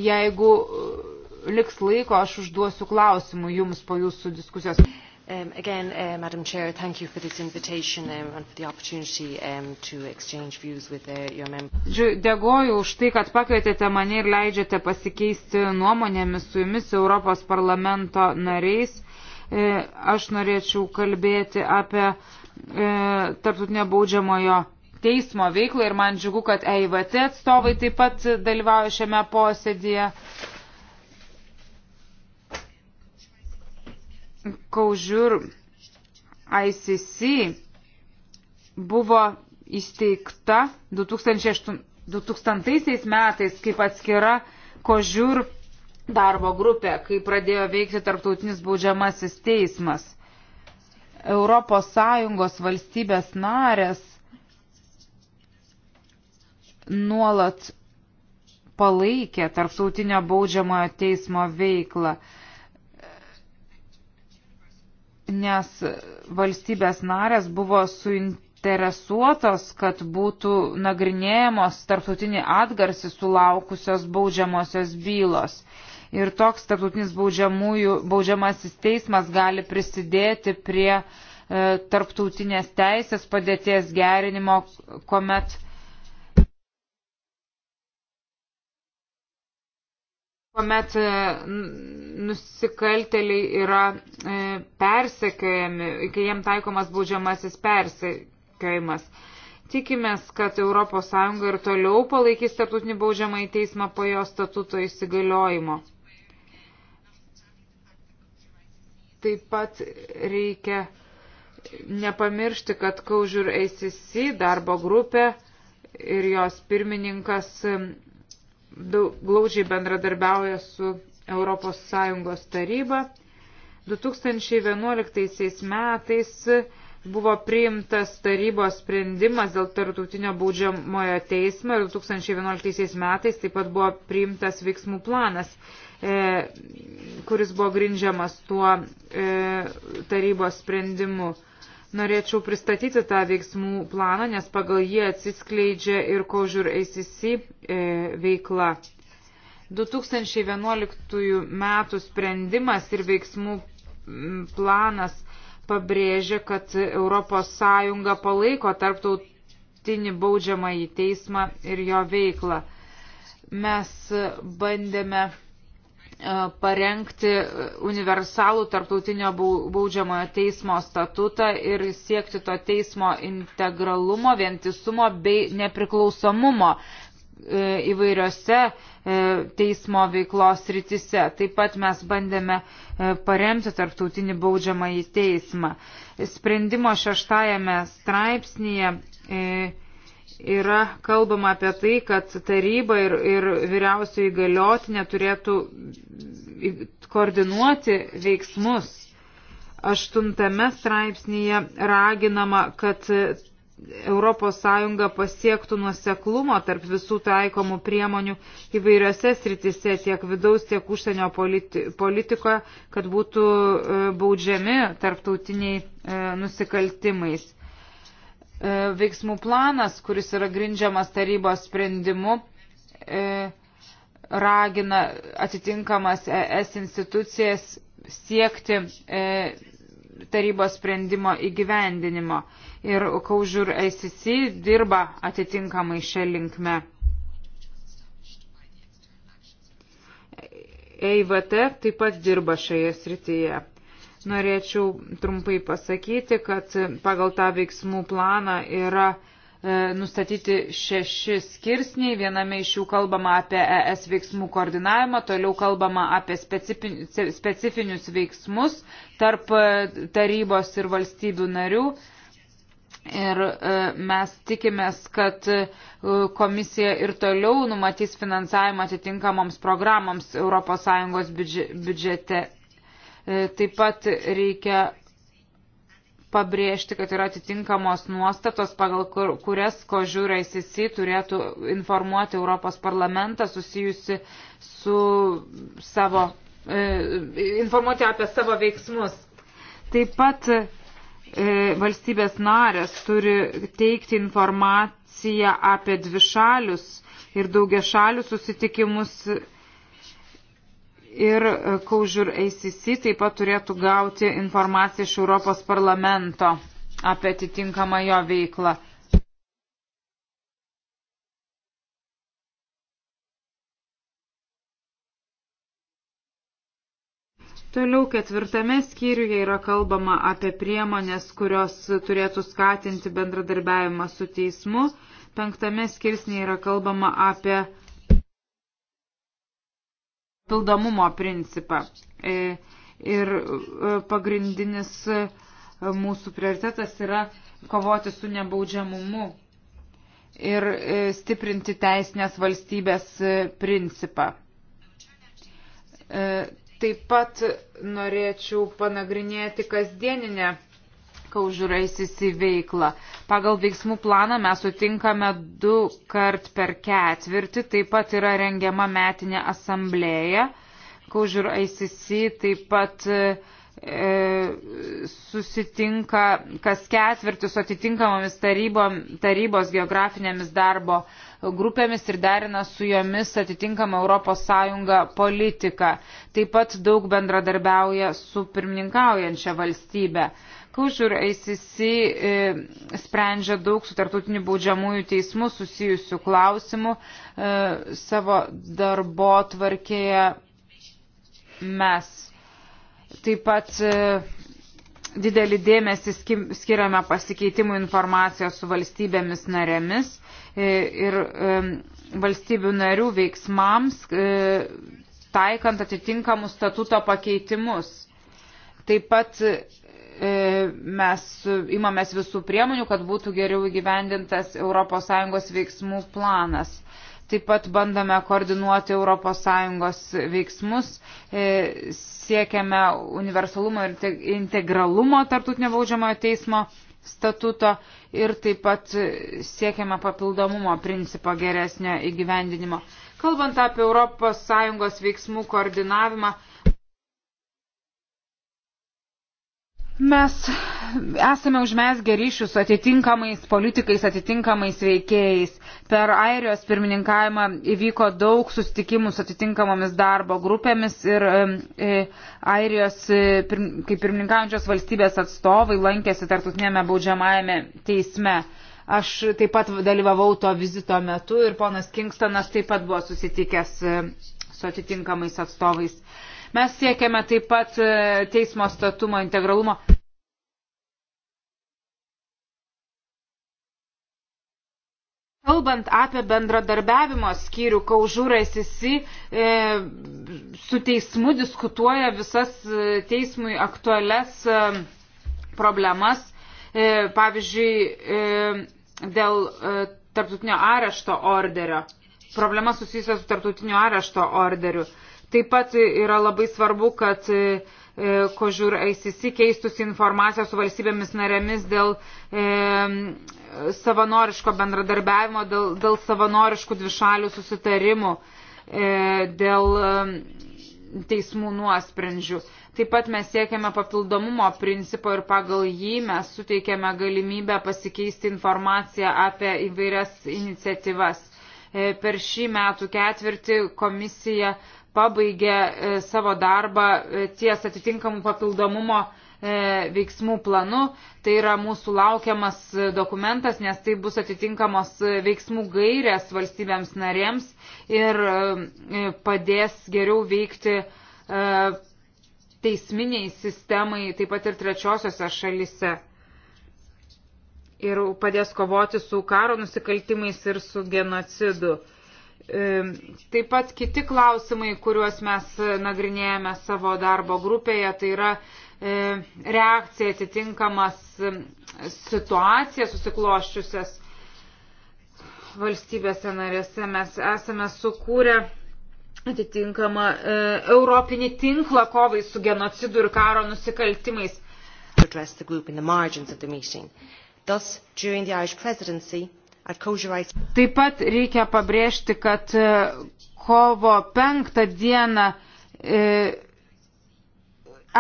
Jeigu uh, liks laiko, aš užduosiu klausimų jums po jūsų diskusijos. Um, again, uh, Madam Chair, thank you for this invitation um, and for the opportunity um, to exchange views with uh, your members. Dėkoju už tai, kad pakvietėte mane ir leidžiate pasikeisti nuomonėmis su jumis Europos parlamento nariais. E, aš norėčiau kalbėti apie e, tarptautinio baudžiamojo teismo veiklą ir man džiugu, kad EIVT atstovai taip pat dalyvauja šiame posėdėje. Kaužiur ICC buvo įsteigta 2008, 2000 metais kaip atskira Kožiur darbo grupė, kai pradėjo veikti tarptautinis baudžiamasis teismas. Europos Sąjungos valstybės narės nuolat palaikė tarptautinio baudžiamojo teismo veiklą, nes valstybės narės buvo suinteresuotos, kad būtų nagrinėjamos tarptautinį atgarsį sulaukusios baudžiamosios bylos. Ir toks tarptautinis baudžiamasis teismas gali prisidėti prie e, tarptautinės teisės padėties gerinimo, kuomet kuomet e, nusikalteliai yra e, persekiojami, kai jiem taikomas baudžiamasis persekiojimas. Tikimės, kad ES ir toliau palaikys statutinį baudžiamą į teismą po jo statuto įsigaliojimo. Taip pat reikia nepamiršti, kad Kaužiūr ACC darbo grupė ir jos pirmininkas daug, glaudžiai bendradarbiauja su ES taryba. 2011 metais buvo priimtas tarybos sprendimas dėl tarptautinio baudžiamojo teismo ir 2011 metais taip pat buvo priimtas veiksmų planas, e, kuris buvo grindžiamas tuo e, tarybos sprendimu. E, Norėčiau pristatyti tą veiksmų planą, nes pagal jį atsiskleidžia ir Kožiūr ACC e, veikla. 2011 metų sprendimas ir veiksmų planas pabrėžia, kad ES palaiko tarptautinį baudžiamąjį teismą ir jo veiklą. Mes bandėme parengti universalų tarptautinio baudžiamojo teismo statutą ir siekti to teismo integralumo, vientisumo bei nepriklausomumo e, įvairiose e, teismo veiklos rytise. Taip pat mes bandėme e, paremti tarptautinį baudžiamąjį teismą. Sprendimo šeštajame straipsnėje yra kalbama apie tai, kad taryba ir, ir vyriausių įgaliotinė turėtų koordinuoti veiksmus. Aštuntame straipsnėje raginama, kad ES pasiektų nuoseklumo tarp visų taikomų priemonių įvairiose sritise, tiek vidaus, tiek užsienio politi politikoje, kad būtų e, baudžiami tarptautiniai e, nusikaltimais. E, veiksmų planas, kuris yra grindžiamas tarybos sprendimu, e, ragina atitinkamas ES institucijas siekti e, tarybos sprendimo įgyvendinimo. Ir Kaužiūr ICC dirba atitinkamai šią linkmę. EIVT taip pat dirba šioje srityje norėčiau trumpai pasakyti, kad pagal tą veiksmų planą yra e, nustatyti šeši skirsniai. Viename iš jų kalbama apie ES veiksmų koordinavimą, toliau kalbama apie specifinius veiksmus tarp e, tarybos ir valstybių narių. Ir e, mes tikimės, kad komisija ir toliau numatys finansavimą atitinkamoms programoms ES biudžete. E, taip pat reikia pabrėžti, kad yra atitinkamos nuostatos, pagal kur, kurias kožiūra ICC turėtų informuoti Europos parlamentą susijusi su savo, e, informuoti apie savo veiksmus. Taip pat e, valstybės narės turi teikti informaciją apie dvišalius ir daugiašalius susitikimus ir e, Kaužur ACC taip pat turėtų gauti informaciją iš Europos parlamento apie atitinkamą jo veiklą. Toliau ketvirtame skyriuje yra kalbama apie priemonės, kurios turėtų skatinti bendradarbiavimą su teismu. Penktame skirsnėje yra kalbama apie pildomumo principą. E, ir e, pagrindinis e, mūsų prioritetas yra kovoti su nebaudžiamumu ir stiprinti teisinės valstybės principą. Taip pat norėčiau panagrinėti kasdieninę Danska užraisys į veiklą. Pagal veiksmų planą mes sutinkame du kart per ketvirtį, taip pat yra rengiama metinė asamblėja. Kaužir ICC taip pat e, susitinka kas ketvirtį su atitinkamomis tarybom, tarybos geografinėmis darbo grupėmis ir derina su jomis atitinkamą ES politiką. Taip pat daug bendradarbiauja su pirmininkaujančia valstybe. Kaušur ACC e, sprendžia daug su tartutiniu baudžiamųjų teismų susijusių klausimų e, savo darbo tvarkėje mes. Taip pat e, didelį dėmesį skiriame pasikeitimų informaciją su valstybėmis narėmis ir valstybių narių veiksmams, taikant atitinkamus statuto pakeitimus. Taip pat E, mes imamės visų priemonių, kad būtų geriau įgyvendintas ES veiksmų planas. Taip pat bandome koordinuoti ES veiksmus, e, siekiame universalumo ir integralumo tartutinio baudžiamojo teismo statuto ir taip pat siekiame papildomumo principo geresnio įgyvendinimo. Kalbant apie ES veiksmų koordinavimą, Mes esame užmesgę ryšius su atitinkamais politikais, atitinkamais veikėjais. Per Airijos pirmininkavimą įvyko daug susitikimų su atitinkamomis darbo grupėmis ir e, Airijos e, kaip pirmininkaujančios valstybės atstovai lankėsi tartutinėme baudžiamajame teisme. Aš taip pat dalyvavau to vizito metu ir ponas Kingstonas taip pat buvo susitikęs e, su atitinkamais atstovais. Mes siekiame taip pat e, teismo statumo integralumo. Kalbant apie bendradarbiavimo skyrių, Kaužūrai Sisi e, su teismu diskutuoja visas e, teismui aktualias e, problemas, e, pavyzdžiui, e, dėl e, tarptautinio arešto orderio. Problema susijusia su tarptautinio arešto orderiu. E, Taip pat yra labai svarbu, kad e, e, Kožur ICC keistųsi informaciją su valstybėmis narėmis dėl e, savanoriško bendradarbiavimo, dėl, dėl savanoriškų dvišalių susitarimų, e, dėl e, teismų nuosprendžių. Taip pat mes siekiame papildomumo principo ir pagal jį mes suteikiame galimybę pasikeisti informaciją apie įvairias iniciatyvas. E, per šį metų ketvirtį komisija pabaigė e, savo darbą e, ties atitinkamų papildomumo e, veiksmų planu. Tai yra mūsų laukiamas dokumentas, nes tai bus atitinkamos veiksmų gairės valstybėms narėms ir padės geriau veikti teisminiai sistemai taip pat ir trečiosiose šalise. Ir padės kovoti su karo nusikaltimais ir su genocidu. Taip pat kiti klausimai, kuriuos mes e, nagrinėjame savo darbo grupėje, tai yra e, reakcija atitinkamas e, situacijas susikloščiusias valstybėse narėse. Mes esame sukūrę atitinkamą e, europinį tinklą kovai su genocidu ir karo nusikaltimais. Thus, during the Irish presidency, Taip pat reikia pabrėžti, kad e, kovo penktą dieną e,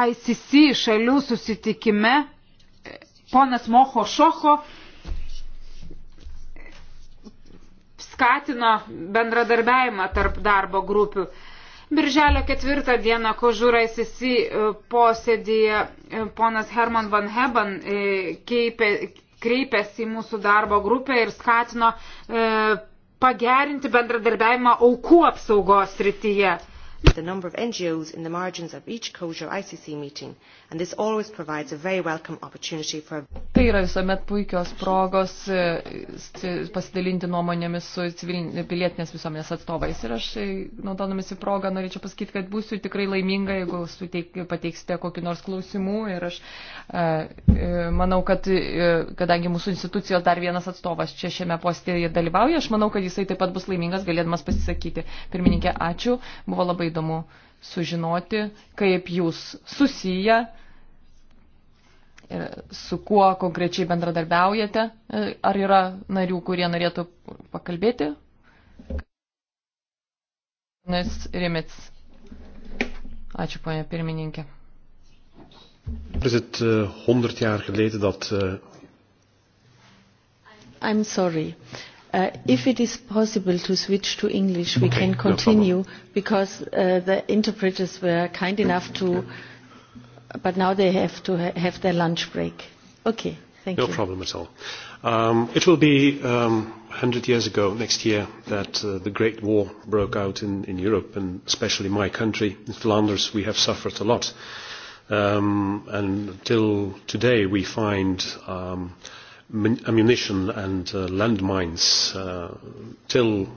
ICC šalių susitikime e, ponas Moho Šoho skatino bendradarbiavimą tarp darbo grupių. Birželio ketvirtą dieną Kožūra ICC posėdėje ponas Herman Van Heben kreipėsi į mūsų darbo grupę ir skatino e, pagerinti bendradarbiavimą aukų apsaugos srityje the number of ngos in the margins of each cosur icc meeting and this always provides a very welcome opportunity for. tai yra visuomet puikios progos e, pasidalinti nuomonėmis su civilin, pilietinės visuomenės atstovais ir aš e, naudodamasi proga norėčiau pasakyti kad būsiu tikrai laiminga jeigu suteik, pateiksite kokį nors klausimų ir aš e, e, manau kad e, kadangi mūsų institucijos dar vienas atstovas čia šiame postėje dalyvauja aš manau kad jisai taip pat bus laimingas galėdamas pasisakyti pirmininke ačiū buvo labai įdomu sužinoti, kaip jūs susiję ir e, su kuo konkrečiai bendradarbiaujate. E, ar yra narių, kurie norėtų pakalbėti? Nes Rimits. Ačiū, ponia pirmininkė. Is het uh, 100 jaar geleden dat. Uh... I'm sorry. Uh, Uh, if it is possible to switch to English, we okay, can continue no because uh, the interpreters were kind enough to, but now they have to ha have their lunch break. Okay, thank no you. No problem at all. Um, it will be um, 100 years ago next year that uh, the Great War broke out in, in Europe, and especially my country, in Flanders, we have suffered a lot. Um, and until today, we find. Um, ammunition and uh, landmines uh, till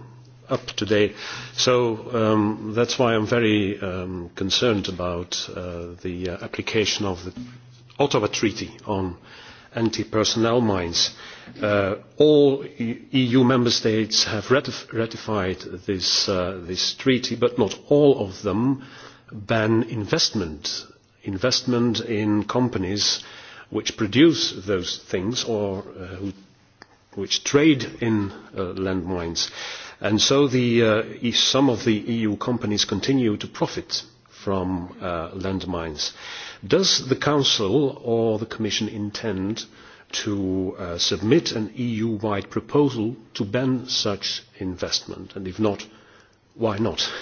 up today. So um, that's why I'm very um, concerned about uh, the uh, application of the Ottawa Treaty on anti-personnel mines. Uh, all EU e member states have ratif ratified this, uh, this treaty, but not all of them ban investment, investment in companies uh, which produce those things or uh, who, which trade in uh, landmines. And so the, uh, e, some of the EU companies continue to profit from uh, landmines. Does the Council or the Commission intend to uh, submit an EU-wide proposal to ban such investment? And if not, why not?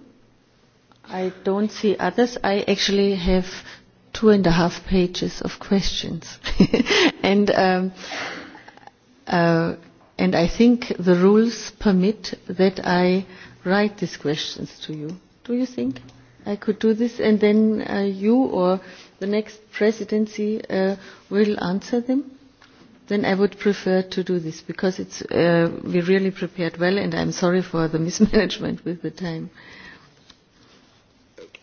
I don't see others. I actually have two and a half pages of questions. and, um, uh, and I think the rules permit that I write these questions to you. Do you think I could do this? And then uh, you or the next presidency uh, will answer them? Then I would prefer to do this because it's, uh, we really prepared well and I'm sorry for the mismanagement with the time. Uh,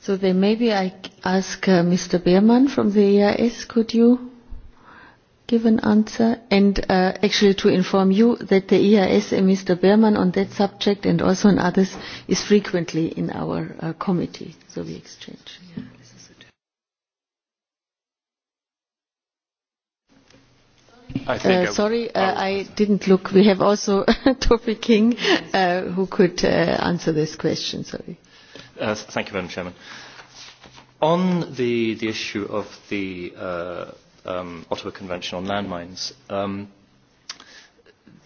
So then maybe I ask uh, Mr. Beerman from the EIS, could you give an answer? And uh, actually to inform you that the EIS and Mr. Beerman on that subject and also on others is frequently in our uh, committee, so we exchange. Yeah. I think uh, sorry, uh, I didn't look. We have also Toby King uh, who could uh, answer this question. Sorry. Uh, thank you, Madam Chairman. On the, the issue of the uh, um, Ottawa Convention on landmines, um,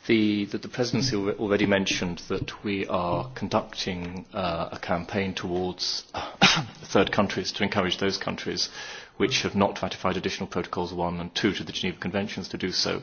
the, the, the Presidency already mentioned that we are conducting uh, a campaign towards third countries to encourage those countries which have not ratified additional protocols 1 and 2 to the Geneva Conventions to do so. Uh,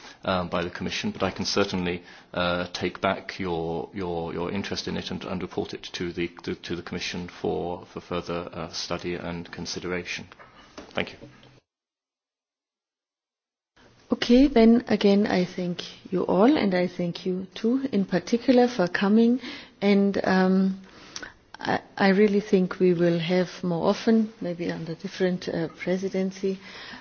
um, by the Commission, but I can certainly uh, take back your, your, your interest in it and, and report it to the, to, to the Commission for, for further uh, study and consideration. Thank you. Okay, then again, I thank you all, and I thank you too, in particular, for coming. And um, I, I really think we will have more often, maybe under different uh, presidency,